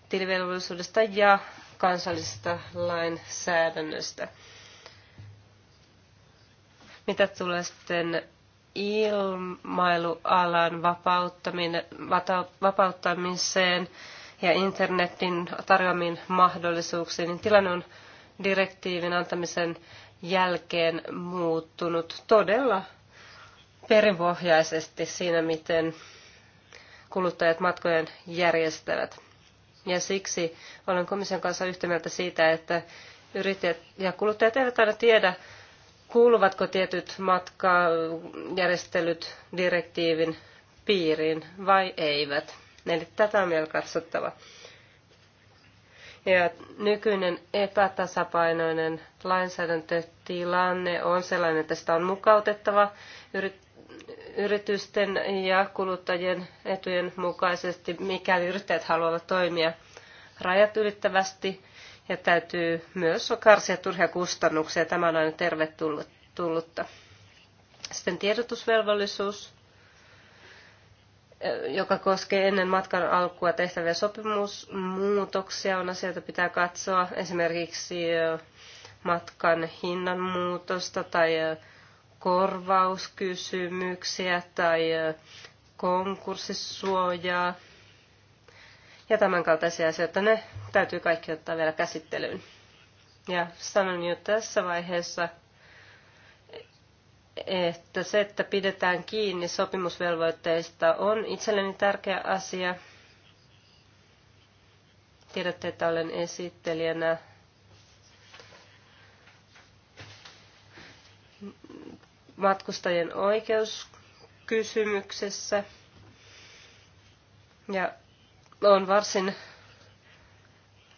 tilivelvollisuudesta ja kansallisesta lainsäädännöstä. Mitä tulee sitten ilmailualan vapauttamiseen ja internetin tarjoamiin mahdollisuuksiin, niin tilanne on direktiivin antamisen jälkeen muuttunut todella perinpohjaisesti siinä, miten kuluttajat matkojen järjestävät. Ja siksi olen komission kanssa yhtä mieltä siitä, että yrittäjät ja kuluttajat eivät aina tiedä, kuuluvatko tietyt matkajärjestelyt direktiivin piiriin vai eivät. Eli tätä on vielä katsottava. Ja nykyinen epätasapainoinen lainsäädäntötilanne on sellainen, että sitä on mukautettava yritysten ja kuluttajien etujen mukaisesti, mikäli yrittäjät haluavat toimia rajat ylittävästi ja täytyy myös karsia turhia kustannuksia. Tämä on aina tervetullutta. Sitten tiedotusvelvollisuus, eh, joka koskee ennen matkan alkua tehtäviä sopimusmuutoksia, on asioita pitää katsoa. Esimerkiksi eh, matkan hinnan muutosta tai eh, korvauskysymyksiä tai konkurssisuojaa ja tämänkaltaisia asioita, ne täytyy kaikki ottaa vielä käsittelyyn. Ja sanon jo tässä vaiheessa, että se, että pidetään kiinni sopimusvelvoitteista, on itselleni tärkeä asia. Tiedätte, että olen esittelijänä matkustajien oikeuskysymyksessä. Ja on varsin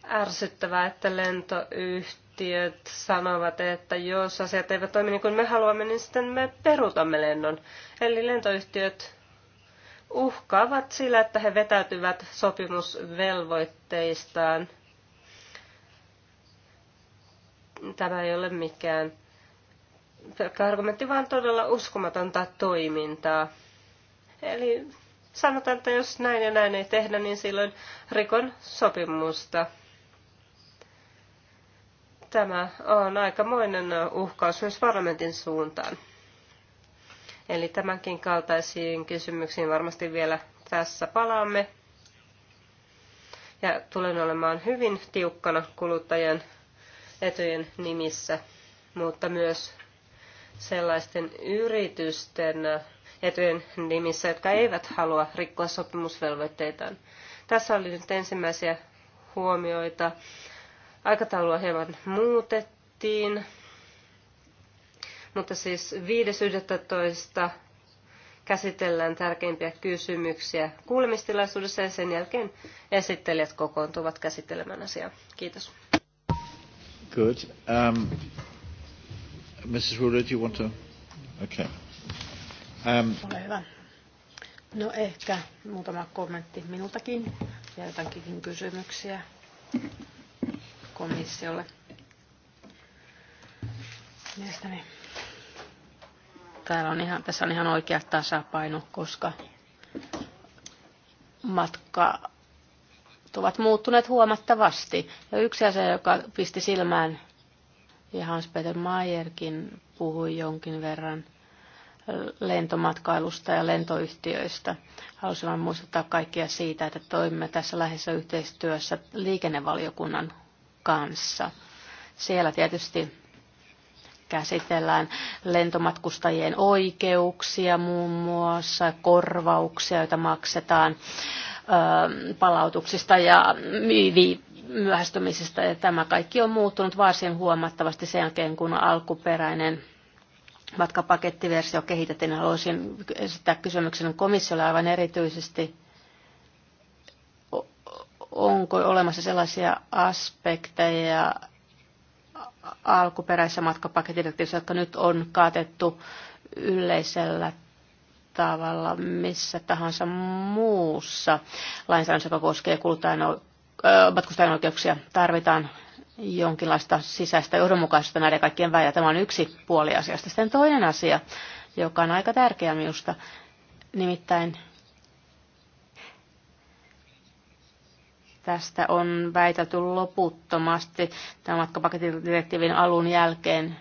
ärsyttävää, että lentoyhtiöt sanovat, että jos asiat eivät toimi niin kuin me haluamme, niin sitten me peruutamme lennon. Eli lentoyhtiöt uhkaavat sillä, että he vetäytyvät sopimusvelvoitteistaan. Tämä ei ole mikään pelkkä argumentti, vaan todella uskomatonta toimintaa. Eli sanotaan, että jos näin ja näin ei tehdä, niin silloin rikon sopimusta. Tämä on aikamoinen uhkaus myös parlamentin suuntaan. Eli tämänkin kaltaisiin kysymyksiin varmasti vielä tässä palaamme. Ja tulen olemaan hyvin tiukkana kuluttajien etujen nimissä, mutta myös sellaisten yritysten etujen nimissä, jotka eivät halua rikkoa sopimusvelvoitteitaan. Tässä oli nyt ensimmäisiä huomioita. Aikataulua hieman muutettiin, mutta siis 5.11. käsitellään tärkeimpiä kysymyksiä kuulemistilaisuudessa ja sen jälkeen esittelijät kokoontuvat käsittelemään asiaa. Kiitos. Good. Um, Mrs. Ruler, do you want to? Okay. Ähm. Ole hyvä. No ehkä muutama kommentti minultakin ja jotakin kysymyksiä komissiolle. Mielestäni täällä on ihan, tässä on ihan oikea tasapaino, koska matka ovat muuttuneet huomattavasti. Ja yksi asia, joka pisti silmään, ja Hans-Peter Mayerkin puhui jonkin verran – lentomatkailusta ja lentoyhtiöistä. Haluaisin vain muistuttaa kaikkia siitä, että toimimme tässä läheisessä yhteistyössä liikennevaliokunnan kanssa. Siellä tietysti käsitellään lentomatkustajien oikeuksia muun muassa, korvauksia, joita maksetaan palautuksista ja myöhästymisestä. Ja tämä kaikki on muuttunut varsin huomattavasti sen jälkeen, kun alkuperäinen matkapakettiversio kehitettiin, haluaisin esittää kysymyksen komissiolle aivan erityisesti. Onko olemassa sellaisia aspekteja alkuperäisessä matkapakettidirektiivissä, jotka nyt on kaatettu yleisellä tavalla missä tahansa muussa lainsäädännössä, joka koskee matkustajan oikeuksia, tarvitaan jonkinlaista sisäistä johdonmukaisuutta näiden kaikkien välillä. Tämä on yksi puoli asiasta. Sitten toinen asia, joka on aika tärkeä minusta, nimittäin tästä on väitelty loputtomasti tämän matkapakettidirektiivin alun jälkeen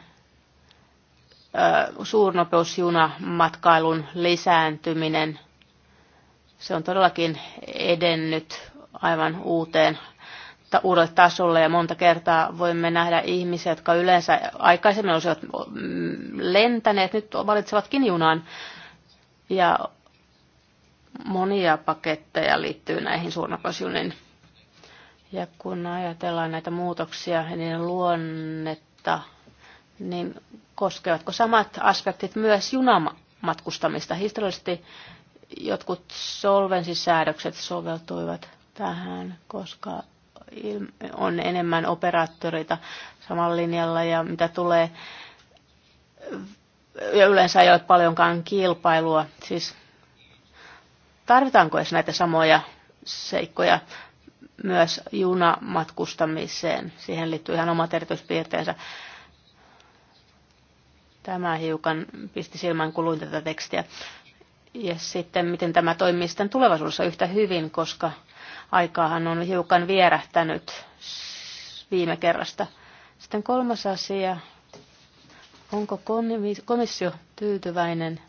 suurnopeusjunamatkailun lisääntyminen. Se on todellakin edennyt aivan uuteen uudelle tasolle ja monta kertaa voimme nähdä ihmisiä, jotka yleensä aikaisemmin olisivat mm, lentäneet, nyt valitsevatkin junan. Ja monia paketteja liittyy näihin suunnapasynin. Ja kun ajatellaan näitä muutoksia ja niiden luonnetta, niin koskevatko samat aspektit myös junamatkustamista? Historiallisesti jotkut solvensisäädökset soveltuivat tähän, koska on enemmän operaattoreita samalla linjalla ja mitä tulee, yleensä ei ole paljonkaan kilpailua. Siis tarvitaanko edes näitä samoja seikkoja myös junamatkustamiseen? Siihen liittyy ihan omat erityispiirteensä. Tämä hiukan pisti silmään, kun luin tätä tekstiä. Ja sitten, miten tämä toimii sitten tulevaisuudessa yhtä hyvin, koska Aikaahan on hiukan vierähtänyt viime kerrasta. Sitten kolmas asia. Onko komissio tyytyväinen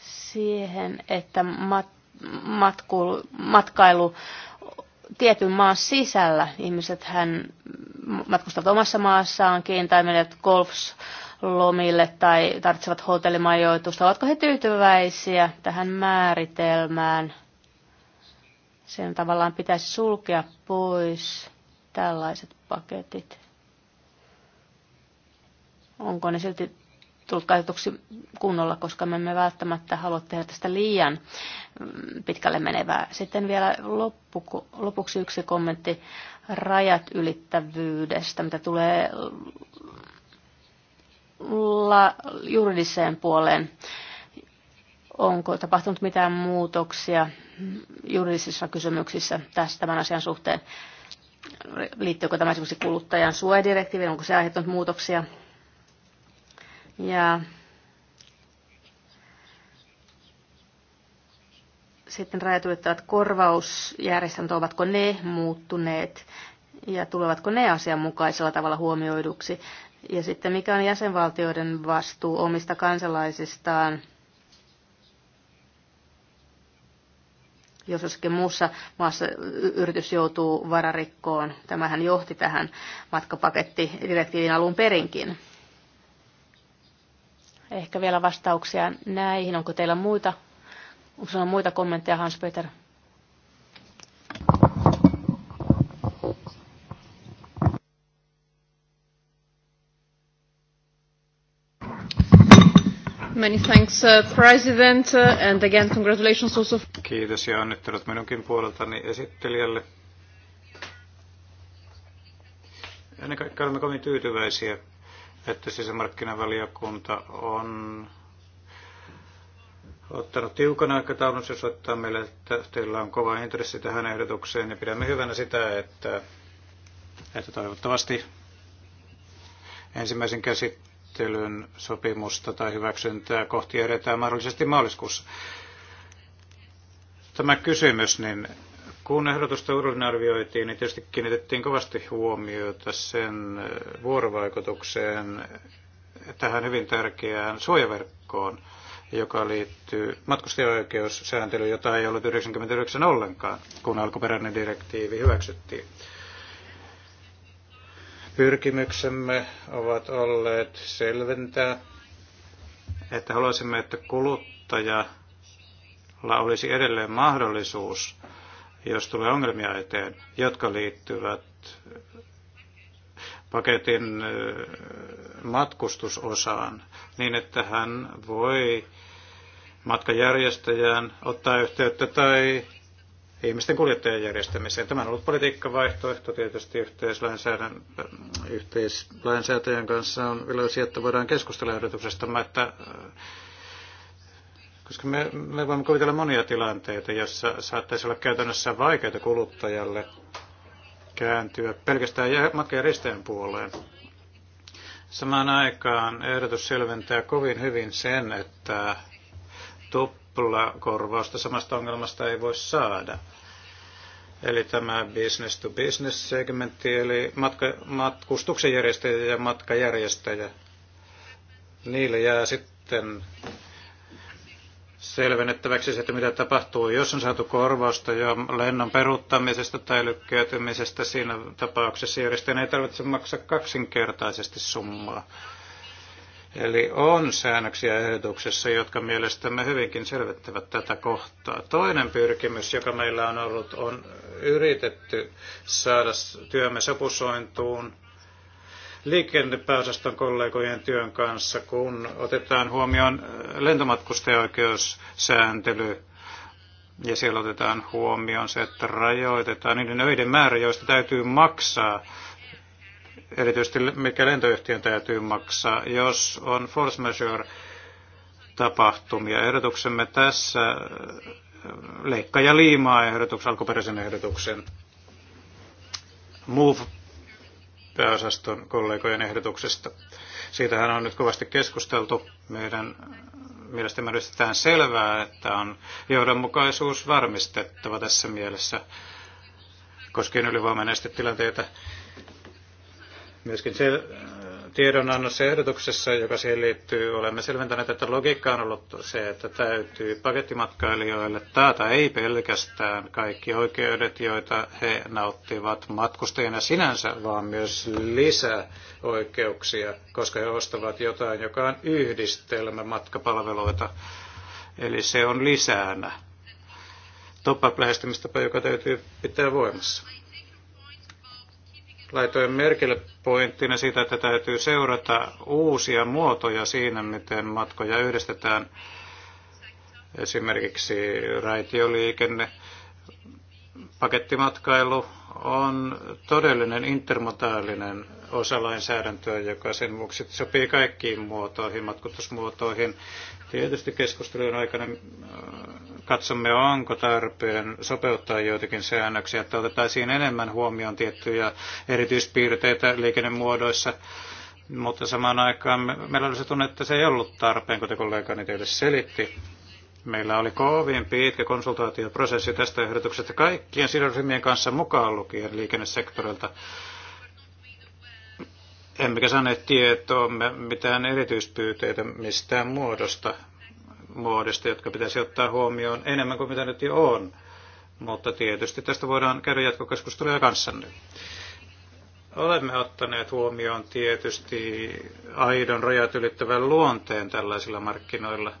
siihen, että mat, matku, matkailu tietyn maan sisällä, ihmiset hän matkustavat omassa maassaankin tai menevät lomille tai tarvitsevat hotellimajoitusta, ovatko he tyytyväisiä tähän määritelmään – sen tavallaan pitäisi sulkea pois tällaiset paketit. Onko ne silti tullut käytetyksi kunnolla, koska me emme välttämättä halua tehdä tästä liian mm, pitkälle menevää. Sitten vielä loppu, lopuksi yksi kommentti rajat ylittävyydestä, mitä tulee la, juridiseen puoleen onko tapahtunut mitään muutoksia juridisissa kysymyksissä tässä tämän asian suhteen. Liittyykö tämä esimerkiksi kuluttajan suojadirektiiviin, onko se aiheuttanut muutoksia? Ja sitten rajat ylittävät korvausjärjestelmät, ovatko ne muuttuneet ja tulevatko ne asianmukaisella tavalla huomioiduksi? Ja sitten mikä on jäsenvaltioiden vastuu omista kansalaisistaan jos jossakin muussa maassa yritys joutuu vararikkoon. Tämähän johti tähän matkapakettidirektiivin alun perinkin. Ehkä vielä vastauksia näihin. Onko teillä muita, onko muita kommentteja, Hans-Peter? Many thanks, uh, President, uh, and again congratulations also. Kiitos ja onnittelut minunkin puoleltani esittelijälle. Ennen kaikkea olemme kovin tyytyväisiä, että sisämarkkinavaliokunta on ottanut tiukan aikataulun. Se osoittaa meille, että teillä on kova intressi tähän ehdotukseen ja pidämme hyvänä sitä, että, että toivottavasti ensimmäisen käsittelyn menettelyn sopimusta tai hyväksyntää kohti edetään mahdollisesti maaliskuussa. Tämä kysymys, niin kun ehdotusta uudelleen arvioitiin, niin tietysti kiinnitettiin kovasti huomiota sen eh, vuorovaikutukseen tähän hyvin tärkeään suojaverkkoon, joka liittyy matkustajaoikeussääntelyyn, jota ei ollut 99 ollenkaan, kun alkuperäinen direktiivi hyväksyttiin. Pyrkimyksemme ovat olleet selventää, että haluaisimme, että kuluttajalla olisi edelleen mahdollisuus, jos tulee ongelmia eteen, jotka liittyvät paketin matkustusosaan, niin että hän voi matkajärjestäjään ottaa yhteyttä tai ihmisten kuljettajan järjestämiseen. Tämä on ollut politiikkavaihtoehto tietysti yhteislainsäätäjän kanssa on iloisia, että voidaan keskustella ehdotuksesta, että äh, koska me, me voimme kuvitella monia tilanteita, joissa saattaisi olla käytännössä vaikeita kuluttajalle kääntyä pelkästään matkan risteen puoleen. Samaan aikaan ehdotus selventää kovin hyvin sen, että tup, tuplakorvausta samasta ongelmasta ei voi saada. Eli tämä business to business segmentti, eli matka, matkustuksen järjestäjä ja matkajärjestäjä. Niille jää sitten selvennettäväksi se, että mitä tapahtuu, jos on saatu korvausta jo lennon peruuttamisesta tai lykkäytymisestä. Siinä tapauksessa järjestäjän ei tarvitse maksaa kaksinkertaisesti summaa Eli on säännöksiä ehdotuksessa, jotka mielestämme hyvinkin selvittävät tätä kohtaa. Toinen pyrkimys, joka meillä on ollut, on yritetty saada työmme sopusointuun liikennepääosaston kollegojen työn kanssa, kun otetaan huomioon lentomatkustajaoikeussääntely ja siellä otetaan huomioon se, että rajoitetaan niiden öiden määrä, joista täytyy maksaa erityisesti mikä lentoyhtiön täytyy maksaa, jos on force majeure tapahtumia. Ehdotuksemme tässä leikkaa ja liimaa ehdotuksen, alkuperäisen ehdotuksen move pääosaston kollegojen ehdotuksesta. Siitähän on nyt kovasti keskusteltu. Meidän mielestämme yritetään selvää, että on johdonmukaisuus varmistettava tässä mielessä koskien ylivoimainen tilanteita. Myöskin se tiedonannossa ja ehdotuksessa, joka siihen liittyy, olemme selventäneet, että logiikka on ollut se, että täytyy pakettimatkailijoille taata ei pelkästään kaikki oikeudet, joita he nauttivat matkustajina sinänsä, vaan myös lisäoikeuksia, koska he ostavat jotain, joka on yhdistelmä matkapalveluita. Eli se on lisäänä. Top-lähestymistapa, joka täytyy pitää voimassa laitoin merkille pointtina sitä, että täytyy seurata uusia muotoja siinä, miten matkoja yhdistetään. Esimerkiksi raitioliikenne, pakettimatkailu, on todellinen intermodaalinen osa lainsäädäntöä, joka sen vuoksi sopii kaikkiin muotoihin, matkustusmuotoihin. Tietysti keskustelujen aikana äh, katsomme, onko tarpeen sopeuttaa joitakin säännöksiä, että otettaisiin enemmän huomioon tiettyjä erityispiirteitä liikennemuodoissa. Mutta samaan aikaan meillä oli se tunne, että se ei ollut tarpeen, kuten kollegani teille selitti Meillä oli kovin pitkä konsultaatioprosessi tästä ehdotuksesta kaikkien sidosryhmien kanssa mukaan lukien liikennesektorilta. Emmekä saaneet tietoa mitään erityispyyteitä mistään muodosta, muodosta, jotka pitäisi ottaa huomioon enemmän kuin mitä nyt jo on. Mutta tietysti tästä voidaan käydä jatkokeskusteluja kanssanne. Olemme ottaneet huomioon tietysti aidon rajat ylittävän luonteen tällaisilla markkinoilla –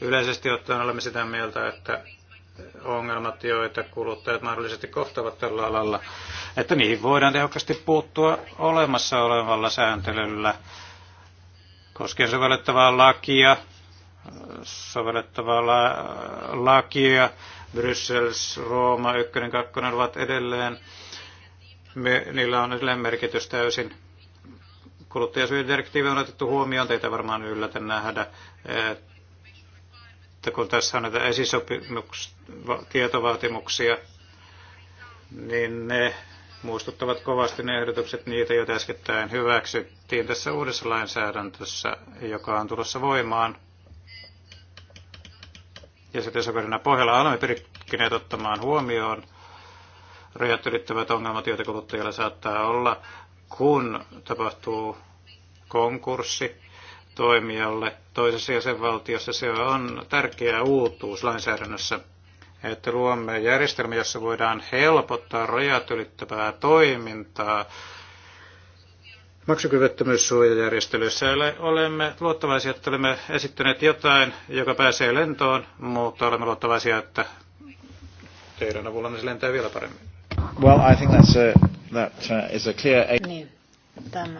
Yleisesti ottaen olemme sitä mieltä, että ongelmat, joita kuluttajat mahdollisesti kohtavat tällä alalla, että niihin voidaan tehokkaasti puuttua olemassa olevalla sääntelyllä koskien sovellettavaa lakia, sovellettavaa lakia, Bryssels, Rooma, ykkönen, kakkonen ovat edelleen, me, niillä on edelleen merkitys täysin. Kuluttajasyydirektiivi on otettu huomioon, teitä varmaan yllätä nähdä, että että kun tässä on näitä esisopimustietovaatimuksia, niin ne muistuttavat kovasti ne ehdotukset niitä, joita äskettäin hyväksyttiin tässä uudessa lainsäädäntössä, joka on tulossa voimaan. Ja sitten sopivana pohjalla olemme pyrkineet ottamaan huomioon rajat ylittävät ongelmat, joita kuluttajilla saattaa olla, kun tapahtuu konkurssi toimijalle toisessa jäsenvaltiossa. Se on tärkeä uutuus lainsäädännössä, että luomme järjestelmä, jossa voidaan helpottaa rajat ylittävää toimintaa maksukyvyttömyyssuojajärjestelyissä. Olemme luottavaisia, että olemme esittäneet jotain, joka pääsee lentoon, mutta olemme luottavaisia, että teidän avulla se lentää vielä paremmin. Well, I think that's a, that, uh, is a clear... Niin, tämä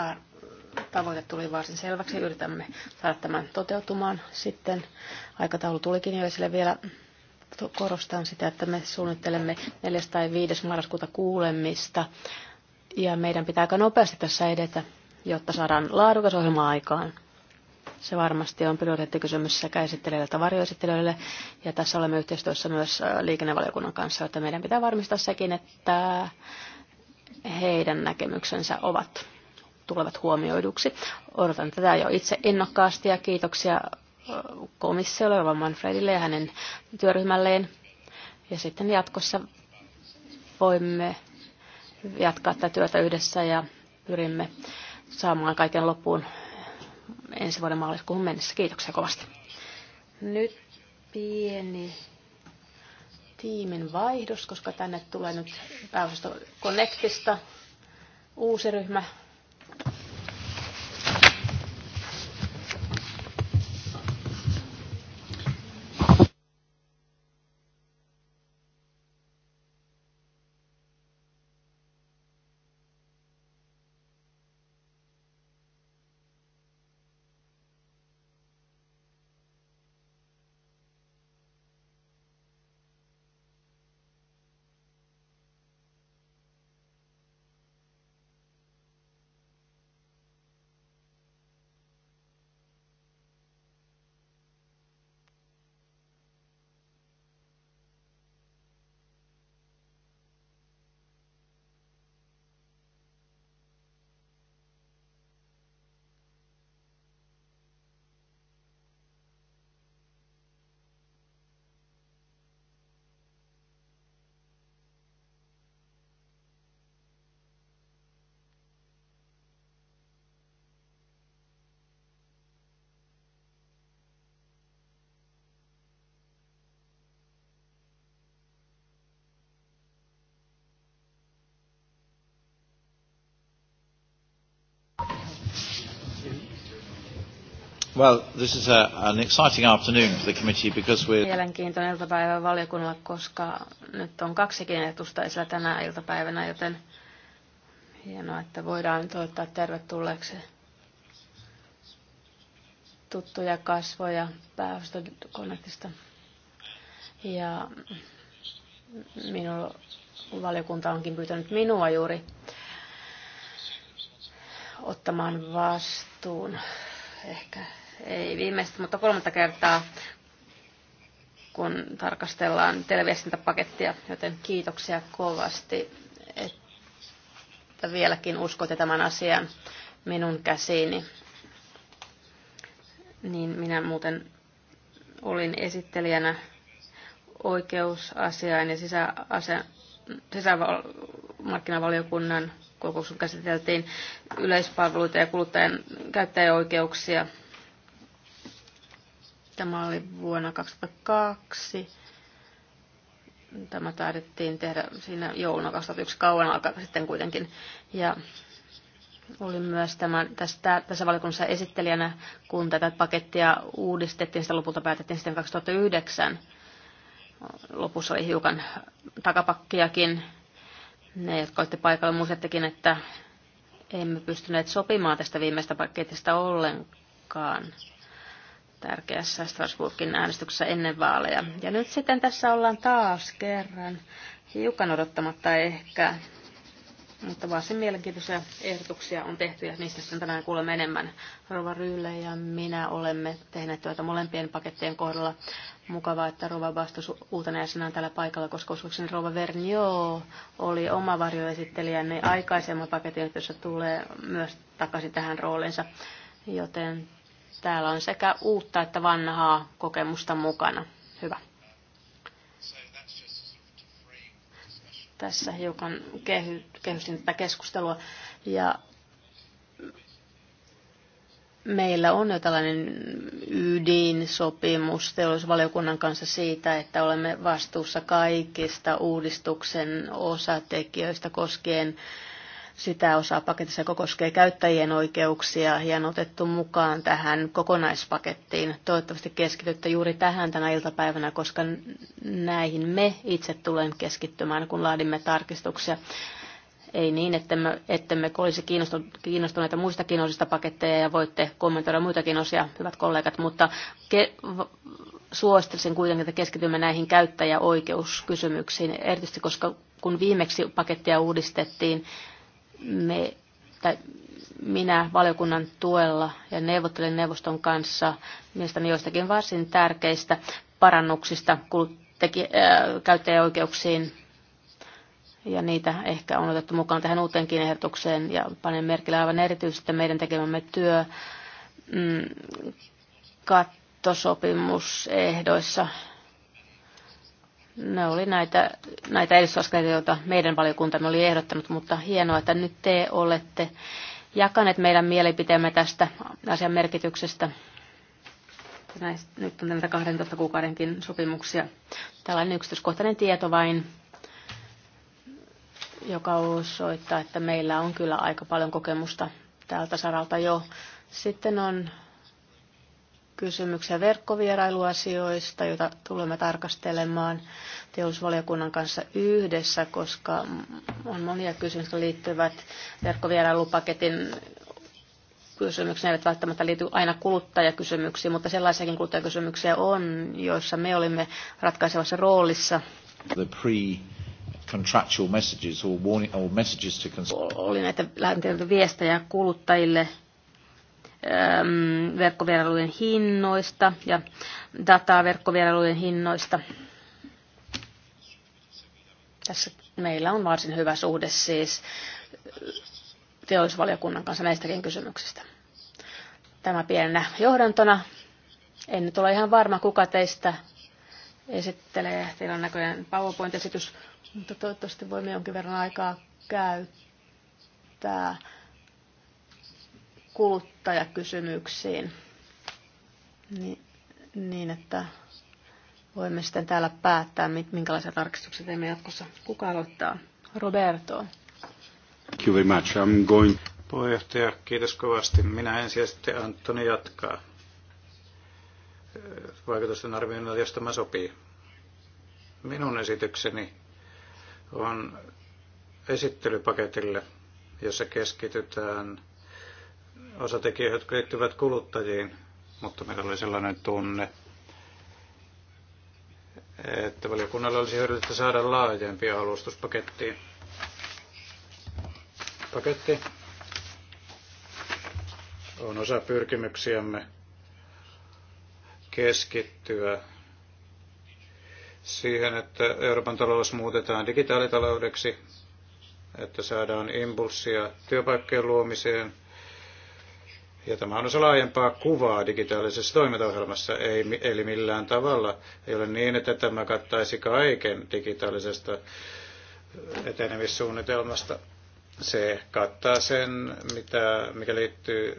tar- tavoite tuli varsin selväksi. Yritämme saada tämän toteutumaan. Sitten aikataulu tulikin jo esille vielä. Korostan sitä, että me suunnittelemme 4. tai 5. marraskuuta kuulemista. Ja meidän pitää aika nopeasti tässä edetä, jotta saadaan laadukas ohjelma aikaan. Se varmasti on prioriteettikysymys sekä esittelijöille että varjoesittelijöille. Ja tässä olemme yhteistyössä myös äh, liikennevaliokunnan kanssa, että meidän pitää varmistaa sekin, että heidän näkemyksensä ovat tulevat huomioiduksi. Odotan tätä jo itse innokkaasti ja kiitoksia komissiolle, ja Manfredille ja hänen työryhmälleen. Ja sitten jatkossa voimme jatkaa tätä työtä yhdessä ja pyrimme saamaan kaiken loppuun ensi vuoden maaliskuun mennessä. Kiitoksia kovasti. Nyt pieni tiimin vaihdos, koska tänne tulee nyt pääosasto Connectista uusi ryhmä Well, this is a, an exciting afternoon for the committee because we're... Mielenkiintoinen iltapäivä valiokunnalla, koska nyt on kaksikin ehdotusta esillä tänä iltapäivänä, joten hienoa, että voidaan toivottaa tervetulleeksi tuttuja kasvoja pääosastokonnektista. Ja minun valiokunta onkin pyytänyt minua juuri ottamaan vastuun ehkä ei viimeistä, mutta kolmatta kertaa, kun tarkastellaan televiestintäpakettia, joten kiitoksia kovasti, että vieläkin uskotte tämän asian minun käsiini. Niin minä muuten olin esittelijänä oikeusasiain ja sisämarkkinavaliokunnan kokouksessa käsiteltiin yleispalveluita ja kuluttajan käyttäjäoikeuksia – Tämä oli vuonna 2002. Tämä taidettiin tehdä siinä jouluna 2001 kauan aikaa sitten kuitenkin. Ja olin myös tämän, tästä, tässä valiokunnassa esittelijänä, kun tätä pakettia uudistettiin, sitä lopulta päätettiin sitten 2009. Lopussa oli hiukan takapakkiakin. Ne, jotka olitte paikalla, muistettekin, että emme pystyneet sopimaan tästä viimeistä paketista ollenkaan tärkeässä Strasbourgin äänestyksessä ennen vaaleja. Ja nyt sitten tässä ollaan taas kerran, hiukan odottamatta ehkä, mutta varsin mielenkiintoisia ehdotuksia on tehty ja niistä sitten tänään kuulemme enemmän. Rova Ryyle ja minä olemme tehneet tuota molempien pakettien kohdalla. Mukavaa, että Rova vastus uutena jäsenään täällä paikalla, koska uskoakseni Rova Vernio oli oma varjoesittelijä, niin aikaisemman paketin jossa tulee myös takaisin tähän roolinsa. Joten Täällä on sekä uutta että vanhaa kokemusta mukana. Hyvä. Tässä hiukan kehy, kehystin tätä keskustelua. Ja meillä on jo tällainen ydinsopimus teollisuusvaliokunnan kanssa siitä, että olemme vastuussa kaikista uudistuksen osatekijöistä koskien sitä osaa paketissa, joka koskee käyttäjien oikeuksia ja on otettu mukaan tähän kokonaispakettiin. Toivottavasti keskitytte juuri tähän tänä iltapäivänä, koska näihin me itse tulen keskittymään, kun laadimme tarkistuksia. Ei niin, että me, että me olisi kiinnostuneita muistakin osista paketteja ja voitte kommentoida muitakin osia, hyvät kollegat, mutta ke, suosittelisin kuitenkin, että keskitymme näihin käyttäjäoikeuskysymyksiin, erityisesti koska kun viimeksi pakettia uudistettiin, me, tai minä valiokunnan tuella ja neuvottelin neuvoston kanssa mielestäni joistakin varsin tärkeistä parannuksista teki, äh, käyttäjäoikeuksiin. Ja niitä ehkä on otettu mukaan tähän uuteenkin ehdotukseen ja panen merkille aivan erityisesti meidän tekemämme työ mm, kattosopimusehdoissa ne oli näitä, näitä edistysaskeleita, joita meidän valiokuntamme oli ehdottanut, mutta hienoa, että nyt te olette jakaneet meidän mielipiteemme tästä asian merkityksestä. nyt on näitä 12 kuukaudenkin sopimuksia. Tällainen yksityiskohtainen tieto vain, joka osoittaa, että meillä on kyllä aika paljon kokemusta tältä saralta jo. Sitten on kysymyksiä verkkovierailuasioista, joita tulemme tarkastelemaan teollisuusvaliokunnan kanssa yhdessä, koska on monia kysymyksiä, jotka liittyvät verkkovierailupaketin kysymyksiä, ne eivät välttämättä liity aina kuluttajakysymyksiin, mutta sellaisiakin kuluttajakysymyksiä on, joissa me olimme ratkaisevassa roolissa. The pre contractual messages or warning or messages to consumers. Oli näitä lähetettyjä viestejä kuluttajille Ähm, verkkovierailujen hinnoista ja dataa verkkovierailujen hinnoista. Tässä meillä on varsin hyvä suhde siis teollisuusvaliokunnan kanssa näistäkin kysymyksistä. Tämä pienenä johdantona. En nyt ole ihan varma, kuka teistä esittelee. Teillä on näköjään PowerPoint-esitys, mutta toivottavasti voimme jonkin verran aikaa käyttää kuluttajakysymyksiin niin, niin, että voimme sitten täällä päättää, minkälaisia tarkistuksia teemme jatkossa. Kuka aloittaa? Roberto. Thank you very much. I'm going... Puheenjohtaja, kiitos kovasti. Minä ensin ja sitten Antoni jatkaa. Vaikutusten arvioinnilla, jos tämä sopii. Minun esitykseni on esittelypaketille, jossa keskitytään osatekijöihin, jotka liittyvät kuluttajiin, mutta meillä oli sellainen tunne, että valiokunnalla olisi hyödyllistä saada laajempi alustuspakettiin. Paketti on osa pyrkimyksiämme keskittyä siihen, että Euroopan talous muutetaan digitaalitaloudeksi, että saadaan impulssia työpaikkojen luomiseen – ja tämä on osa laajempaa kuvaa digitaalisessa toimintaohjelmassa, ei, eli millään tavalla ei ole niin, että tämä kattaisi kaiken digitaalisesta etenemissuunnitelmasta. Se kattaa sen, mitä, mikä liittyy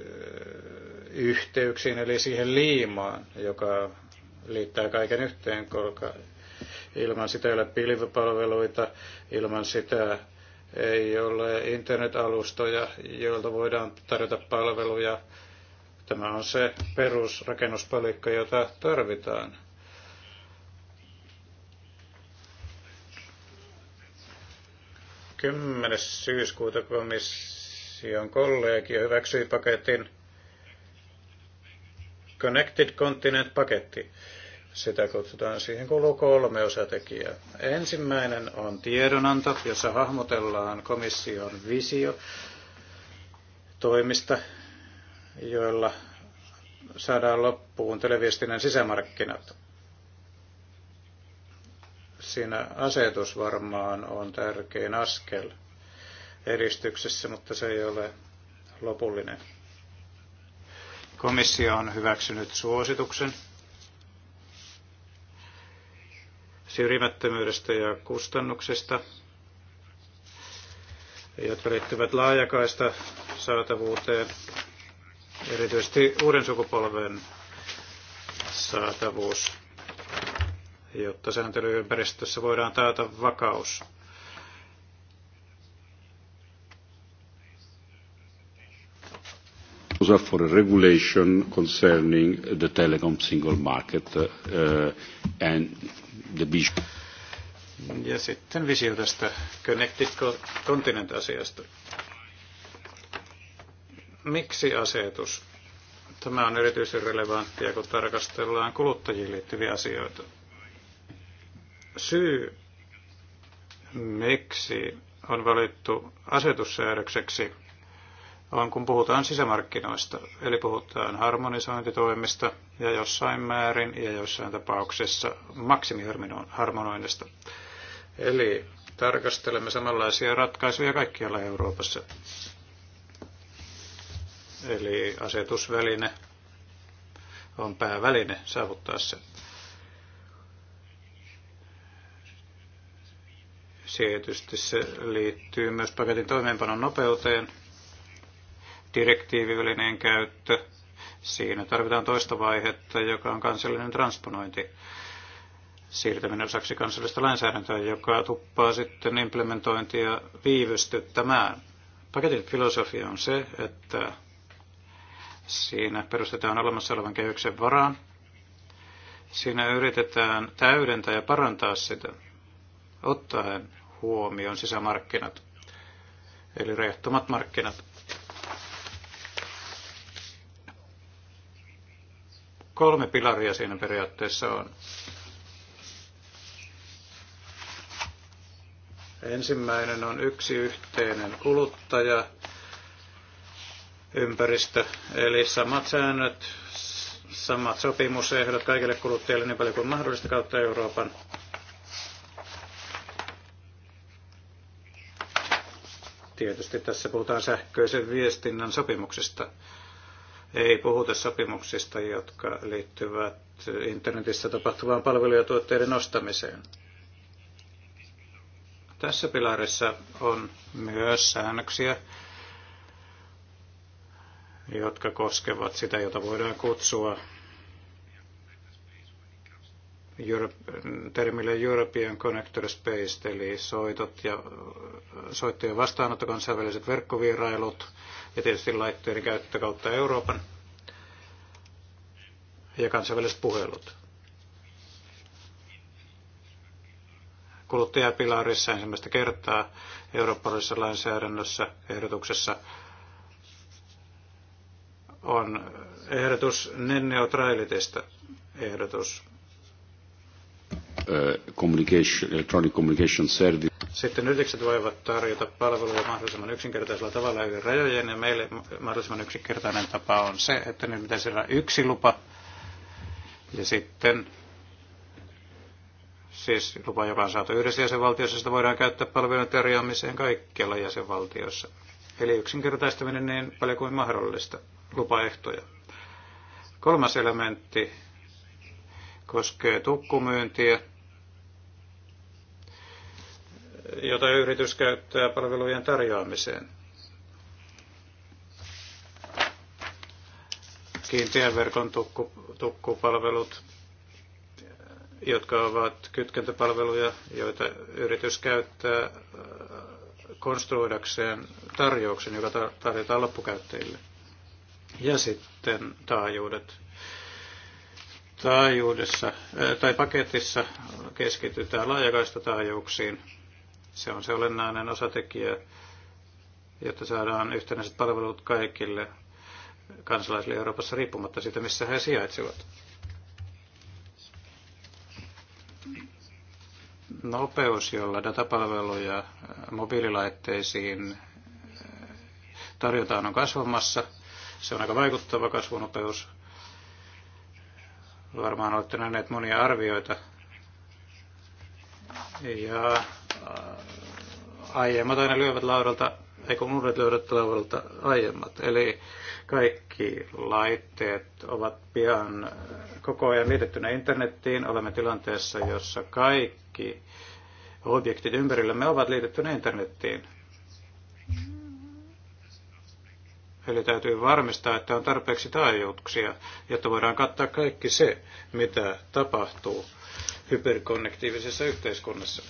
yhteyksiin, eli siihen liimaan, joka liittää kaiken yhteen, koska ilman sitä ei ole pilvipalveluita, ilman sitä ei ole internetalustoja, joilta voidaan tarjota palveluja. Tämä on se perusrakennuspalikka, jota tarvitaan. Kymmenes syyskuuta komission kollegio hyväksyi paketin Connected Continent-paketti. Sitä kutsutaan, siihen kuuluu kolme osatekijää. Ensimmäinen on tiedonanto, jossa hahmotellaan komission visio toimista, joilla saadaan loppuun televiestinnän sisämarkkinat. Siinä asetus varmaan on tärkein askel edistyksessä, mutta se ei ole lopullinen. Komissio on hyväksynyt suosituksen syrjimättömyydestä ja kustannuksista, jotka liittyvät laajakaista saatavuuteen, erityisesti uuden sukupolven saatavuus, jotta sääntelyympäristössä voidaan taata vakaus. proposal for a regulation concerning the telecom single market uh, uh and the vision. Ja sitten visio tästä Connected Continent-asiasta. Miksi asetus? Tämä on erityisen relevanttia, kun tarkastellaan kuluttajiin liittyviä asioita. Syy, miksi on valittu asetussäädökseksi, on, kun puhutaan sisämarkkinoista, eli puhutaan harmonisointitoimista ja jossain määrin ja jossain tapauksessa maksimiharmonoinnista. Eli tarkastelemme samanlaisia ratkaisuja kaikkialla Euroopassa. Eli asetusväline on pääväline saavuttaa se. Tietysti se liittyy myös paketin toimeenpanon nopeuteen, direktiivivälineen käyttö. Siinä tarvitaan toista vaihetta, joka on kansallinen transponointi siirtäminen osaksi kansallista lainsäädäntöä, joka tuppaa sitten implementointia viivystyttämään. Paketin filosofia on se, että siinä perustetaan olemassa olevan kehyksen varaan. Siinä yritetään täydentää ja parantaa sitä, ottaen huomioon sisämarkkinat, eli rehtomat markkinat. Kolme pilaria siinä periaatteessa on. Ensimmäinen on yksi yhteinen kuluttaja, ympäristö, eli samat säännöt, samat sopimusehdot kaikille kuluttajille niin paljon kuin mahdollista kautta Euroopan. Tietysti tässä puhutaan sähköisen viestinnän sopimuksesta ei puhuta sopimuksista, jotka liittyvät internetissä tapahtuvaan tuotteiden ostamiseen. Tässä pilarissa on myös säännöksiä, jotka koskevat sitä, jota voidaan kutsua Europe, termille European Connector Space, eli soitot ja soittojen vastaanotto, kansainväliset verkkovierailut ja tietysti laitteiden käyttö kautta Euroopan ja kansainväliset puhelut. Kuluttajapilarissa ensimmäistä kertaa eurooppalaisessa lainsäädännössä ehdotuksessa on ehdotus net neutraalitista ehdotus Uh, communication, electronic communication service. Sitten yritykset voivat tarjota palveluja mahdollisimman yksinkertaisella tavalla yli rajojen, ja meille mahdollisimman yksinkertainen tapa on se, että nyt pitäisi olla yksi lupa, ja sitten siis lupa, joka on saatu yhdessä jäsenvaltiossa, sitä voidaan käyttää palvelujen tarjoamiseen kaikkialla jäsenvaltiossa. Eli yksinkertaistaminen niin paljon kuin mahdollista, lupaehtoja. Kolmas elementti koskee tukkumyyntiä, jota yritys käyttää palvelujen tarjoamiseen. Kiinteän verkon tukku, tukkupalvelut, jotka ovat kytkentäpalveluja, joita yritys käyttää äh, konstruoidakseen tarjouksen, joka tarjotaan loppukäyttäjille. Ja sitten taajuudet, taajuudessa eh, tai paketissa keskitytään laajakaistataajuuksiin. Se on se olennainen osatekijä, jotta saadaan yhtenäiset palvelut kaikille kansalaisille Euroopassa riippumatta siitä, missä he sijaitsevat. Nopeus, jolla datapalveluja mobiililaitteisiin eh, tarjotaan, on kasvamassa. Se on aika vaikuttava kasvunopeus Varmaan olette nähneet monia arvioita. Ja äh, aiemmat aina lyövät laudalta, ei kun uudet lyövät laudalta aiemmat. Eli kaikki laitteet ovat pian koko ajan liitettynä internettiin. Olemme tilanteessa, jossa kaikki objektit ympärillämme ovat liitettynä internettiin. Eli täytyy varmistaa, että on tarpeeksi taajuuksia, jotta voidaan kattaa kaikki se, mitä tapahtuu hyperkonnektiivisessa yhteiskunnassa.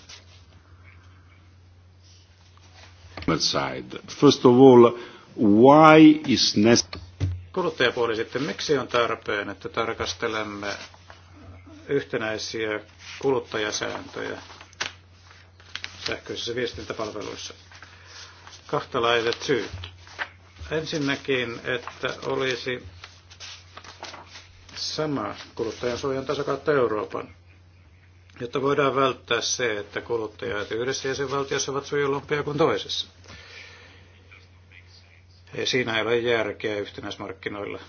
First of all, why is necessary? Kuluttajapuoli sitten, miksi on tarpeen, että tarkastelemme yhtenäisiä kuluttajasääntöjä sähköisissä viestintäpalveluissa? Kahtalaiset syyt. Ensinnäkin, että olisi sama suojan taso kautta Euroopan, jotta voidaan välttää se, että kuluttajat yhdessä jäsenvaltiossa ovat suojelumpia kuin toisessa. Ja siinä ei ole järkeä yhtenäismarkkinoilla.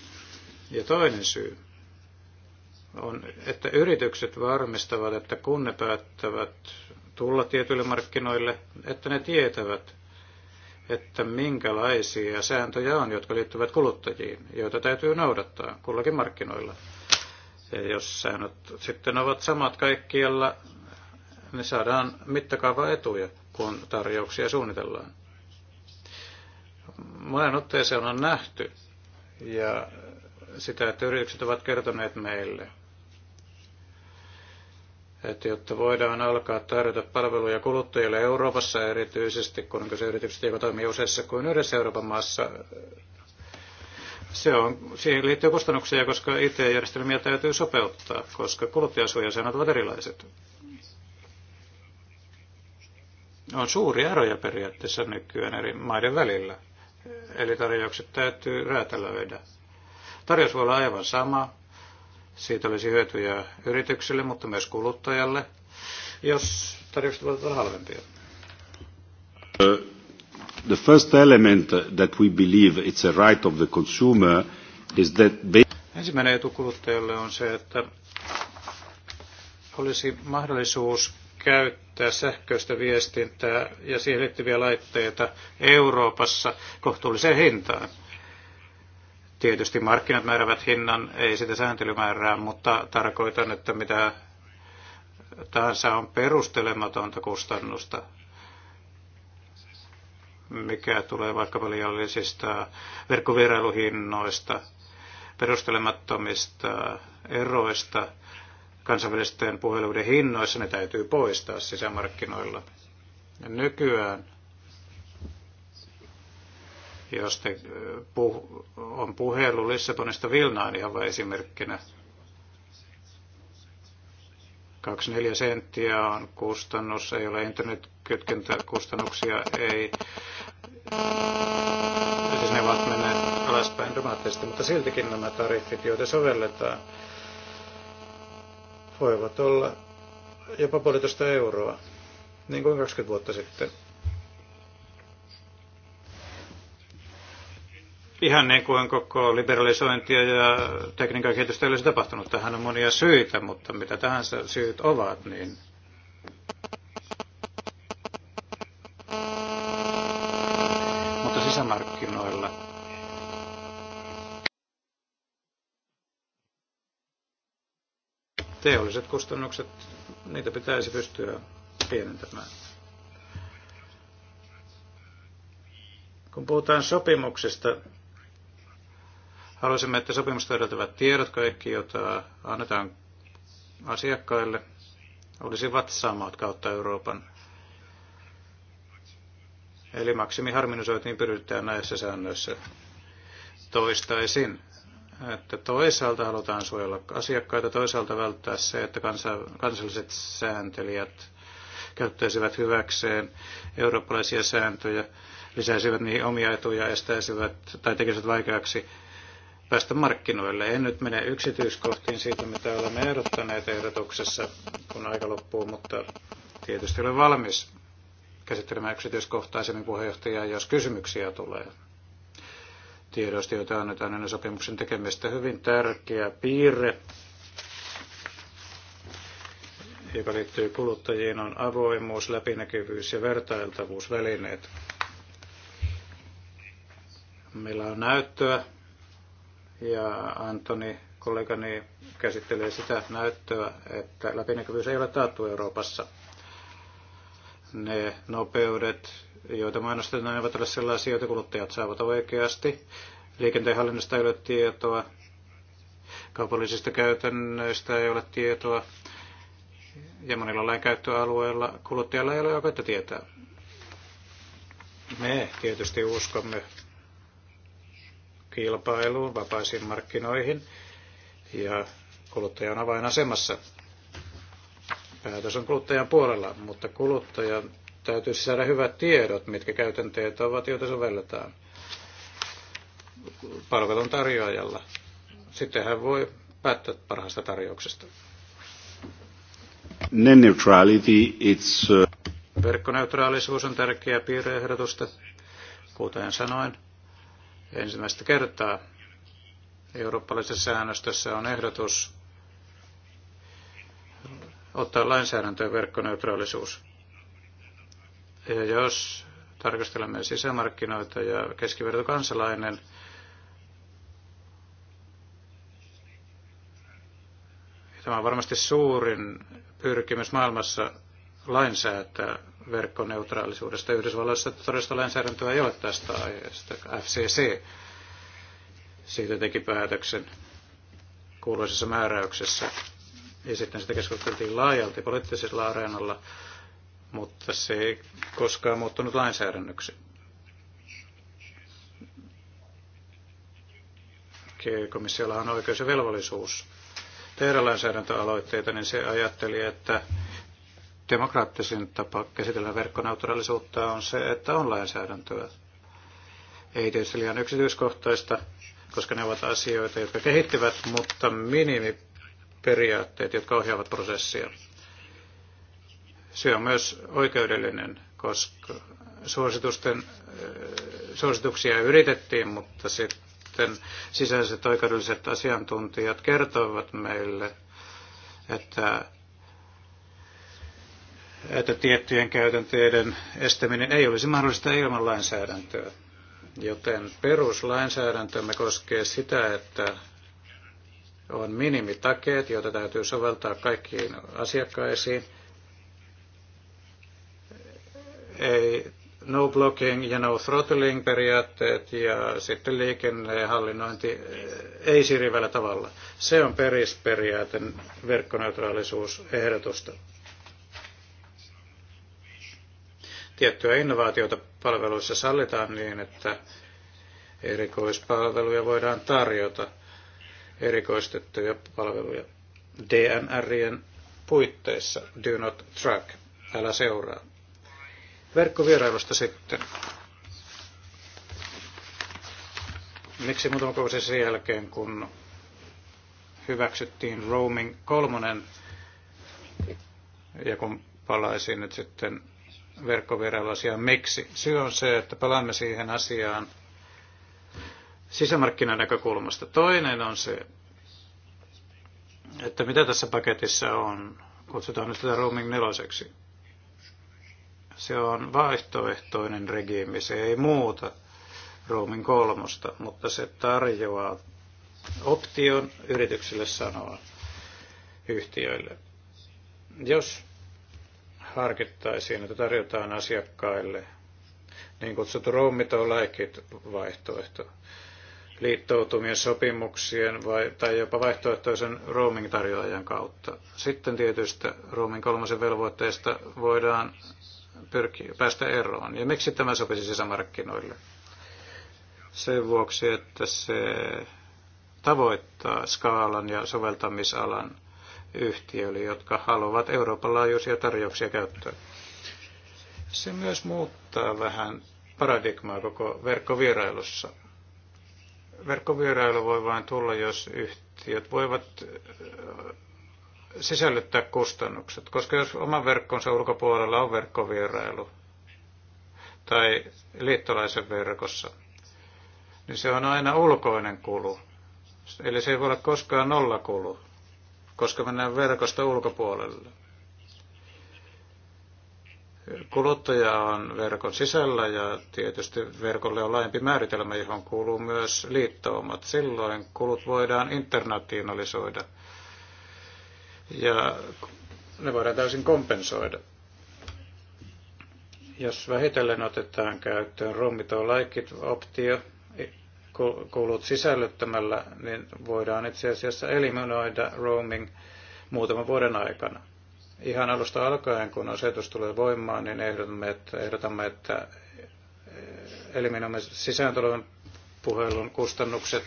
Ja toinen syy on, että yritykset varmistavat, että kun ne päättävät tulla tietyille markkinoille, että ne tietävät, että minkälaisia sääntöjä on, jotka liittyvät kuluttajiin, joita täytyy noudattaa kullakin markkinoilla. Ja jos säännöt sitten ovat samat kaikkialla, niin saadaan mittakaava etuja, kun tarjouksia suunnitellaan. Monen otteeseen on nähty, ja sitä, että yritykset ovat kertoneet meille – että jotta voidaan alkaa tarjota palveluja kuluttajille Euroopassa erityisesti, kun kyse yritykset, eivät toimi useissa kuin yhdessä Euroopan maassa, se on, siihen liittyy kustannuksia, koska IT-järjestelmiä täytyy sopeuttaa, koska kuluttajasuojasäännöt ovat erilaiset. On suuria eroja periaatteessa nykyään eri maiden välillä. Eli tarjoukset täytyy räätälöidä. Tarjous voi olla aivan sama, siitä olisi hyötyjä yrityksille, mutta myös kuluttajalle, jos tarjoukset ovat halvempia. Uh, the first element that we believe it's a right of the consumer is that they... Ensimmäinen etu kuluttajalle on se, että olisi mahdollisuus käyttää sähköistä viestintää ja siihen liittyviä laitteita Euroopassa kohtuulliseen hintaan. Tietysti markkinat määrävät hinnan, ei sitä sääntelymäärää, mutta tarkoitan, että mitä tahansa on perustelematonta kustannusta, mikä tulee vaikka liiallisista verkkovierailuhinnoista, perustelemattomista eroista kansainvälisten puheluiden hinnoissa, ne täytyy poistaa sisämarkkinoilla. Ja nykyään jos te, puh, on puhelu Lissabonista Vilnaan ihan vain esimerkkinä. 24 senttiä on kustannus, ei ole internetkytkentäkustannuksia, ei siis ne ovat menneet alaspäin dramaattisesti, mutta siltikin nämä tariffit, joita sovelletaan, voivat olla jopa puolitoista euroa, niin kuin 20 vuotta sitten. Ihan niin kuin koko liberalisointia ja tekniikan kehitystä ei olisi tapahtunut. Tähän on monia syitä, mutta mitä tahansa syyt ovat, niin mutta sisämarkkinoilla teolliset kustannukset, niitä pitäisi pystyä pienentämään. Kun puhutaan sopimuksista, Haluaisimme, että sopimusta edeltävät tiedot, kaikki, joita annetaan asiakkaille, olisivat samat kautta Euroopan. Eli maksimiharminisointiin pyritään näissä säännöissä toistaisin. Että toisaalta halutaan suojella asiakkaita, toisaalta välttää se, että kansa, kansalliset sääntelijät käyttäisivät hyväkseen eurooppalaisia sääntöjä, lisäisivät niihin omia etuja, estäisivät tai tekisivät vaikeaksi päästä markkinoille. En nyt mene yksityiskohtiin siitä, mitä olemme ehdottaneet ehdotuksessa, kun aika loppuu, mutta tietysti olen valmis käsittelemään yksityiskohtaisemmin puheenjohtajaa, jos kysymyksiä tulee. Tiedosti, joita annetaan ennen sopimuksen tekemistä, hyvin tärkeä piirre, joka liittyy kuluttajiin, on avoimuus, läpinäkyvyys ja vertailtavuusvälineet. Meillä on näyttöä ja Antoni kollegani käsittelee sitä näyttöä, että läpinäkyvyys ei ole taattu Euroopassa. Ne nopeudet, joita mainostetaan, eivät ole sellaisia, joita kuluttajat saavat oikeasti. Liikenteen hallinnasta ei ole tietoa, kaupallisista käytännöistä ei ole tietoa, ja monilla lainkäyttöalueilla kuluttajalla ei ole oikeutta tietää. Me tietysti uskomme kilpailuun, vapaisiin markkinoihin ja kuluttaja on avainasemassa. Päätös on kuluttajan puolella, mutta kuluttajan täytyy saada hyvät tiedot, mitkä käytänteet ovat, joita sovelletaan palvelun tarjoajalla. Sitten hän voi päättää parhaasta tarjouksesta. Net neutrality, it's... Uh, Verkkoneutraalisuus on tärkeä piirreehdotusta, kuten sanoin Ensimmäistä kertaa eurooppalaisessa säännöstössä on ehdotus ottaa lainsäädäntöön verkkoneutraalisuus. Ja jos tarkastelemme sisämarkkinoita ja keskiverto kansalainen Tämä on varmasti suurin pyrkimys maailmassa lainsäätää verkkoneutraalisuudesta. Yhdysvalloissa todellista lainsäädäntöä ei ole tästä aiheesta. FCC siitä teki päätöksen kuuluisessa määräyksessä. Ja sitten sitä keskusteltiin laajalti poliittisella areenalla, mutta se ei koskaan muuttunut lainsäädännöksi. Komissiolla on oikeus ja velvollisuus tehdä lainsäädäntöaloitteita, niin se ajatteli, että demokraattisin tapa käsitellä verkkoneutraalisuutta on se, että on lainsäädäntöä. Ei tietysti liian yksityiskohtaista, koska ne ovat asioita, jotka kehittyvät, mutta minimiperiaatteet, jotka ohjaavat prosessia. Se on myös oikeudellinen, koska suositusten, eh, suosituksia yritettiin, mutta sitten sisäiset oikeudelliset asiantuntijat kertoivat meille, että että tiettyjen käytänteiden estäminen ei olisi mahdollista ilman lainsäädäntöä. Joten peruslainsäädäntömme koskee sitä, että on minimitakeet, joita täytyy soveltaa kaikkiin asiakkaisiin. Ei, no blocking ja no throttling periaatteet ja sitten liikennehallinnointi eh, ei sirivällä tavalla. Se on perisperiaate verkkoneutraalisuusehdotusta. tiettyä innovaatiota palveluissa sallitaan niin, että erikoispalveluja voidaan tarjota, erikoistettuja palveluja DNRien puitteissa, do not track, älä seuraa. Verkkovierailusta sitten. Miksi muutama kuusi sen jälkeen, kun hyväksyttiin roaming kolmonen, ja kun palaisin nyt sitten verkkovierailuasiaan. Miksi? Syy on se, että palaamme siihen asiaan sisämarkkinan näkökulmasta. Toinen on se, että mitä tässä paketissa on, kutsutaan nyt tätä roaming neloseksi. Se on vaihtoehtoinen regiimi, se ei muuta roaming kolmosta, mutta se tarjoaa option yrityksille sanoa yhtiöille. Jos harkittaisiin, että tarjotaan asiakkaille niin kutsuttu roomitolaikit vaihtoehto liittoutumien sopimuksien vai, tai jopa vaihtoehtoisen roaming-tarjoajan kautta. Sitten tietystä roaming kolmosen velvoitteesta voidaan pyrkiä, päästä eroon. Ja miksi tämä sopisi sisämarkkinoille? Sen vuoksi, että se tavoittaa skaalan ja soveltamisalan yhtiöille, jotka haluavat Euroopan laajuisia tarjouksia käyttöön. Se myös muuttaa vähän paradigmaa koko verkkovierailussa. Verkkovierailu voi vain tulla, jos yhtiöt voivat äh, sisällyttää kustannukset, koska jos oman verkkonsa ulkopuolella on verkkovierailu tai liittolaisen verkossa, niin se on aina ulkoinen kulu. Eli se ei voi olla koskaan nollakulu koska mennään verkosta ulkopuolelle. Kuluttaja on verkon sisällä ja tietysti verkolle on laajempi määritelmä, johon kuuluu myös liittoumat. Silloin kulut voidaan internationalisoida ja ne voidaan täysin kompensoida. Jos vähitellen otetaan käyttöön rummito like optio koulut sisällyttämällä, niin voidaan itse asiassa eliminoida roaming muutaman vuoden aikana. Ihan alusta alkaen, kun asetus tulee voimaan, niin ehdotamme, että, ehdotamme, että eh, eliminoimme sisääntulon puhelun kustannukset,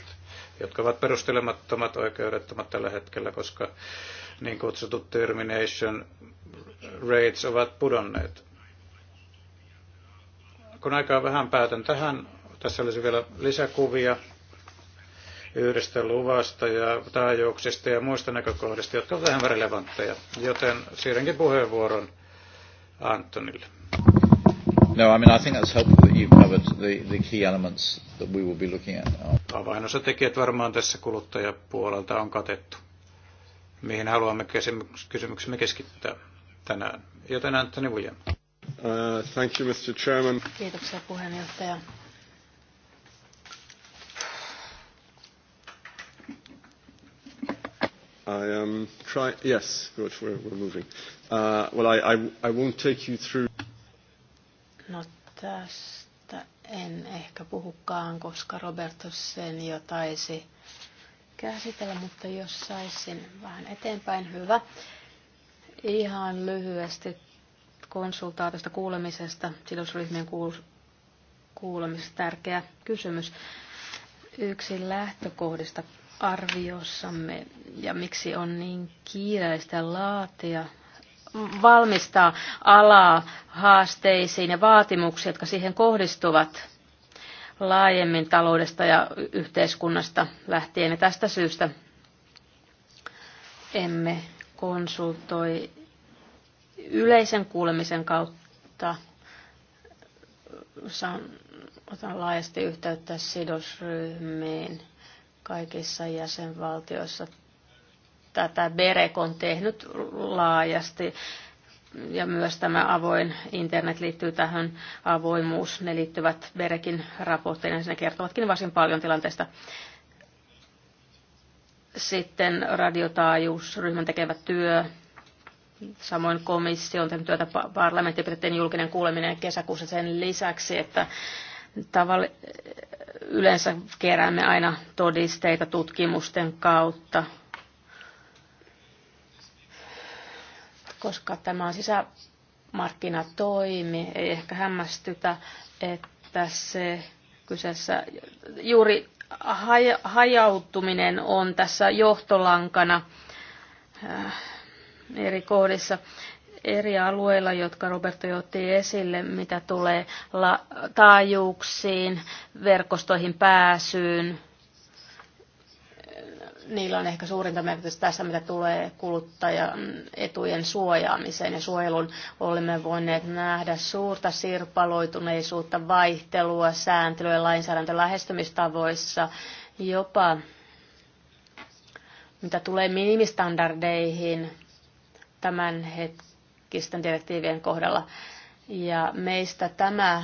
jotka ovat perustelemattomat, oikeudettomat tällä hetkellä, koska niin kutsutut termination rates ovat pudonneet. Kun aikaa vähän päätän tähän tässä olisi vielä lisäkuvia yhdestä luvasta ja taajuuksista ja muista näkökohdista, jotka ovat vähän relevantteja. Joten siirränkin puheenvuoron Antonille. No, I mean, I think that's helpful that you've covered the, the key elements that we will be looking at. Avainosa tekijät varmaan tässä kuluttajapuolelta on katettu, mihin haluamme kysymyksemme keskittää tänään. Joten Antoni Vujan. Uh, thank you, Mr. Chairman. Kiitoksia puheenjohtaja. I am um, trying. Yes, good. We're, we're moving. Uh, well, I, I, I won't take you through. No tästä en ehkä puhukaan, koska Roberto sen jo taisi käsitellä, mutta jos saisin vähän eteenpäin, hyvä. Ihan lyhyesti konsultaatiosta kuulemisesta, sidosryhmien kuulemisesta tärkeä kysymys. Yksi lähtökohdista arviossamme ja miksi on niin kiireistä laatia valmistaa alaa haasteisiin ja vaatimuksiin, jotka siihen kohdistuvat laajemmin taloudesta ja yhteiskunnasta lähtien. Ja tästä syystä emme konsultoi yleisen kuulemisen kautta otan laajasti yhteyttä sidosryhmiin – Kaikissa jäsenvaltioissa tätä BEREK on tehnyt laajasti ja myös tämä avoin internet liittyy tähän avoimuus. Ne liittyvät BEREKin raportteihin ja ne kertovatkin varsin paljon tilanteesta. Sitten radiotaajuusryhmän tekevä työ, samoin komissio on tehnyt työtä parlamenttipiteiden julkinen kuuleminen kesäkuussa sen lisäksi, että tavall- yleensä keräämme aina todisteita tutkimusten kautta, koska tämä on sisämarkkinatoimi, ei ehkä hämmästytä, että se kyseessä juuri hajautuminen on tässä johtolankana äh, eri kohdissa eri alueilla, jotka Roberto jo otti esille, mitä tulee la- taajuuksiin, verkostoihin pääsyyn. Niillä on ehkä suurinta merkitystä tässä, mitä tulee kuluttajan etujen suojaamiseen ja suojelun. Olemme voineet nähdä suurta sirpaloituneisuutta, vaihtelua, sääntelyä ja lähestymistavoissa. jopa mitä tulee minimistandardeihin, tämän hetken tämänhetkisten direktiivien kohdalla. Ja meistä tämä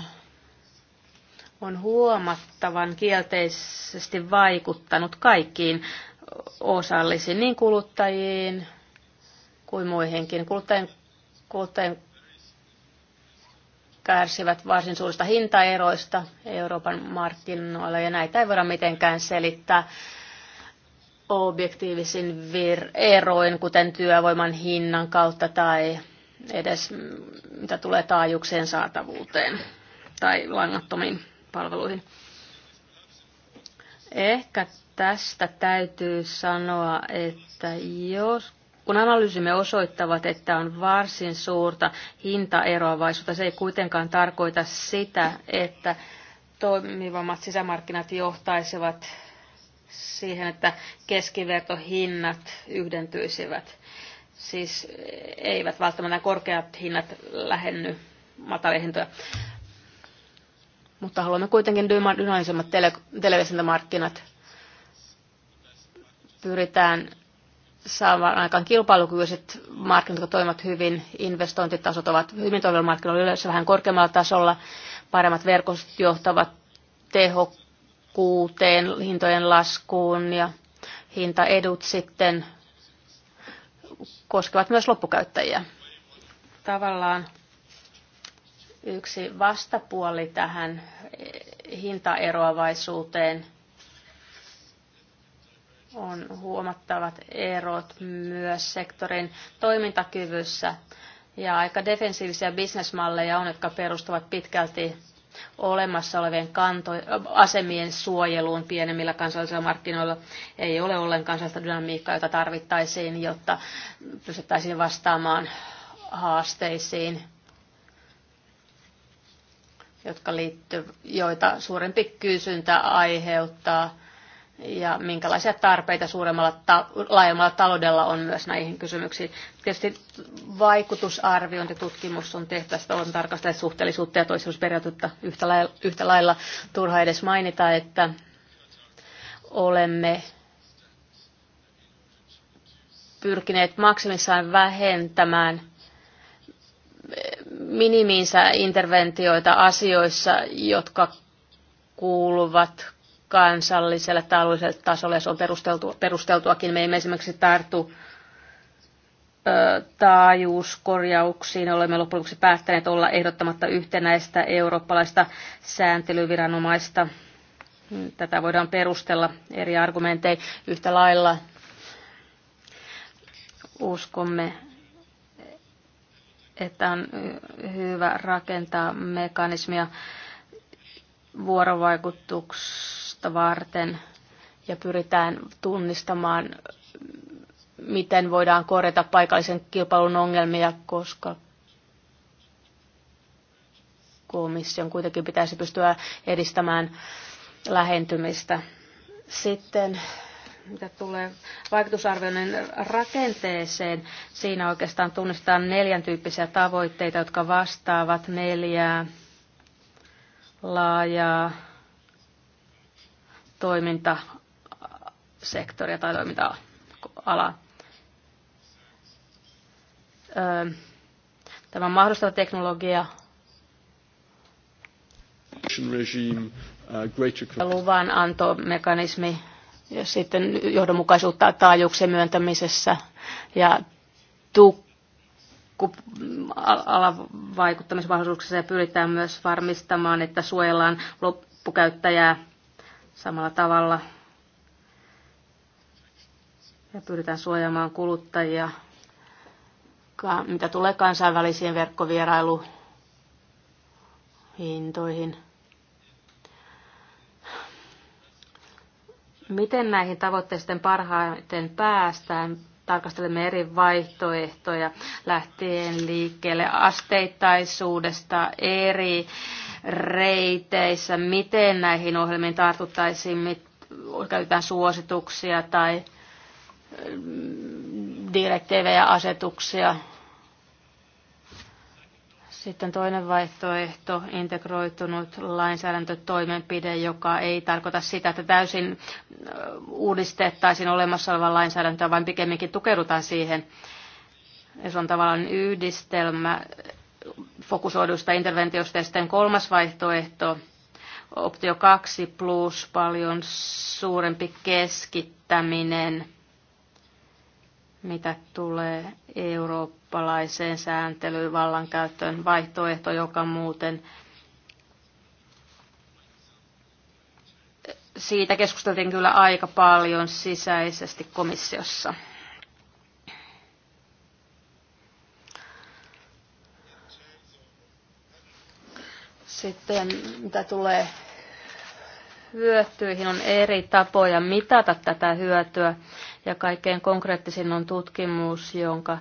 on huomattavan kielteisesti vaikuttanut kaikkiin osallisiin, niin kuluttajiin kuin muihinkin. Kuluttajien, kuluttajien kärsivät varsin suurista hintaeroista Euroopan markkinoilla, ja näitä ei voida mitenkään selittää objektiivisin vir- eroin, kuten työvoiman hinnan kautta tai edes mitä tulee taajuukseen saatavuuteen tai langattomiin palveluihin. Ehkä tästä täytyy sanoa, että jos, kun analyysimme osoittavat, että on varsin suurta hintaeroavaisuutta, se ei kuitenkaan tarkoita sitä, että toimivammat sisämarkkinat johtaisivat siihen, että keskivertohinnat yhdentyisivät. Siis eh, eivät välttämättä korkeat hinnat lähenny matalia hintoja. Mutta haluamme kuitenkin dynaamisemmat tele- televisiomarkkinat. Pyritään saamaan aikaan kilpailukykyiset markkinat, jotka toimivat hyvin, investointitasot ovat hyvin toimivilla markkinoilla yleensä vähän korkeammalla tasolla, paremmat verkostot johtavat tehokkuuteen, hintojen laskuun ja hintaedut sitten koskevat myös loppukäyttäjiä. Tavallaan yksi vastapuoli tähän hintaeroavaisuuteen on huomattavat erot myös sektorin toimintakyvyssä. Ja aika defensiivisiä bisnesmalleja on, jotka perustuvat pitkälti olemassa olevien kanto, asemien suojeluun pienemmillä kansallisilla markkinoilla ei ole ollenkaan sellaista dynamiikkaa, jota tarvittaisiin, jotta pystyttäisiin vastaamaan haasteisiin, jotka liittyvät, joita suurempi kysyntä aiheuttaa ja minkälaisia tarpeita suuremmalla ta- laajemmalla taloudella on myös näihin kysymyksiin. Tietysti vaikutusarviointitutkimus on tehty, tästä on tarkastella suhteellisuutta ja toisellisuusperiaatetta yhtä lailla, yhtä lailla. Turha edes mainita, että olemme pyrkineet maksimissaan vähentämään minimiinsä interventioita asioissa, jotka kuuluvat kansalliselle tai alueelliselle tasolle, ja se on perusteltu, perusteltuakin. Me emme esimerkiksi tartu ö, taajuuskorjauksiin. Olemme lopuksi päättäneet olla ehdottamatta yhtenäistä eurooppalaista sääntelyviranomaista. Tätä voidaan perustella eri argumentein. Yhtä lailla uskomme että on hyvä rakentaa mekanismia vuorovaikutukseen tutkimusta varten ja pyritään tunnistamaan, miten voidaan korjata paikallisen kilpailun ongelmia, koska komission kuitenkin pitäisi pystyä edistämään lähentymistä. Sitten mitä tulee vaikutusarvioinnin rakenteeseen, siinä oikeastaan tunnistetaan neljän tyyppisiä tavoitteita, jotka vastaavat neljää laajaa toimintasektoria tai toiminta-alaa. Tämä mahdollistava teknologia uh, luvan antomekanismi ja sitten johdonmukaisuutta taajuuksien myöntämisessä ja tukkualan ja pyritään myös varmistamaan, että suojellaan loppukäyttäjää samalla tavalla. Ja pyritään suojaamaan kuluttajia, mitä tulee kansainvälisiin verkkovierailuhintoihin. Miten näihin tavoitteisten parhaiten päästään? tarkastelemme eri vaihtoehtoja lähtien liikkeelle asteittaisuudesta eri reiteissä, miten näihin ohjelmiin tartuttaisiin, mit, käytetään suosituksia tai mm, direktiivejä, asetuksia sitten toinen vaihtoehto, integroitunut lainsäädäntötoimenpide, joka ei tarkoita sitä, että täysin uudistettaisiin olemassa olevaa lainsäädäntöä, vaan pikemminkin tukeudutaan siihen. Se on tavallaan yhdistelmä fokusoidusta interventiosta. Ja sitten kolmas vaihtoehto, optio 2 plus paljon suurempi keskittäminen – mitä tulee eurooppalaiseen sääntelyyn, vallankäyttöön, vaihtoehto, joka muuten siitä keskusteltiin kyllä aika paljon sisäisesti komissiossa. Sitten mitä tulee hyötyihin on eri tapoja mitata tätä hyötyä ja kaikkein konkreettisin on tutkimus, jonka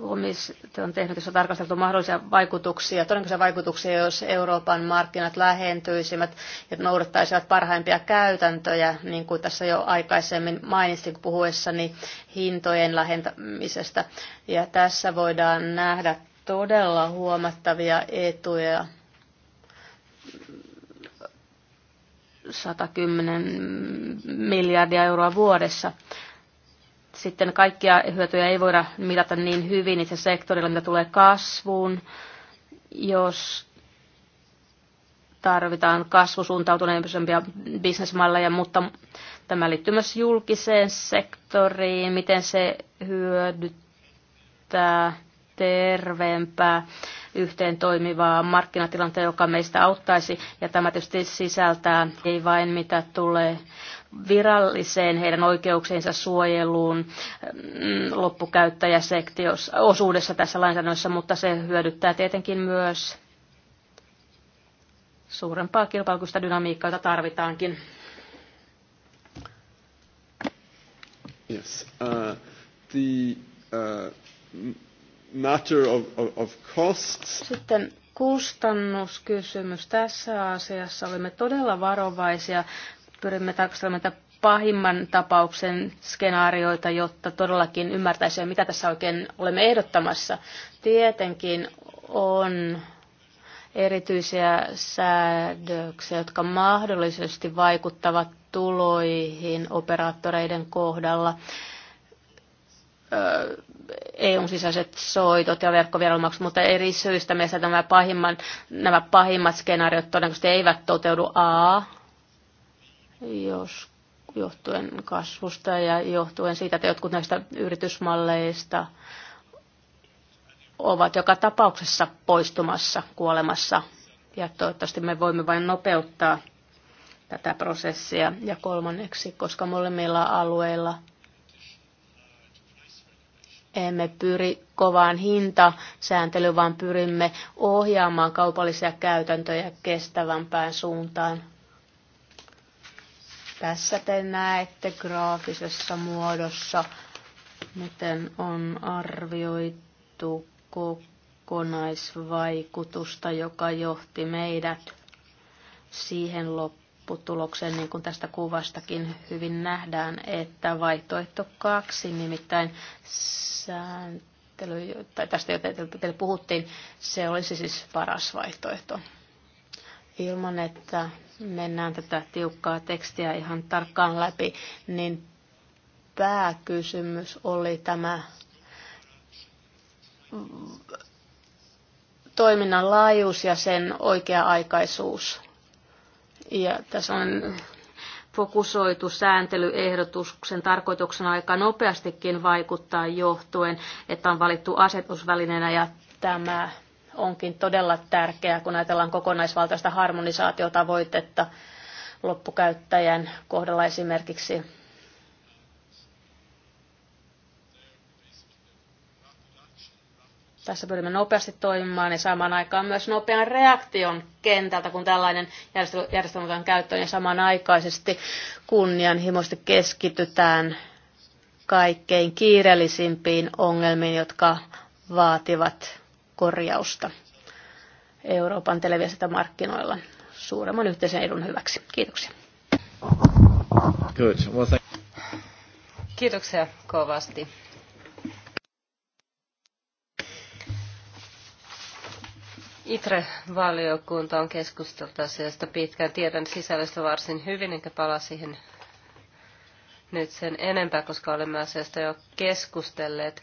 komissio on tehnyt, jossa on tarkasteltu mahdollisia vaikutuksia, todennäköisiä vaikutuksia, jos Euroopan markkinat lähentyisivät ja noudattaisivat parhaimpia käytäntöjä, niin kuin tässä jo aikaisemmin mainitsin puhuessani hintojen lähentämisestä. Ja tässä voidaan nähdä todella huomattavia etuja 110 miljardia euroa vuodessa. Sitten kaikkia hyötyjä ei voida mitata niin hyvin itse sektorilla, mitä tulee kasvuun. Jos tarvitaan kasvusuuntautuneempia bisnesmalleja, mutta tämä liittyy myös julkiseen sektoriin, miten se hyödyttää terveempää yhteen toimivaa markkinatilanteen, joka meistä auttaisi. Ja tämä tietysti sisältää ei vain mitä tulee viralliseen heidän oikeuksiinsa suojeluun mm, osuudessa tässä lainsäädännössä, mutta se hyödyttää tietenkin myös suurempaa kilpailukykyistä dynamiikkaa, jota tarvitaankin. Yes. Uh, the, uh, matter of, of, of costs. Sitten kustannuskysymys tässä asiassa. olemme todella varovaisia. Pyrimme tarkastelemaan pahimman tapauksen skenaarioita, jotta todellakin ymmärtäisimme, mitä tässä oikein olemme ehdottamassa. Tietenkin on erityisiä säädöksiä, jotka mahdollisesti vaikuttavat tuloihin operaattoreiden kohdalla eu sisäiset soitot ja verkkoviranomaukset, mutta eri syistä meissä nämä, pahimman, nämä pahimmat skenaariot todennäköisesti eivät toteudu A, jos johtuen kasvusta ja johtuen siitä, että jotkut näistä yritysmalleista ovat joka tapauksessa poistumassa, kuolemassa. Ja toivottavasti me voimme vain nopeuttaa tätä prosessia. Ja kolmanneksi, koska molemmilla alueilla – emme pyri kovaan hintasääntelyyn, vaan pyrimme ohjaamaan kaupallisia käytäntöjä kestävämpään suuntaan. Tässä te näette graafisessa muodossa, miten on arvioitu kokonaisvaikutusta, joka johti meidät siihen loppuun lopputuloksen, niin kuin tästä kuvastakin hyvin nähdään, että vaihtoehto kaksi, nimittäin sääntely, tai tästä jo teille puhuttiin, se olisi siis paras vaihtoehto. Ilman, että mennään tätä tiukkaa tekstiä ihan tarkkaan läpi, niin pääkysymys oli tämä toiminnan laajuus ja sen oikea-aikaisuus ja tässä on fokusoitu sääntelyehdotuksen tarkoituksena aika nopeastikin vaikuttaa johtuen, että on valittu asetusvälineenä ja tämä onkin todella tärkeää, kun ajatellaan kokonaisvaltaista harmonisaatiotavoitetta loppukäyttäjän kohdalla esimerkiksi Tässä pyrimme nopeasti toimimaan ja saamaan aikaan myös nopean reaktion kentältä, kun tällainen järjestelmä otetaan käyttöön ja samanaikaisesti kunnianhimoisesti keskitytään kaikkein kiireellisimpiin ongelmiin, jotka vaativat korjausta Euroopan markkinoilla suuremman yhteisen edun hyväksi. Kiitoksia. Good. Well, Kiitoksia kovasti ITRE-valiokunta on keskustellut asiasta pitkään. Tiedän sisällöstä varsin hyvin, enkä palaa siihen nyt sen enempää, koska olemme asiasta jo keskustelleet.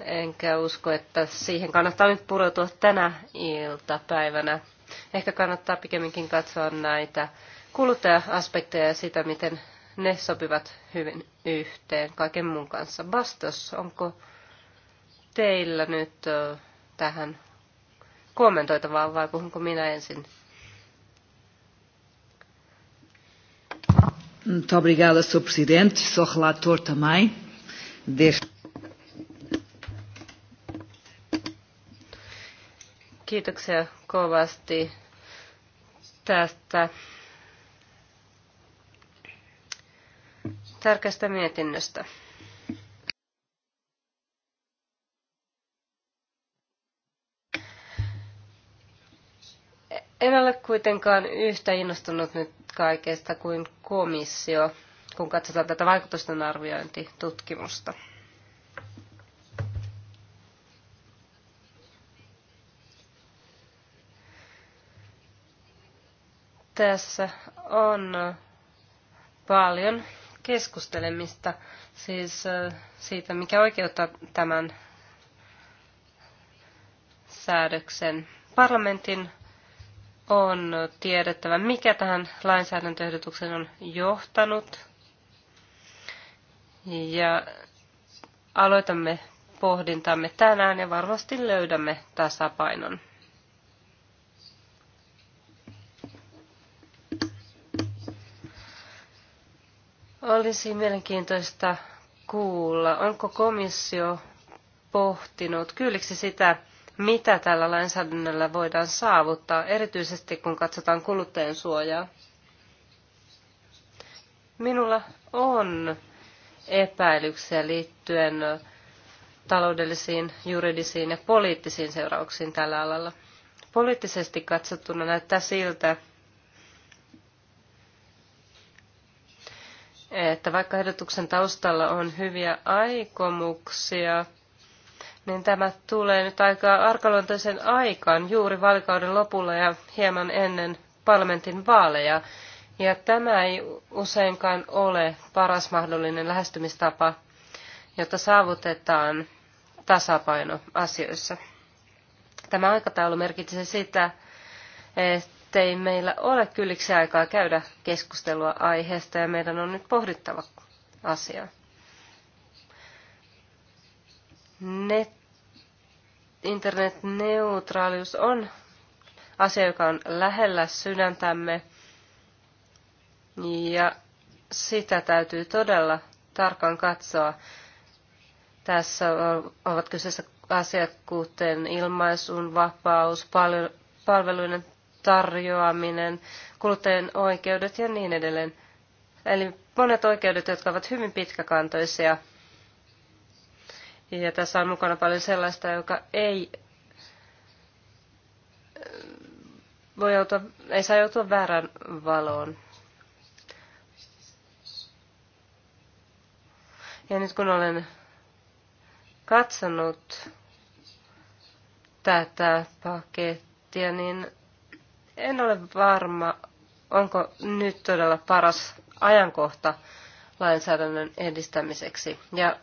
Enkä usko, että siihen kannattaa nyt pureutua tänä iltapäivänä. Ehkä kannattaa pikemminkin katsoa näitä kuluttaja-aspekteja ja sitä, miten ne sopivat hyvin yhteen kaiken mun kanssa. Bastos, onko teillä nyt tähän kommentoitavaa vai puhunko minä ensin? Muito obrigada, Sr. Presidente. Sou relator também deste. Kiitoksia kovasti tästä tärkeästä mietinnöstä. En ole kuitenkaan yhtä innostunut nyt kaikesta kuin komissio, kun katsotaan tätä vaikutusten arviointitutkimusta. Tässä on paljon keskustelemista siis siitä, mikä oikeuttaa tämän säädöksen parlamentin on tiedettävä, mikä tähän lainsäädäntöehdotukseen on johtanut. Ja aloitamme pohdintamme tänään ja varmasti löydämme tasapainon. Olisi mielenkiintoista kuulla, onko komissio pohtinut kylliksi sitä, mitä tällä lainsäädännöllä voidaan saavuttaa, erityisesti kun katsotaan kuluttajan suojaa. Minulla on epäilyksiä liittyen taloudellisiin, juridisiin ja poliittisiin seurauksiin tällä alalla. Poliittisesti katsottuna näyttää siltä, että vaikka ehdotuksen taustalla on hyviä aikomuksia, niin tämä tulee nyt aika arkaluontoisen aikaan juuri vaalikauden lopulla ja hieman ennen parlamentin vaaleja. Ja tämä ei useinkaan ole paras mahdollinen lähestymistapa, jotta saavutetaan tasapaino asioissa. Tämä aikataulu merkitsee sitä, ettei meillä ole kylliksi aikaa käydä keskustelua aiheesta ja meidän on nyt pohdittava asiaa. Net, internetneutraalius on asia, joka on lähellä sydäntämme ja sitä täytyy todella tarkkaan katsoa. Tässä ovat kyseessä asiat kuten ilmaisun vapaus, palveluiden tarjoaminen, kuluttajien oikeudet ja niin edelleen. Eli monet oikeudet, jotka ovat hyvin pitkäkantoisia – ja tässä on mukana paljon sellaista, joka ei voi joutua, ei saa joutua väärän valoon. Ja nyt kun olen katsonut tätä pakettia, niin en ole varma, onko nyt todella paras ajankohta lainsäädännön edistämiseksi. Ja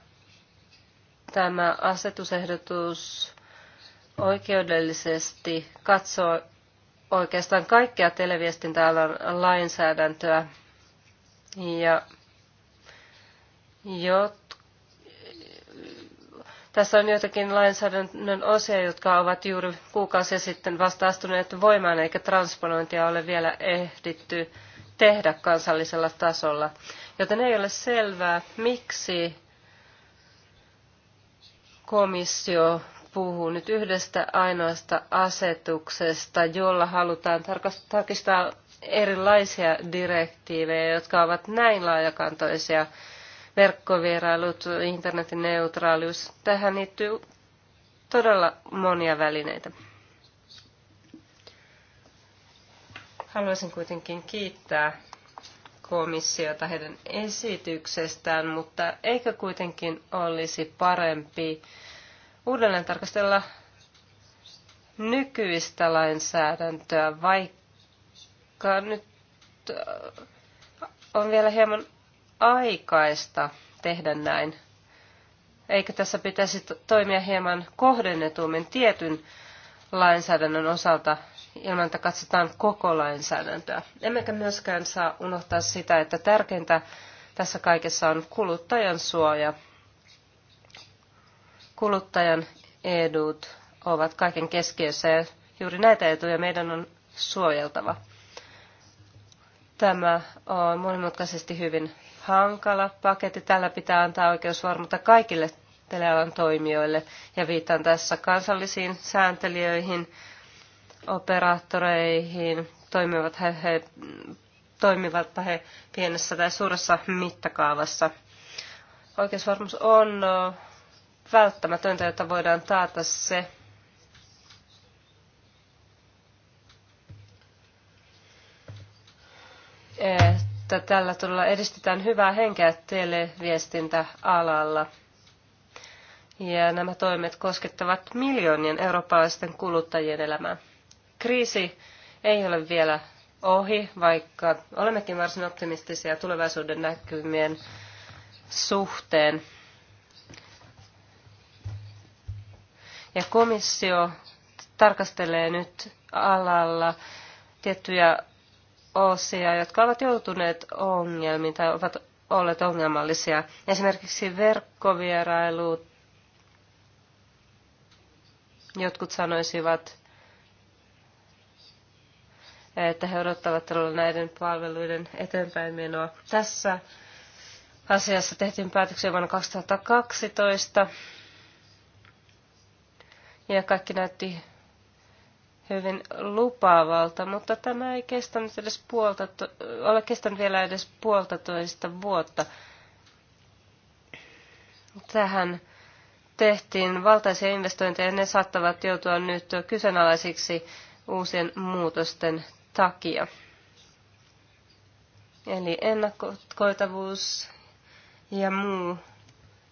tämä asetusehdotus oikeudellisesti katsoo oikeastaan kaikkea televiestintäalan lainsäädäntöä. Ja jot, tässä on joitakin lainsäädännön osia, jotka ovat juuri kuukausia sitten vasta astuneet voimaan, eikä transponointia ole vielä ehditty tehdä kansallisella tasolla. Joten ei ole selvää, miksi komissio puhuu nyt yhdestä ainoasta asetuksesta, jolla halutaan tarkistaa erilaisia direktiivejä, jotka ovat näin laajakantoisia. Verkkovierailut, internetin neutraalius, tähän liittyy todella monia välineitä. Haluaisin kuitenkin kiittää komissiota heidän esityksestään, mutta eikö kuitenkin olisi parempi uudelleen tarkastella nykyistä lainsäädäntöä, vaikka nyt äh, on vielä hieman aikaista tehdä näin. Eikä tässä pitäisi toimia hieman kohdennetummin tietyn lainsäädännön osalta ilman, että katsotaan koko lainsäädäntöä. Emmekä myöskään saa unohtaa sitä, että tärkeintä tässä kaikessa on kuluttajan suoja kuluttajan edut ovat kaiken keskiössä ja juuri näitä etuja meidän on suojeltava. Tämä on monimutkaisesti hyvin hankala paketti. Tällä pitää antaa oikeusvarmuutta kaikille telealan toimijoille ja viittaan tässä kansallisiin sääntelijöihin, operaattoreihin, toimivat he, he, toimivat he pienessä tai suuressa mittakaavassa. Oikeusvarmuus on no, välttämätöntä, jotta voidaan taata se, että tällä tulla edistetään hyvää henkeä televiestintäalalla. Ja nämä toimet koskettavat miljoonien eurooppalaisten kuluttajien elämää. Kriisi ei ole vielä ohi, vaikka olemmekin varsin optimistisia tulevaisuuden näkymien suhteen. Ja komissio tarkastelee nyt alalla tiettyjä osia, jotka ovat joutuneet ongelmiin tai ovat olleet ongelmallisia. Esimerkiksi verkkovierailu, jotkut sanoisivat, että he odottavat olla näiden palveluiden eteenpäin menoa. Tässä asiassa tehtiin päätöksiä vuonna 2012 ja kaikki näytti hyvin lupaavalta, mutta tämä ei kestänyt edes puolta, ole kestänyt vielä edes puolta toista vuotta. Tähän tehtiin valtaisia investointeja ja ne saattavat joutua nyt kyseenalaisiksi uusien muutosten takia. Eli ennakkoitavuus ja muu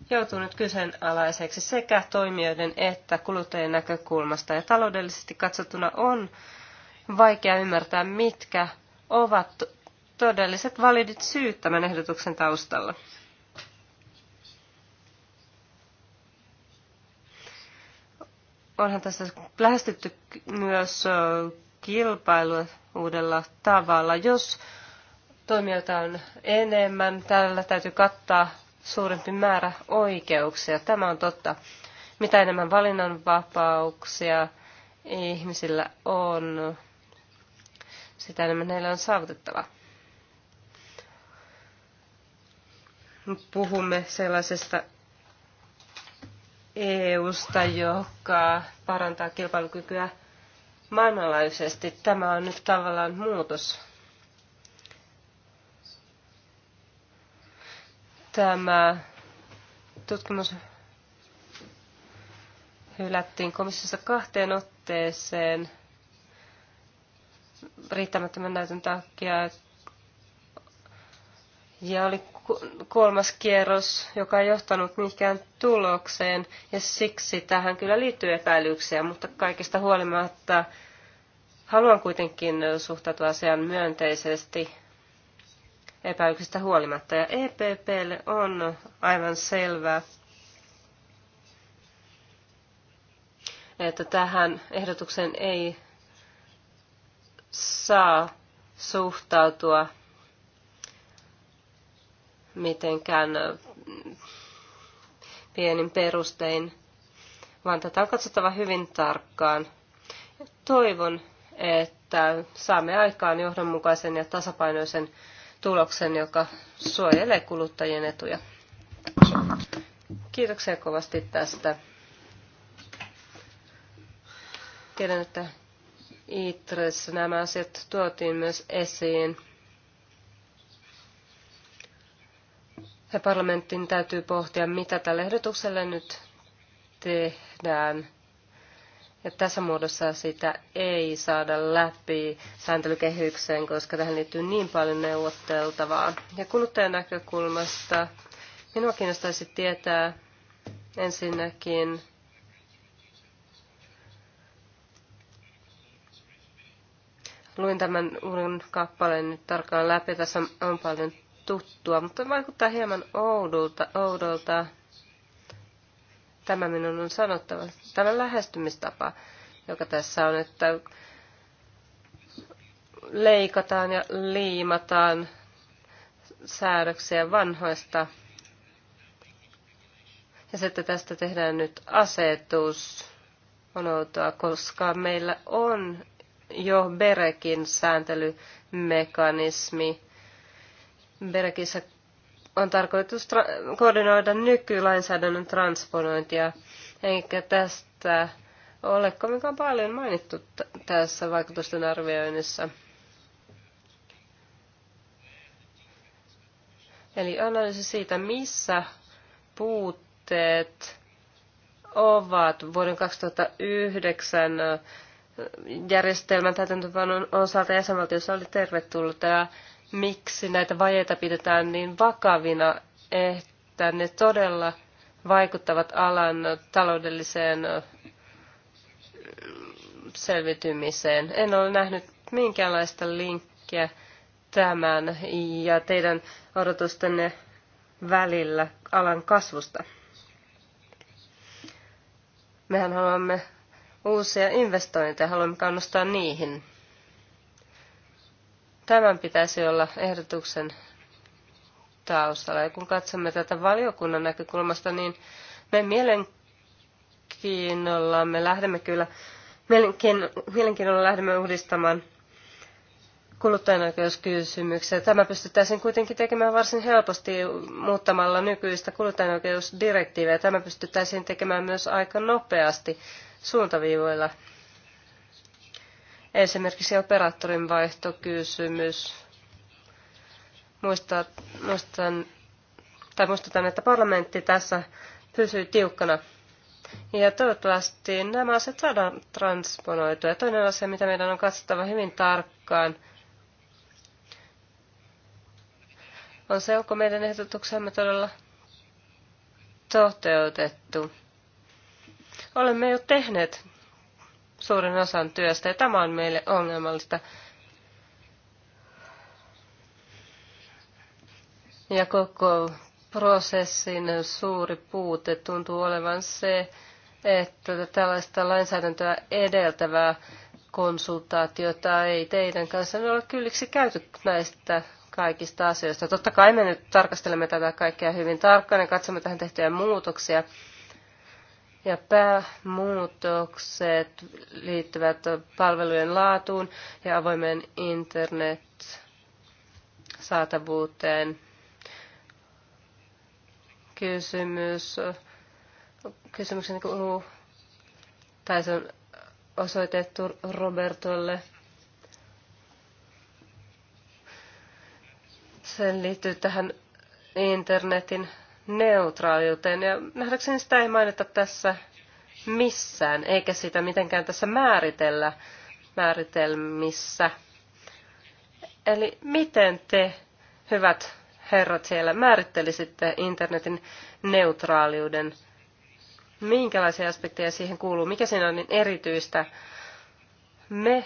joutunut kyseenalaiseksi sekä toimijoiden että kuluttajien näkökulmasta. Ja taloudellisesti katsottuna on vaikea ymmärtää, mitkä ovat todelliset validit syyt tämän ehdotuksen taustalla. Onhan tässä lähestytty myös kilpailua uudella tavalla. Jos toimijoita on enemmän, tällä täytyy kattaa suurempi määrä oikeuksia. Tämä on totta. Mitä enemmän valinnanvapauksia ihmisillä on, sitä enemmän heillä on saavutettava. Puhumme sellaisesta EUsta, joka parantaa kilpailukykyä maailmanlaajuisesti. Tämä on nyt tavallaan muutos Tämä tutkimus hylättiin komissiossa kahteen otteeseen riittämättömän näytön takia. Ja oli kolmas kierros, joka ei johtanut mihinkään tulokseen, ja siksi tähän kyllä liittyy epäilyksiä, mutta kaikista huolimatta haluan kuitenkin suhtautua asiaan myönteisesti epäyksistä huolimatta. Ja EPPlle on aivan selvää, että tähän ehdotukseen ei saa suhtautua mitenkään pienin perustein, vaan tätä on katsottava hyvin tarkkaan. Toivon, että saamme aikaan johdonmukaisen ja tasapainoisen tuloksen, joka suojelee kuluttajien etuja. Kiitoksia kovasti tästä. Tiedän, että Itressä nämä asiat tuotiin myös esiin. Ja parlamentin täytyy pohtia, mitä tälle ehdotukselle nyt tehdään. Ja tässä muodossa sitä ei saada läpi sääntelykehykseen, koska tähän liittyy niin paljon neuvotteltavaa. Ja kuluttajan näkökulmasta minua kiinnostaisi tietää ensinnäkin, luin tämän uuden kappaleen nyt tarkkaan läpi. Tässä on paljon tuttua, mutta vaikuttaa hieman oudolta, oudolta Tämä minun on sanottava. Tämä lähestymistapa, joka tässä on, että leikataan ja liimataan säädöksiä vanhoista. Ja se, että tästä tehdään nyt asetus, on outoa, koska meillä on jo Berekin sääntelymekanismi. Berekissä on tarkoitus koordinoida nykylainsäädännön transponointia, eikä tästä ole kovinkaan paljon mainittu tässä vaikutusten arvioinnissa. Eli analyysi siitä, missä puutteet ovat vuoden 2009 järjestelmän täytäntöpanon osalta jäsenvaltiossa oli tervetullut. ja miksi näitä vajeita pidetään niin vakavina, että ne todella vaikuttavat alan taloudelliseen selvitymiseen. En ole nähnyt minkäänlaista linkkiä tämän ja teidän odotustenne välillä alan kasvusta. Mehän haluamme uusia investointeja, haluamme kannustaa niihin. Tämän pitäisi olla ehdotuksen taustalla. Ja kun katsomme tätä valiokunnan näkökulmasta, niin me mielenkiinnolla me lähdemme kyllä mielenkiinnolla lähdemme uudistamaan kuluttajan oikeuskysymyksiä. Tämä pystyttäisiin kuitenkin tekemään varsin helposti muuttamalla nykyistä kuluttajan oikeusdirektiiviä. Tämä pystyttäisiin tekemään myös aika nopeasti suuntaviivoilla Esimerkiksi operaattorin vaihtokysymys. Muista, muistan, tai muistutan, että parlamentti tässä pysyy tiukkana. Ja toivottavasti nämä asiat saadaan transponoitua. Ja toinen asia, mitä meidän on katsottava hyvin tarkkaan, on se, onko meidän ehdotuksemme todella toteutettu. Olemme jo tehneet suuren osan työstä ja tämä on meille ongelmallista. Ja koko prosessin suuri puute tuntuu olevan se, että tällaista lainsäädäntöä edeltävää konsultaatiota ei teidän kanssa ole kylliksi käyty näistä kaikista asioista. Totta kai me nyt tarkastelemme tätä kaikkea hyvin tarkkaan ja katsomme tähän tehtyjä muutoksia, ja päämuutokset liittyvät palvelujen laatuun ja avoimeen internet-saatavuuteen. Kysymys, kysymyksen kuuluu, tai se on osoitettu Robertolle. sen liittyy tähän internetin neutraaliuteen. Ja nähdäkseni sitä ei mainita tässä missään, eikä sitä mitenkään tässä määritellä määritelmissä. Eli miten te, hyvät herrat siellä, määrittelisitte internetin neutraaliuden? Minkälaisia aspekteja siihen kuuluu? Mikä siinä on niin erityistä? Me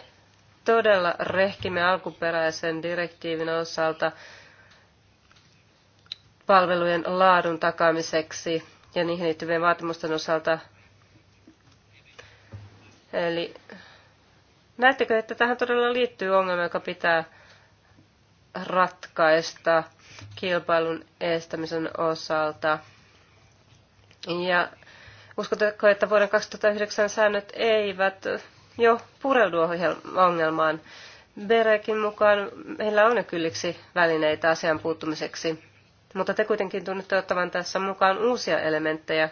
todella rehkimme alkuperäisen direktiivin osalta palvelujen laadun takaamiseksi ja niihin liittyvien vaatimusten osalta. Eli näettekö, että tähän todella liittyy ongelma, joka pitää ratkaista kilpailun estämisen osalta? Ja uskotteko, että vuoden 2009 säännöt eivät jo pureudu ongelmaan? Berekin mukaan heillä on jo kylliksi välineitä asian puuttumiseksi. Mutta te kuitenkin tunnette ottavan tässä mukaan uusia elementtejä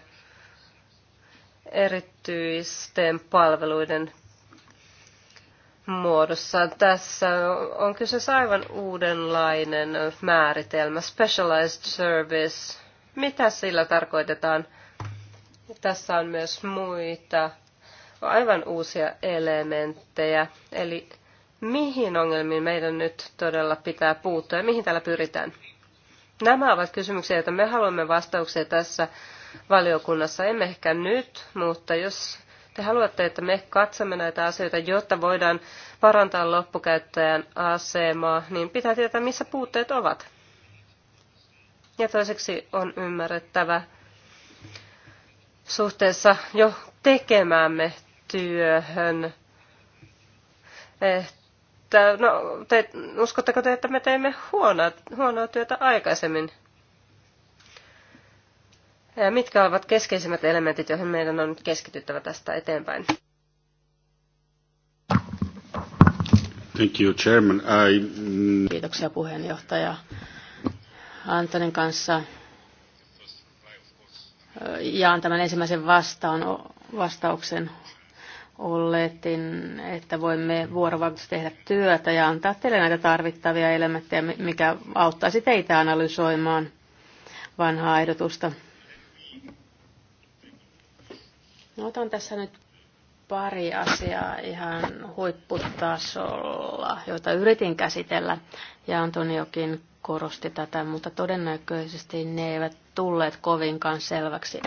erityisten palveluiden muodossa. Tässä on kyseessä aivan uudenlainen määritelmä, specialized service. Mitä sillä tarkoitetaan? Tässä on myös muita aivan uusia elementtejä. Eli mihin ongelmiin meidän nyt todella pitää puuttua ja mihin täällä pyritään? Nämä ovat kysymyksiä, joita me haluamme vastauksia tässä valiokunnassa. Emme ehkä nyt, mutta jos te haluatte, että me katsomme näitä asioita, jotta voidaan parantaa loppukäyttäjän asemaa, niin pitää tietää, missä puutteet ovat. Ja toiseksi on ymmärrettävä suhteessa jo tekemäämme työhön, että että no, te, uskotteko te, että me teimme huonoa, huonoa työtä aikaisemmin? Ja mitkä ovat keskeisimmät elementit, joihin meidän on nyt keskityttävä tästä eteenpäin? Thank you, Chairman. I... Mm, Kiitoksia puheenjohtaja Antonin kanssa. Jaan tämän ensimmäisen vastaan, vastauksen oletin, niin että voimme vuorovaikutus tehdä työtä ja antaa teille näitä tarvittavia elementtejä, mikä auttaisi teitä analysoimaan vanhaa ehdotusta. No, otan tässä nyt pari asiaa ihan huipputasolla, joita yritin käsitellä, ja Antoniokin korosti tätä, mutta todennäköisesti ne eivät tulleet kovinkaan selväksi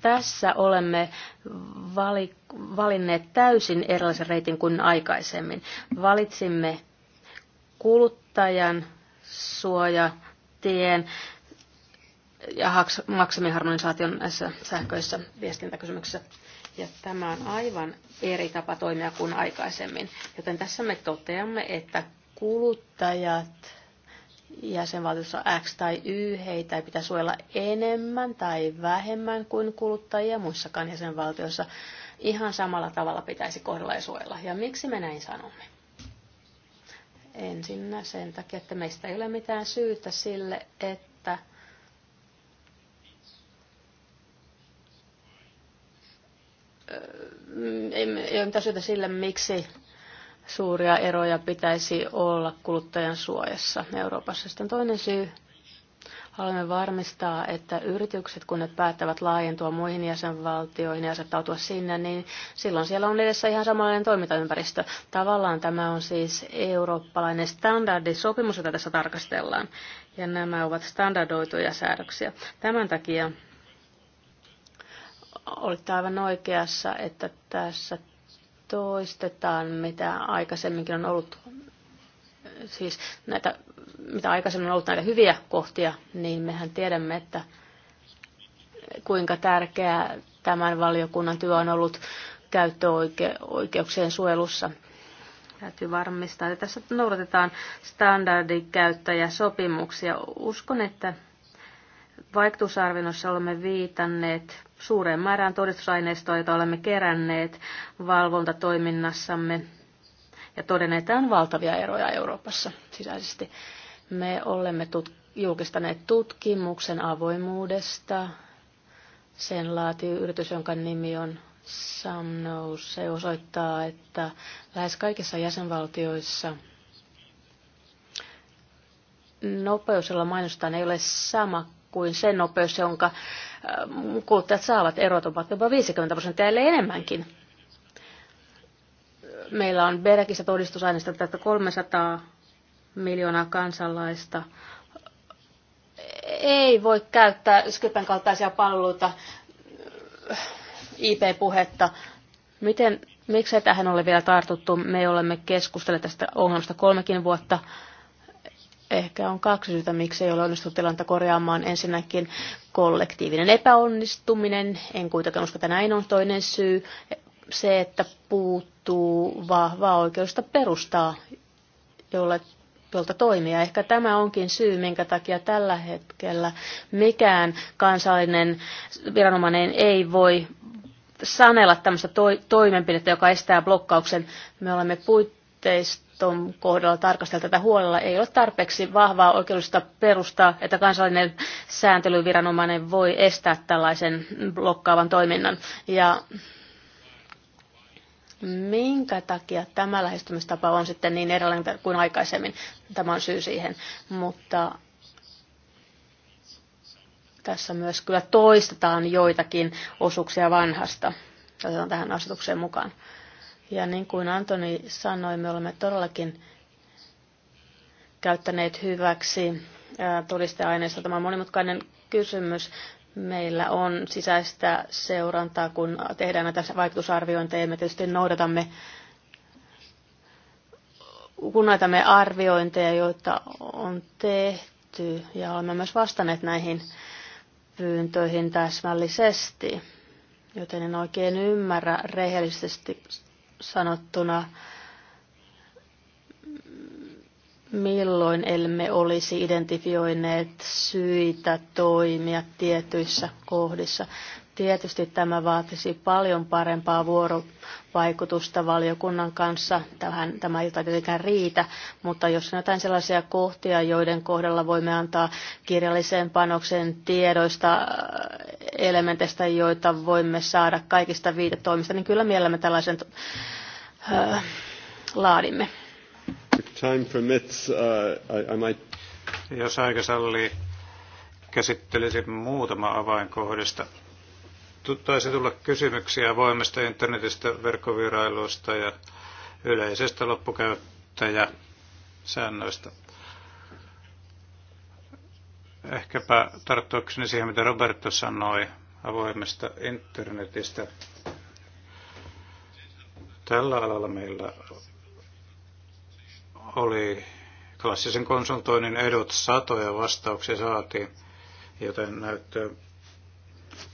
tässä olemme vali, valinneet täysin erilaisen reitin kuin aikaisemmin. Valitsimme kuluttajan suojatien ja maksimiharmonisaation näissä sähköisissä viestintäkysymyksissä. Ja tämä on aivan eri tapa toimia kuin aikaisemmin. Joten tässä me toteamme, että kuluttajat jäsenvaltiossa X tai Y, heitä ei pitäisi suojella enemmän tai vähemmän kuin kuluttajia muissakaan jäsenvaltioissa. Ihan samalla tavalla pitäisi kohdella ja suojella. Ja miksi me näin sanomme? Ensinnä sen takia, että meistä ei ole mitään syytä sille, että ei ole mitään syytä sille, miksi suuria eroja pitäisi olla kuluttajan suojassa Euroopassa. Sitten toinen syy. Haluamme varmistaa, että yritykset, kun ne päättävät laajentua muihin jäsenvaltioihin ja asettautua sinne, niin silloin siellä on edessä ihan samanlainen toimintaympäristö. Tavallaan tämä on siis eurooppalainen standardisopimus, jota tässä tarkastellaan. Ja nämä ovat standardoituja säädöksiä. Tämän takia olitte aivan oikeassa, että tässä toistetaan, mitä aikaisemminkin on ollut, siis näitä, mitä aikaisemmin on ollut näitä hyviä kohtia, niin mehän tiedämme, että kuinka tärkeää tämän valiokunnan työ on ollut käyttöoikeuksien suojelussa. Täytyy varmistaa, että tässä noudatetaan standardikäyttäjäsopimuksia. Uskon, että vaikutusarvinnossa olemme viitanneet suureen määrään todistusaineistoa, jota olemme keränneet valvontatoiminnassamme ja todenneet, että on valtavia eroja Euroopassa sisäisesti. Me olemme tut- julkistaneet tutkimuksen avoimuudesta. Sen laatii yritys, jonka nimi on Samnous. Se osoittaa, että lähes kaikissa jäsenvaltioissa nopeus, jolla mainostetaan, ei ole sama kuin se nopeus, jonka äh, kuluttajat saavat. Erot ovat jopa 50 prosenttia, ellei enemmänkin. Meillä on Berekissä todistusaineista että 300 miljoonaa kansalaista ei voi käyttää Skypen kaltaisia palveluita, IP-puhetta. Miten, miksei tähän ole vielä tartuttu? Me olemme keskustelleet tästä ongelmasta kolmekin vuotta Ehkä on kaksi syytä, miksi ei ole onnistunut tilannetta korjaamaan. Ensinnäkin kollektiivinen epäonnistuminen, en kuitenkaan usko, että näin on. Toinen syy, se, että puuttuu vahvaa oikeusta perustaa, jolle tuolta toimia. Ehkä tämä onkin syy, minkä takia tällä hetkellä mikään kansallinen viranomainen ei voi sanella tämmöistä toimenpidettä, joka estää blokkauksen. Me olemme puitteista viraston kohdalla tarkastella tätä huolella. Ei ole tarpeeksi vahvaa oikeudellista perustaa, että kansallinen sääntelyviranomainen voi estää tällaisen blokkaavan toiminnan. Ja Minkä takia tämä lähestymistapa on sitten niin erilainen kuin aikaisemmin? Tämä on syy siihen, mutta tässä myös kyllä toistetaan joitakin osuuksia vanhasta, Otetaan on tähän asetukseen mukaan. Ja niin kuin Antoni sanoi, me olemme todellakin käyttäneet hyväksi todisteaineista Tämä monimutkainen kysymys. Meillä on sisäistä seurantaa, kun tehdään näitä vaikutusarviointeja. Me tietysti noudatamme kun näitä me arviointeja, joita on tehty, ja olemme myös vastanneet näihin pyyntöihin täsmällisesti, joten en oikein ymmärrä rehellisesti sanottuna, milloin emme olisi identifioineet syitä toimia tietyissä kohdissa. Tietysti tämä vaatisi paljon parempaa vuorovaikutusta valiokunnan kanssa. Tähän, tämä ei tietenkään riitä, mutta jos on jotain sellaisia kohtia, joiden kohdalla voimme antaa kirjalliseen panoksen tiedoista, äh, elementeistä, joita voimme saada kaikista viitetoimista, niin kyllä mielellämme tällaisen äh, laadimme. Time permits, uh, I, I might... Jos aika sallii, käsittelisin muutama avainkohdista taisi tulla kysymyksiä avoimesta internetistä, verkkovirailuista ja yleisestä loppukäyttäjäsäännöistä. Ehkäpä tarttuakseni siihen, mitä Roberto sanoi avoimesta internetistä. Tällä alalla meillä oli klassisen konsultoinnin edut, satoja vastauksia saatiin, joten näyttöön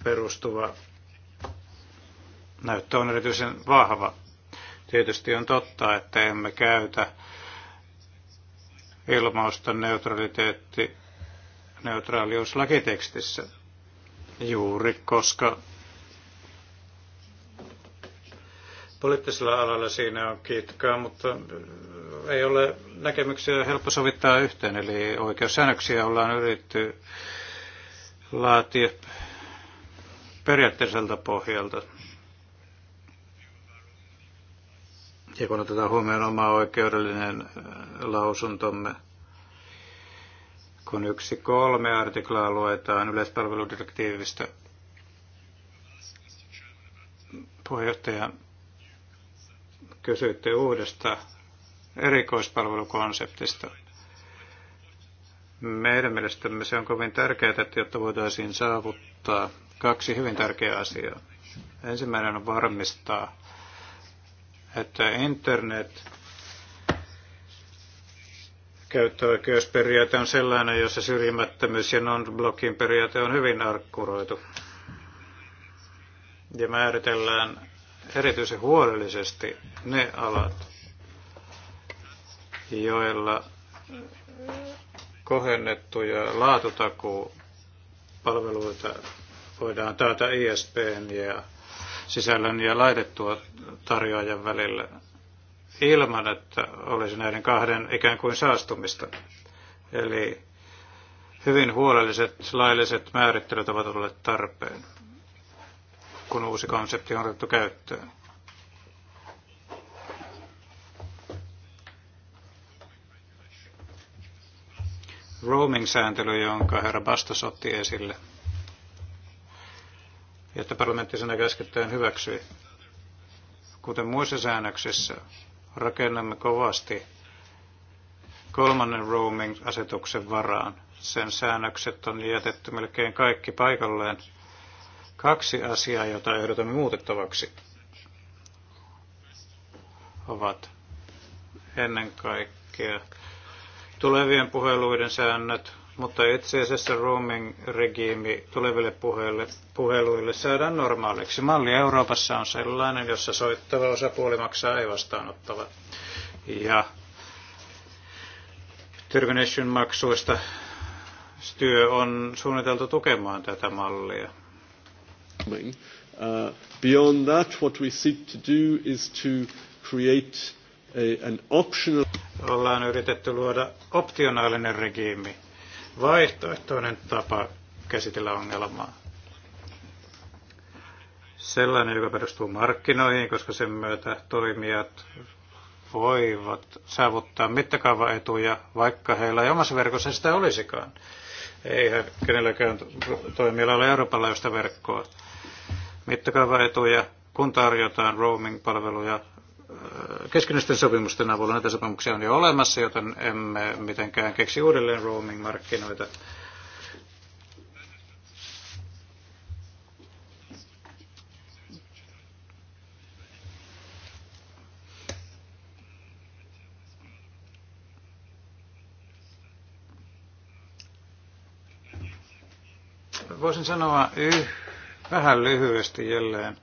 perustuva näyttö on erityisen vahva. Tietysti on totta, että emme käytä ilmausta neutraliteetti neutraalius lakitekstissä juuri, koska poliittisella alalla siinä on kitkaa, mutta ei ole näkemyksiä helppo sovittaa yhteen. Eli oikeussäännöksiä ollaan yritetty laatia periaatteiselta pohjalta. Ja kun otetaan huomioon oma oikeudellinen lausuntomme, kun yksi kolme artiklaa luetaan yleispalveludirektiivistä, puheenjohtaja kysyitte uudesta erikoispalvelukonseptista. Meidän mielestämme se on kovin tärkeää, että jotta voitaisiin saavuttaa kaksi hyvin tärkeää asiaa. Ensimmäinen on varmistaa, että internet käyttöoikeusperiaate on sellainen, jossa syrjimättömyys ja non-blockin periaate on hyvin arkkuroitu. Ja määritellään erityisen huolellisesti ne alat, joilla kohennettuja laatutakuu palveluita voidaan taata ISPn ja sisällön ja laitettua tarjoajan välillä ilman, että olisi näiden kahden ikään kuin saastumista. Eli hyvin huolelliset lailliset määrittelyt ovat olleet tarpeen, kun uusi konsepti on otettu käyttöön. Roaming-sääntely, jonka herra Bastos otti esille – jotta parlamentti sen käskettäen hyväksyi. Kuten muissa säännöksissä, rakennamme kovasti kolmannen roaming-asetuksen varaan. Sen säännökset on jätetty melkein kaikki paikalleen. Kaksi asiaa, jota ehdotamme muutettavaksi, ovat ennen kaikkea tulevien puheluiden säännöt mutta itse asiassa roaming-regiimi tuleville puheille, puheluille saadaan normaaliksi. Malli Euroopassa on sellainen, jossa soittava osapuoli maksaa ei vastaanottava. Ja termination maksuista työ on suunniteltu tukemaan tätä mallia. Uh, beyond that, what we seek to do is to create a, an optional... Ollaan yritetty luoda optionaalinen regiimi vaihtoehtoinen tapa käsitellä ongelmaa. Sellainen, joka perustuu markkinoihin, koska sen myötä toimijat voivat saavuttaa mittakaavaetuja, vaikka heillä ei omassa verkossa sitä olisikaan. Eihän kenelläkään toimijalla ole Euroopan laajuista verkkoa. Mittakaavaetuja, kun tarjotaan roaming-palveluja keskinäisten sopimusten avulla. Näitä sopimuksia on jo olemassa, joten emme mitenkään keksi uudelleen roaming-markkinoita. voisin sanoa yh, vähän lyhyesti jälleen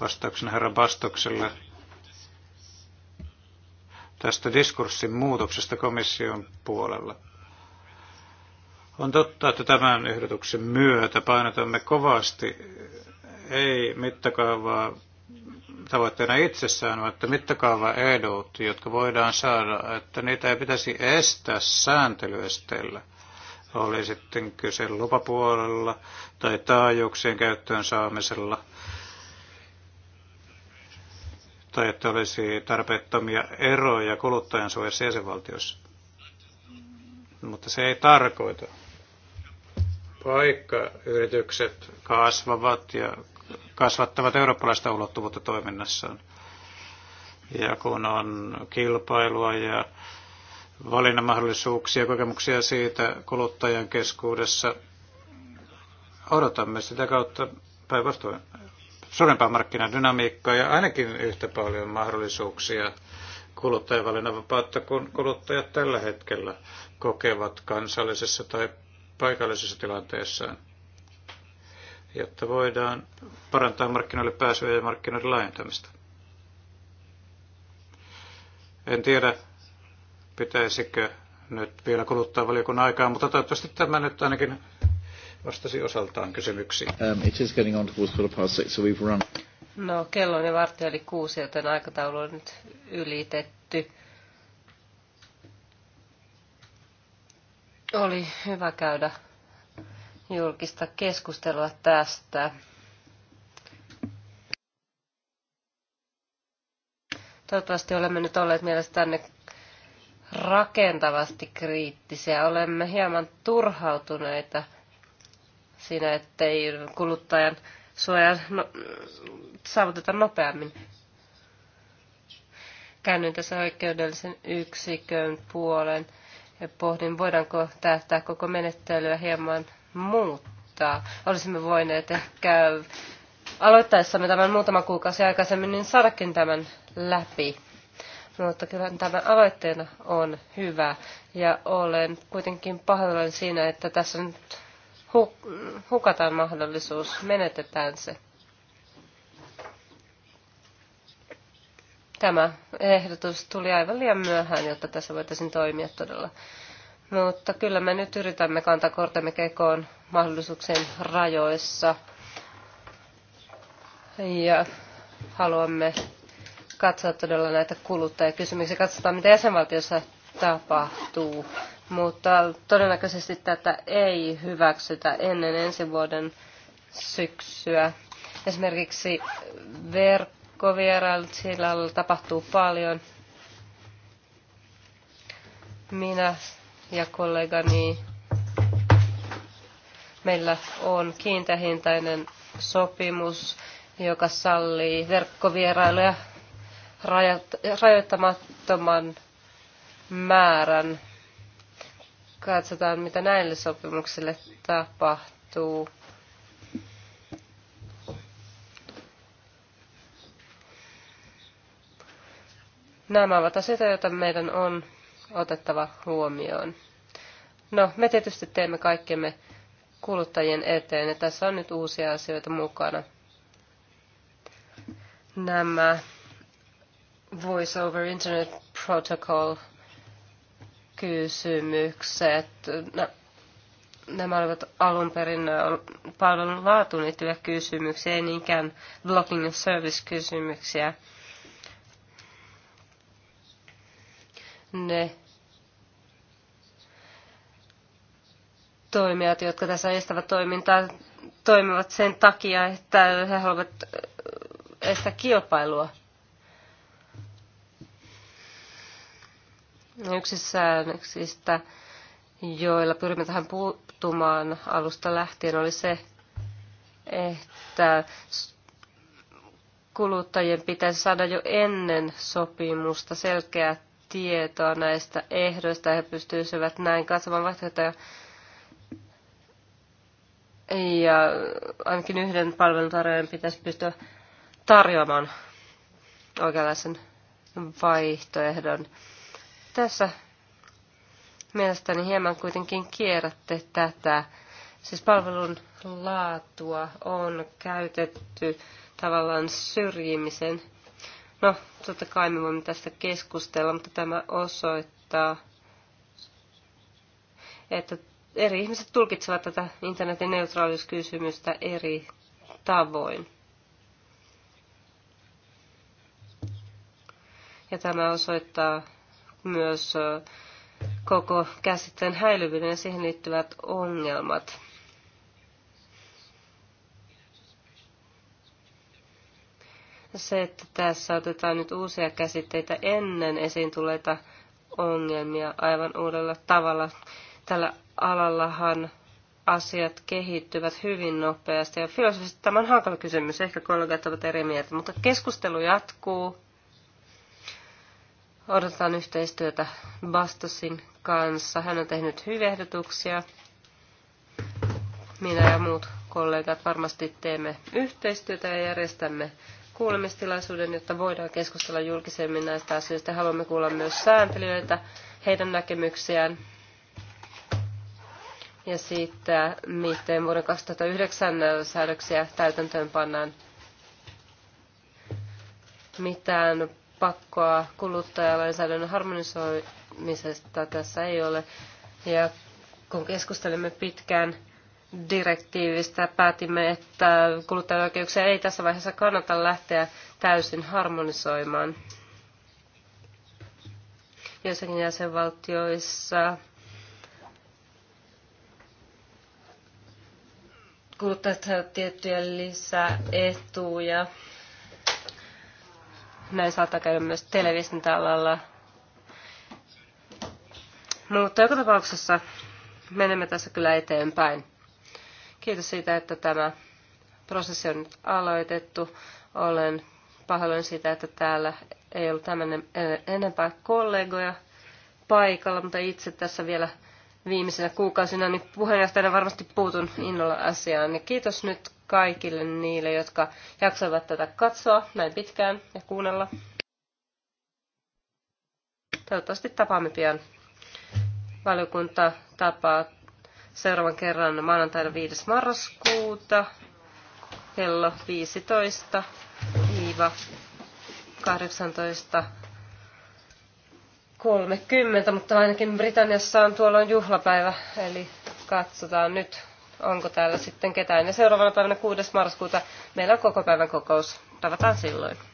vastauksena herra Bastokselle tästä diskurssin muutoksesta komission puolella. On totta, että tämän ehdotuksen myötä painotamme kovasti ei mittakaavaa tavoitteena itsessään, vaan että mittakaava mittakaavaedut, jotka voidaan saada, että niitä ei pitäisi estää sääntelyesteillä. Oli sitten kyse lupapuolella tai taajuuksien käyttöön saamisella – tai että olisi tarpeettomia eroja kuluttajan suojassa jäsenvaltiossa. Mutta se ei tarkoita, vaikka yritykset kasvavat ja kasvattavat eurooppalaista ulottuvuutta toiminnassaan. Ja kun on kilpailua ja valinnanmahdollisuuksia ja kokemuksia siitä kuluttajan keskuudessa, odotamme sitä kautta päinvastoin suurempaa markkinadynamiikkaa ja ainakin yhtä paljon mahdollisuuksia kuluttajavalinnanvapautta kuin kuluttajat tällä hetkellä kokevat kansallisessa tai paikallisessa tilanteessaan, jotta voidaan parantaa markkinoille pääsyä ja markkinoiden laajentamista. En tiedä, pitäisikö nyt vielä kuluttaa valiokunnan aikaa, mutta toivottavasti tämä nyt ainakin vastasi osaltaan kysymyksiin. Um, it is getting on towards quarter past six, so we've run. No, kello on jo vartti yli kuusi, joten aikataulu on nyt ylitetty. Oli hyvä käydä julkista keskustelua tästä. Toivottavasti olemme nyt olleet tänne rakentavasti kriittisiä. Olemme hieman turhautuneita siinä, ettei kuluttajan suojaa no, saavuteta nopeammin. Käännyin tässä oikeudellisen yksikön puolen ja pohdin, voidaanko tätä koko menettelyä hieman muuttaa. Olisimme voineet ehkä aloittaessamme tämän muutama kuukausi aikaisemmin, niin saadakin tämän läpi. Mutta kyllä tämä aloitteena on hyvä ja olen kuitenkin pahoillani siinä, että tässä nyt hukataan mahdollisuus, menetetään se. Tämä ehdotus tuli aivan liian myöhään, jotta tässä voitaisiin toimia todella. Mutta kyllä me nyt yritämme kantaa kortemme kekoon mahdollisuuksien rajoissa. Ja haluamme katsoa todella näitä kuluttajakysymyksiä. Katsotaan, mitä jäsenvaltiossa tapahtuu mutta todennäköisesti tätä ei hyväksytä ennen ensi vuoden syksyä. Esimerkiksi verkkovierailut sillä tapahtuu paljon. Minä ja kollegani meillä on kiintähintainen sopimus, joka sallii verkkovierailuja rajoittamattoman määrän katsotaan, mitä näille sopimuksille tapahtuu. Nämä ovat asioita, joita meidän on otettava huomioon. No, me tietysti teemme kaikkemme kuluttajien eteen, ja tässä on nyt uusia asioita mukana. Nämä Voice over Internet Protocol kysymykset. Nämä olivat alun perin palvelun laatuun liittyviä kysymyksiä, ei niinkään blocking and service kysymyksiä. Ne toimijat, jotka tässä estävät toimintaa, toimivat sen takia, että he haluavat estää kilpailua. Yksi säännöksistä, joilla pyrimme tähän puuttumaan alusta lähtien, oli se, että kuluttajien pitäisi saada jo ennen sopimusta selkeää tietoa näistä ehdoista. He pystyisivät näin katsomaan vaihtoehtoja ja ainakin yhden palveluntarjoajan pitäisi pystyä tarjoamaan oikeanlaisen vaihtoehdon. Tässä mielestäni hieman kuitenkin kierrätte tätä. Siis palvelun laatua on käytetty tavallaan syrjimisen. No, totta kai me voimme tästä keskustella, mutta tämä osoittaa, että eri ihmiset tulkitsevat tätä internetin neutraaliuskysymystä eri tavoin. Ja tämä osoittaa myös koko käsitteen häilyvyyden ja siihen liittyvät ongelmat. Se, että tässä otetaan nyt uusia käsitteitä ennen esiin tulleita ongelmia aivan uudella tavalla. Tällä alallahan asiat kehittyvät hyvin nopeasti. Ja filosofisesti tämä on hankala kysymys, ehkä kollegat ovat eri mieltä, mutta keskustelu jatkuu. Odotetaan yhteistyötä Bastosin kanssa. Hän on tehnyt hyviä ehdotuksia. Minä ja muut kollegat varmasti teemme yhteistyötä ja järjestämme kuulemistilaisuuden, jotta voidaan keskustella julkisemmin näistä asioista. Haluamme kuulla myös sääntelijöitä, heidän näkemyksiään ja siitä, miten vuoden 2009 säädöksiä täytäntöön pannaan. Mitään pakkoa kuluttajalainsäädännön harmonisoimisesta tässä ei ole. Ja kun keskustelimme pitkään direktiivistä, päätimme, että kuluttajaoikeuksia ei tässä vaiheessa kannata lähteä täysin harmonisoimaan. Joissakin jäsenvaltioissa kuluttajat saavat tiettyjä lisäetuja näin saattaa käydä myös televisintäalalla. Mutta joka tapauksessa menemme tässä kyllä eteenpäin. Kiitos siitä, että tämä prosessi on nyt aloitettu. Olen pahoillani siitä, että täällä ei ollut tämän enempää kollegoja paikalla, mutta itse tässä vielä viimeisenä kuukausina, niin puheenjohtajana varmasti puutun innolla asiaan. Ja niin kiitos nyt kaikille niille, jotka jaksoivat tätä katsoa näin pitkään ja kuunnella. Toivottavasti tapaamme pian. Valiokunta tapaa seuraavan kerran maanantaina 5. marraskuuta kello 15 1830 mutta ainakin Britanniassa on tuolloin juhlapäivä, eli katsotaan nyt onko täällä sitten ketään. Ja seuraavana päivänä 6. marraskuuta meillä on koko päivän kokous. Tavataan silloin.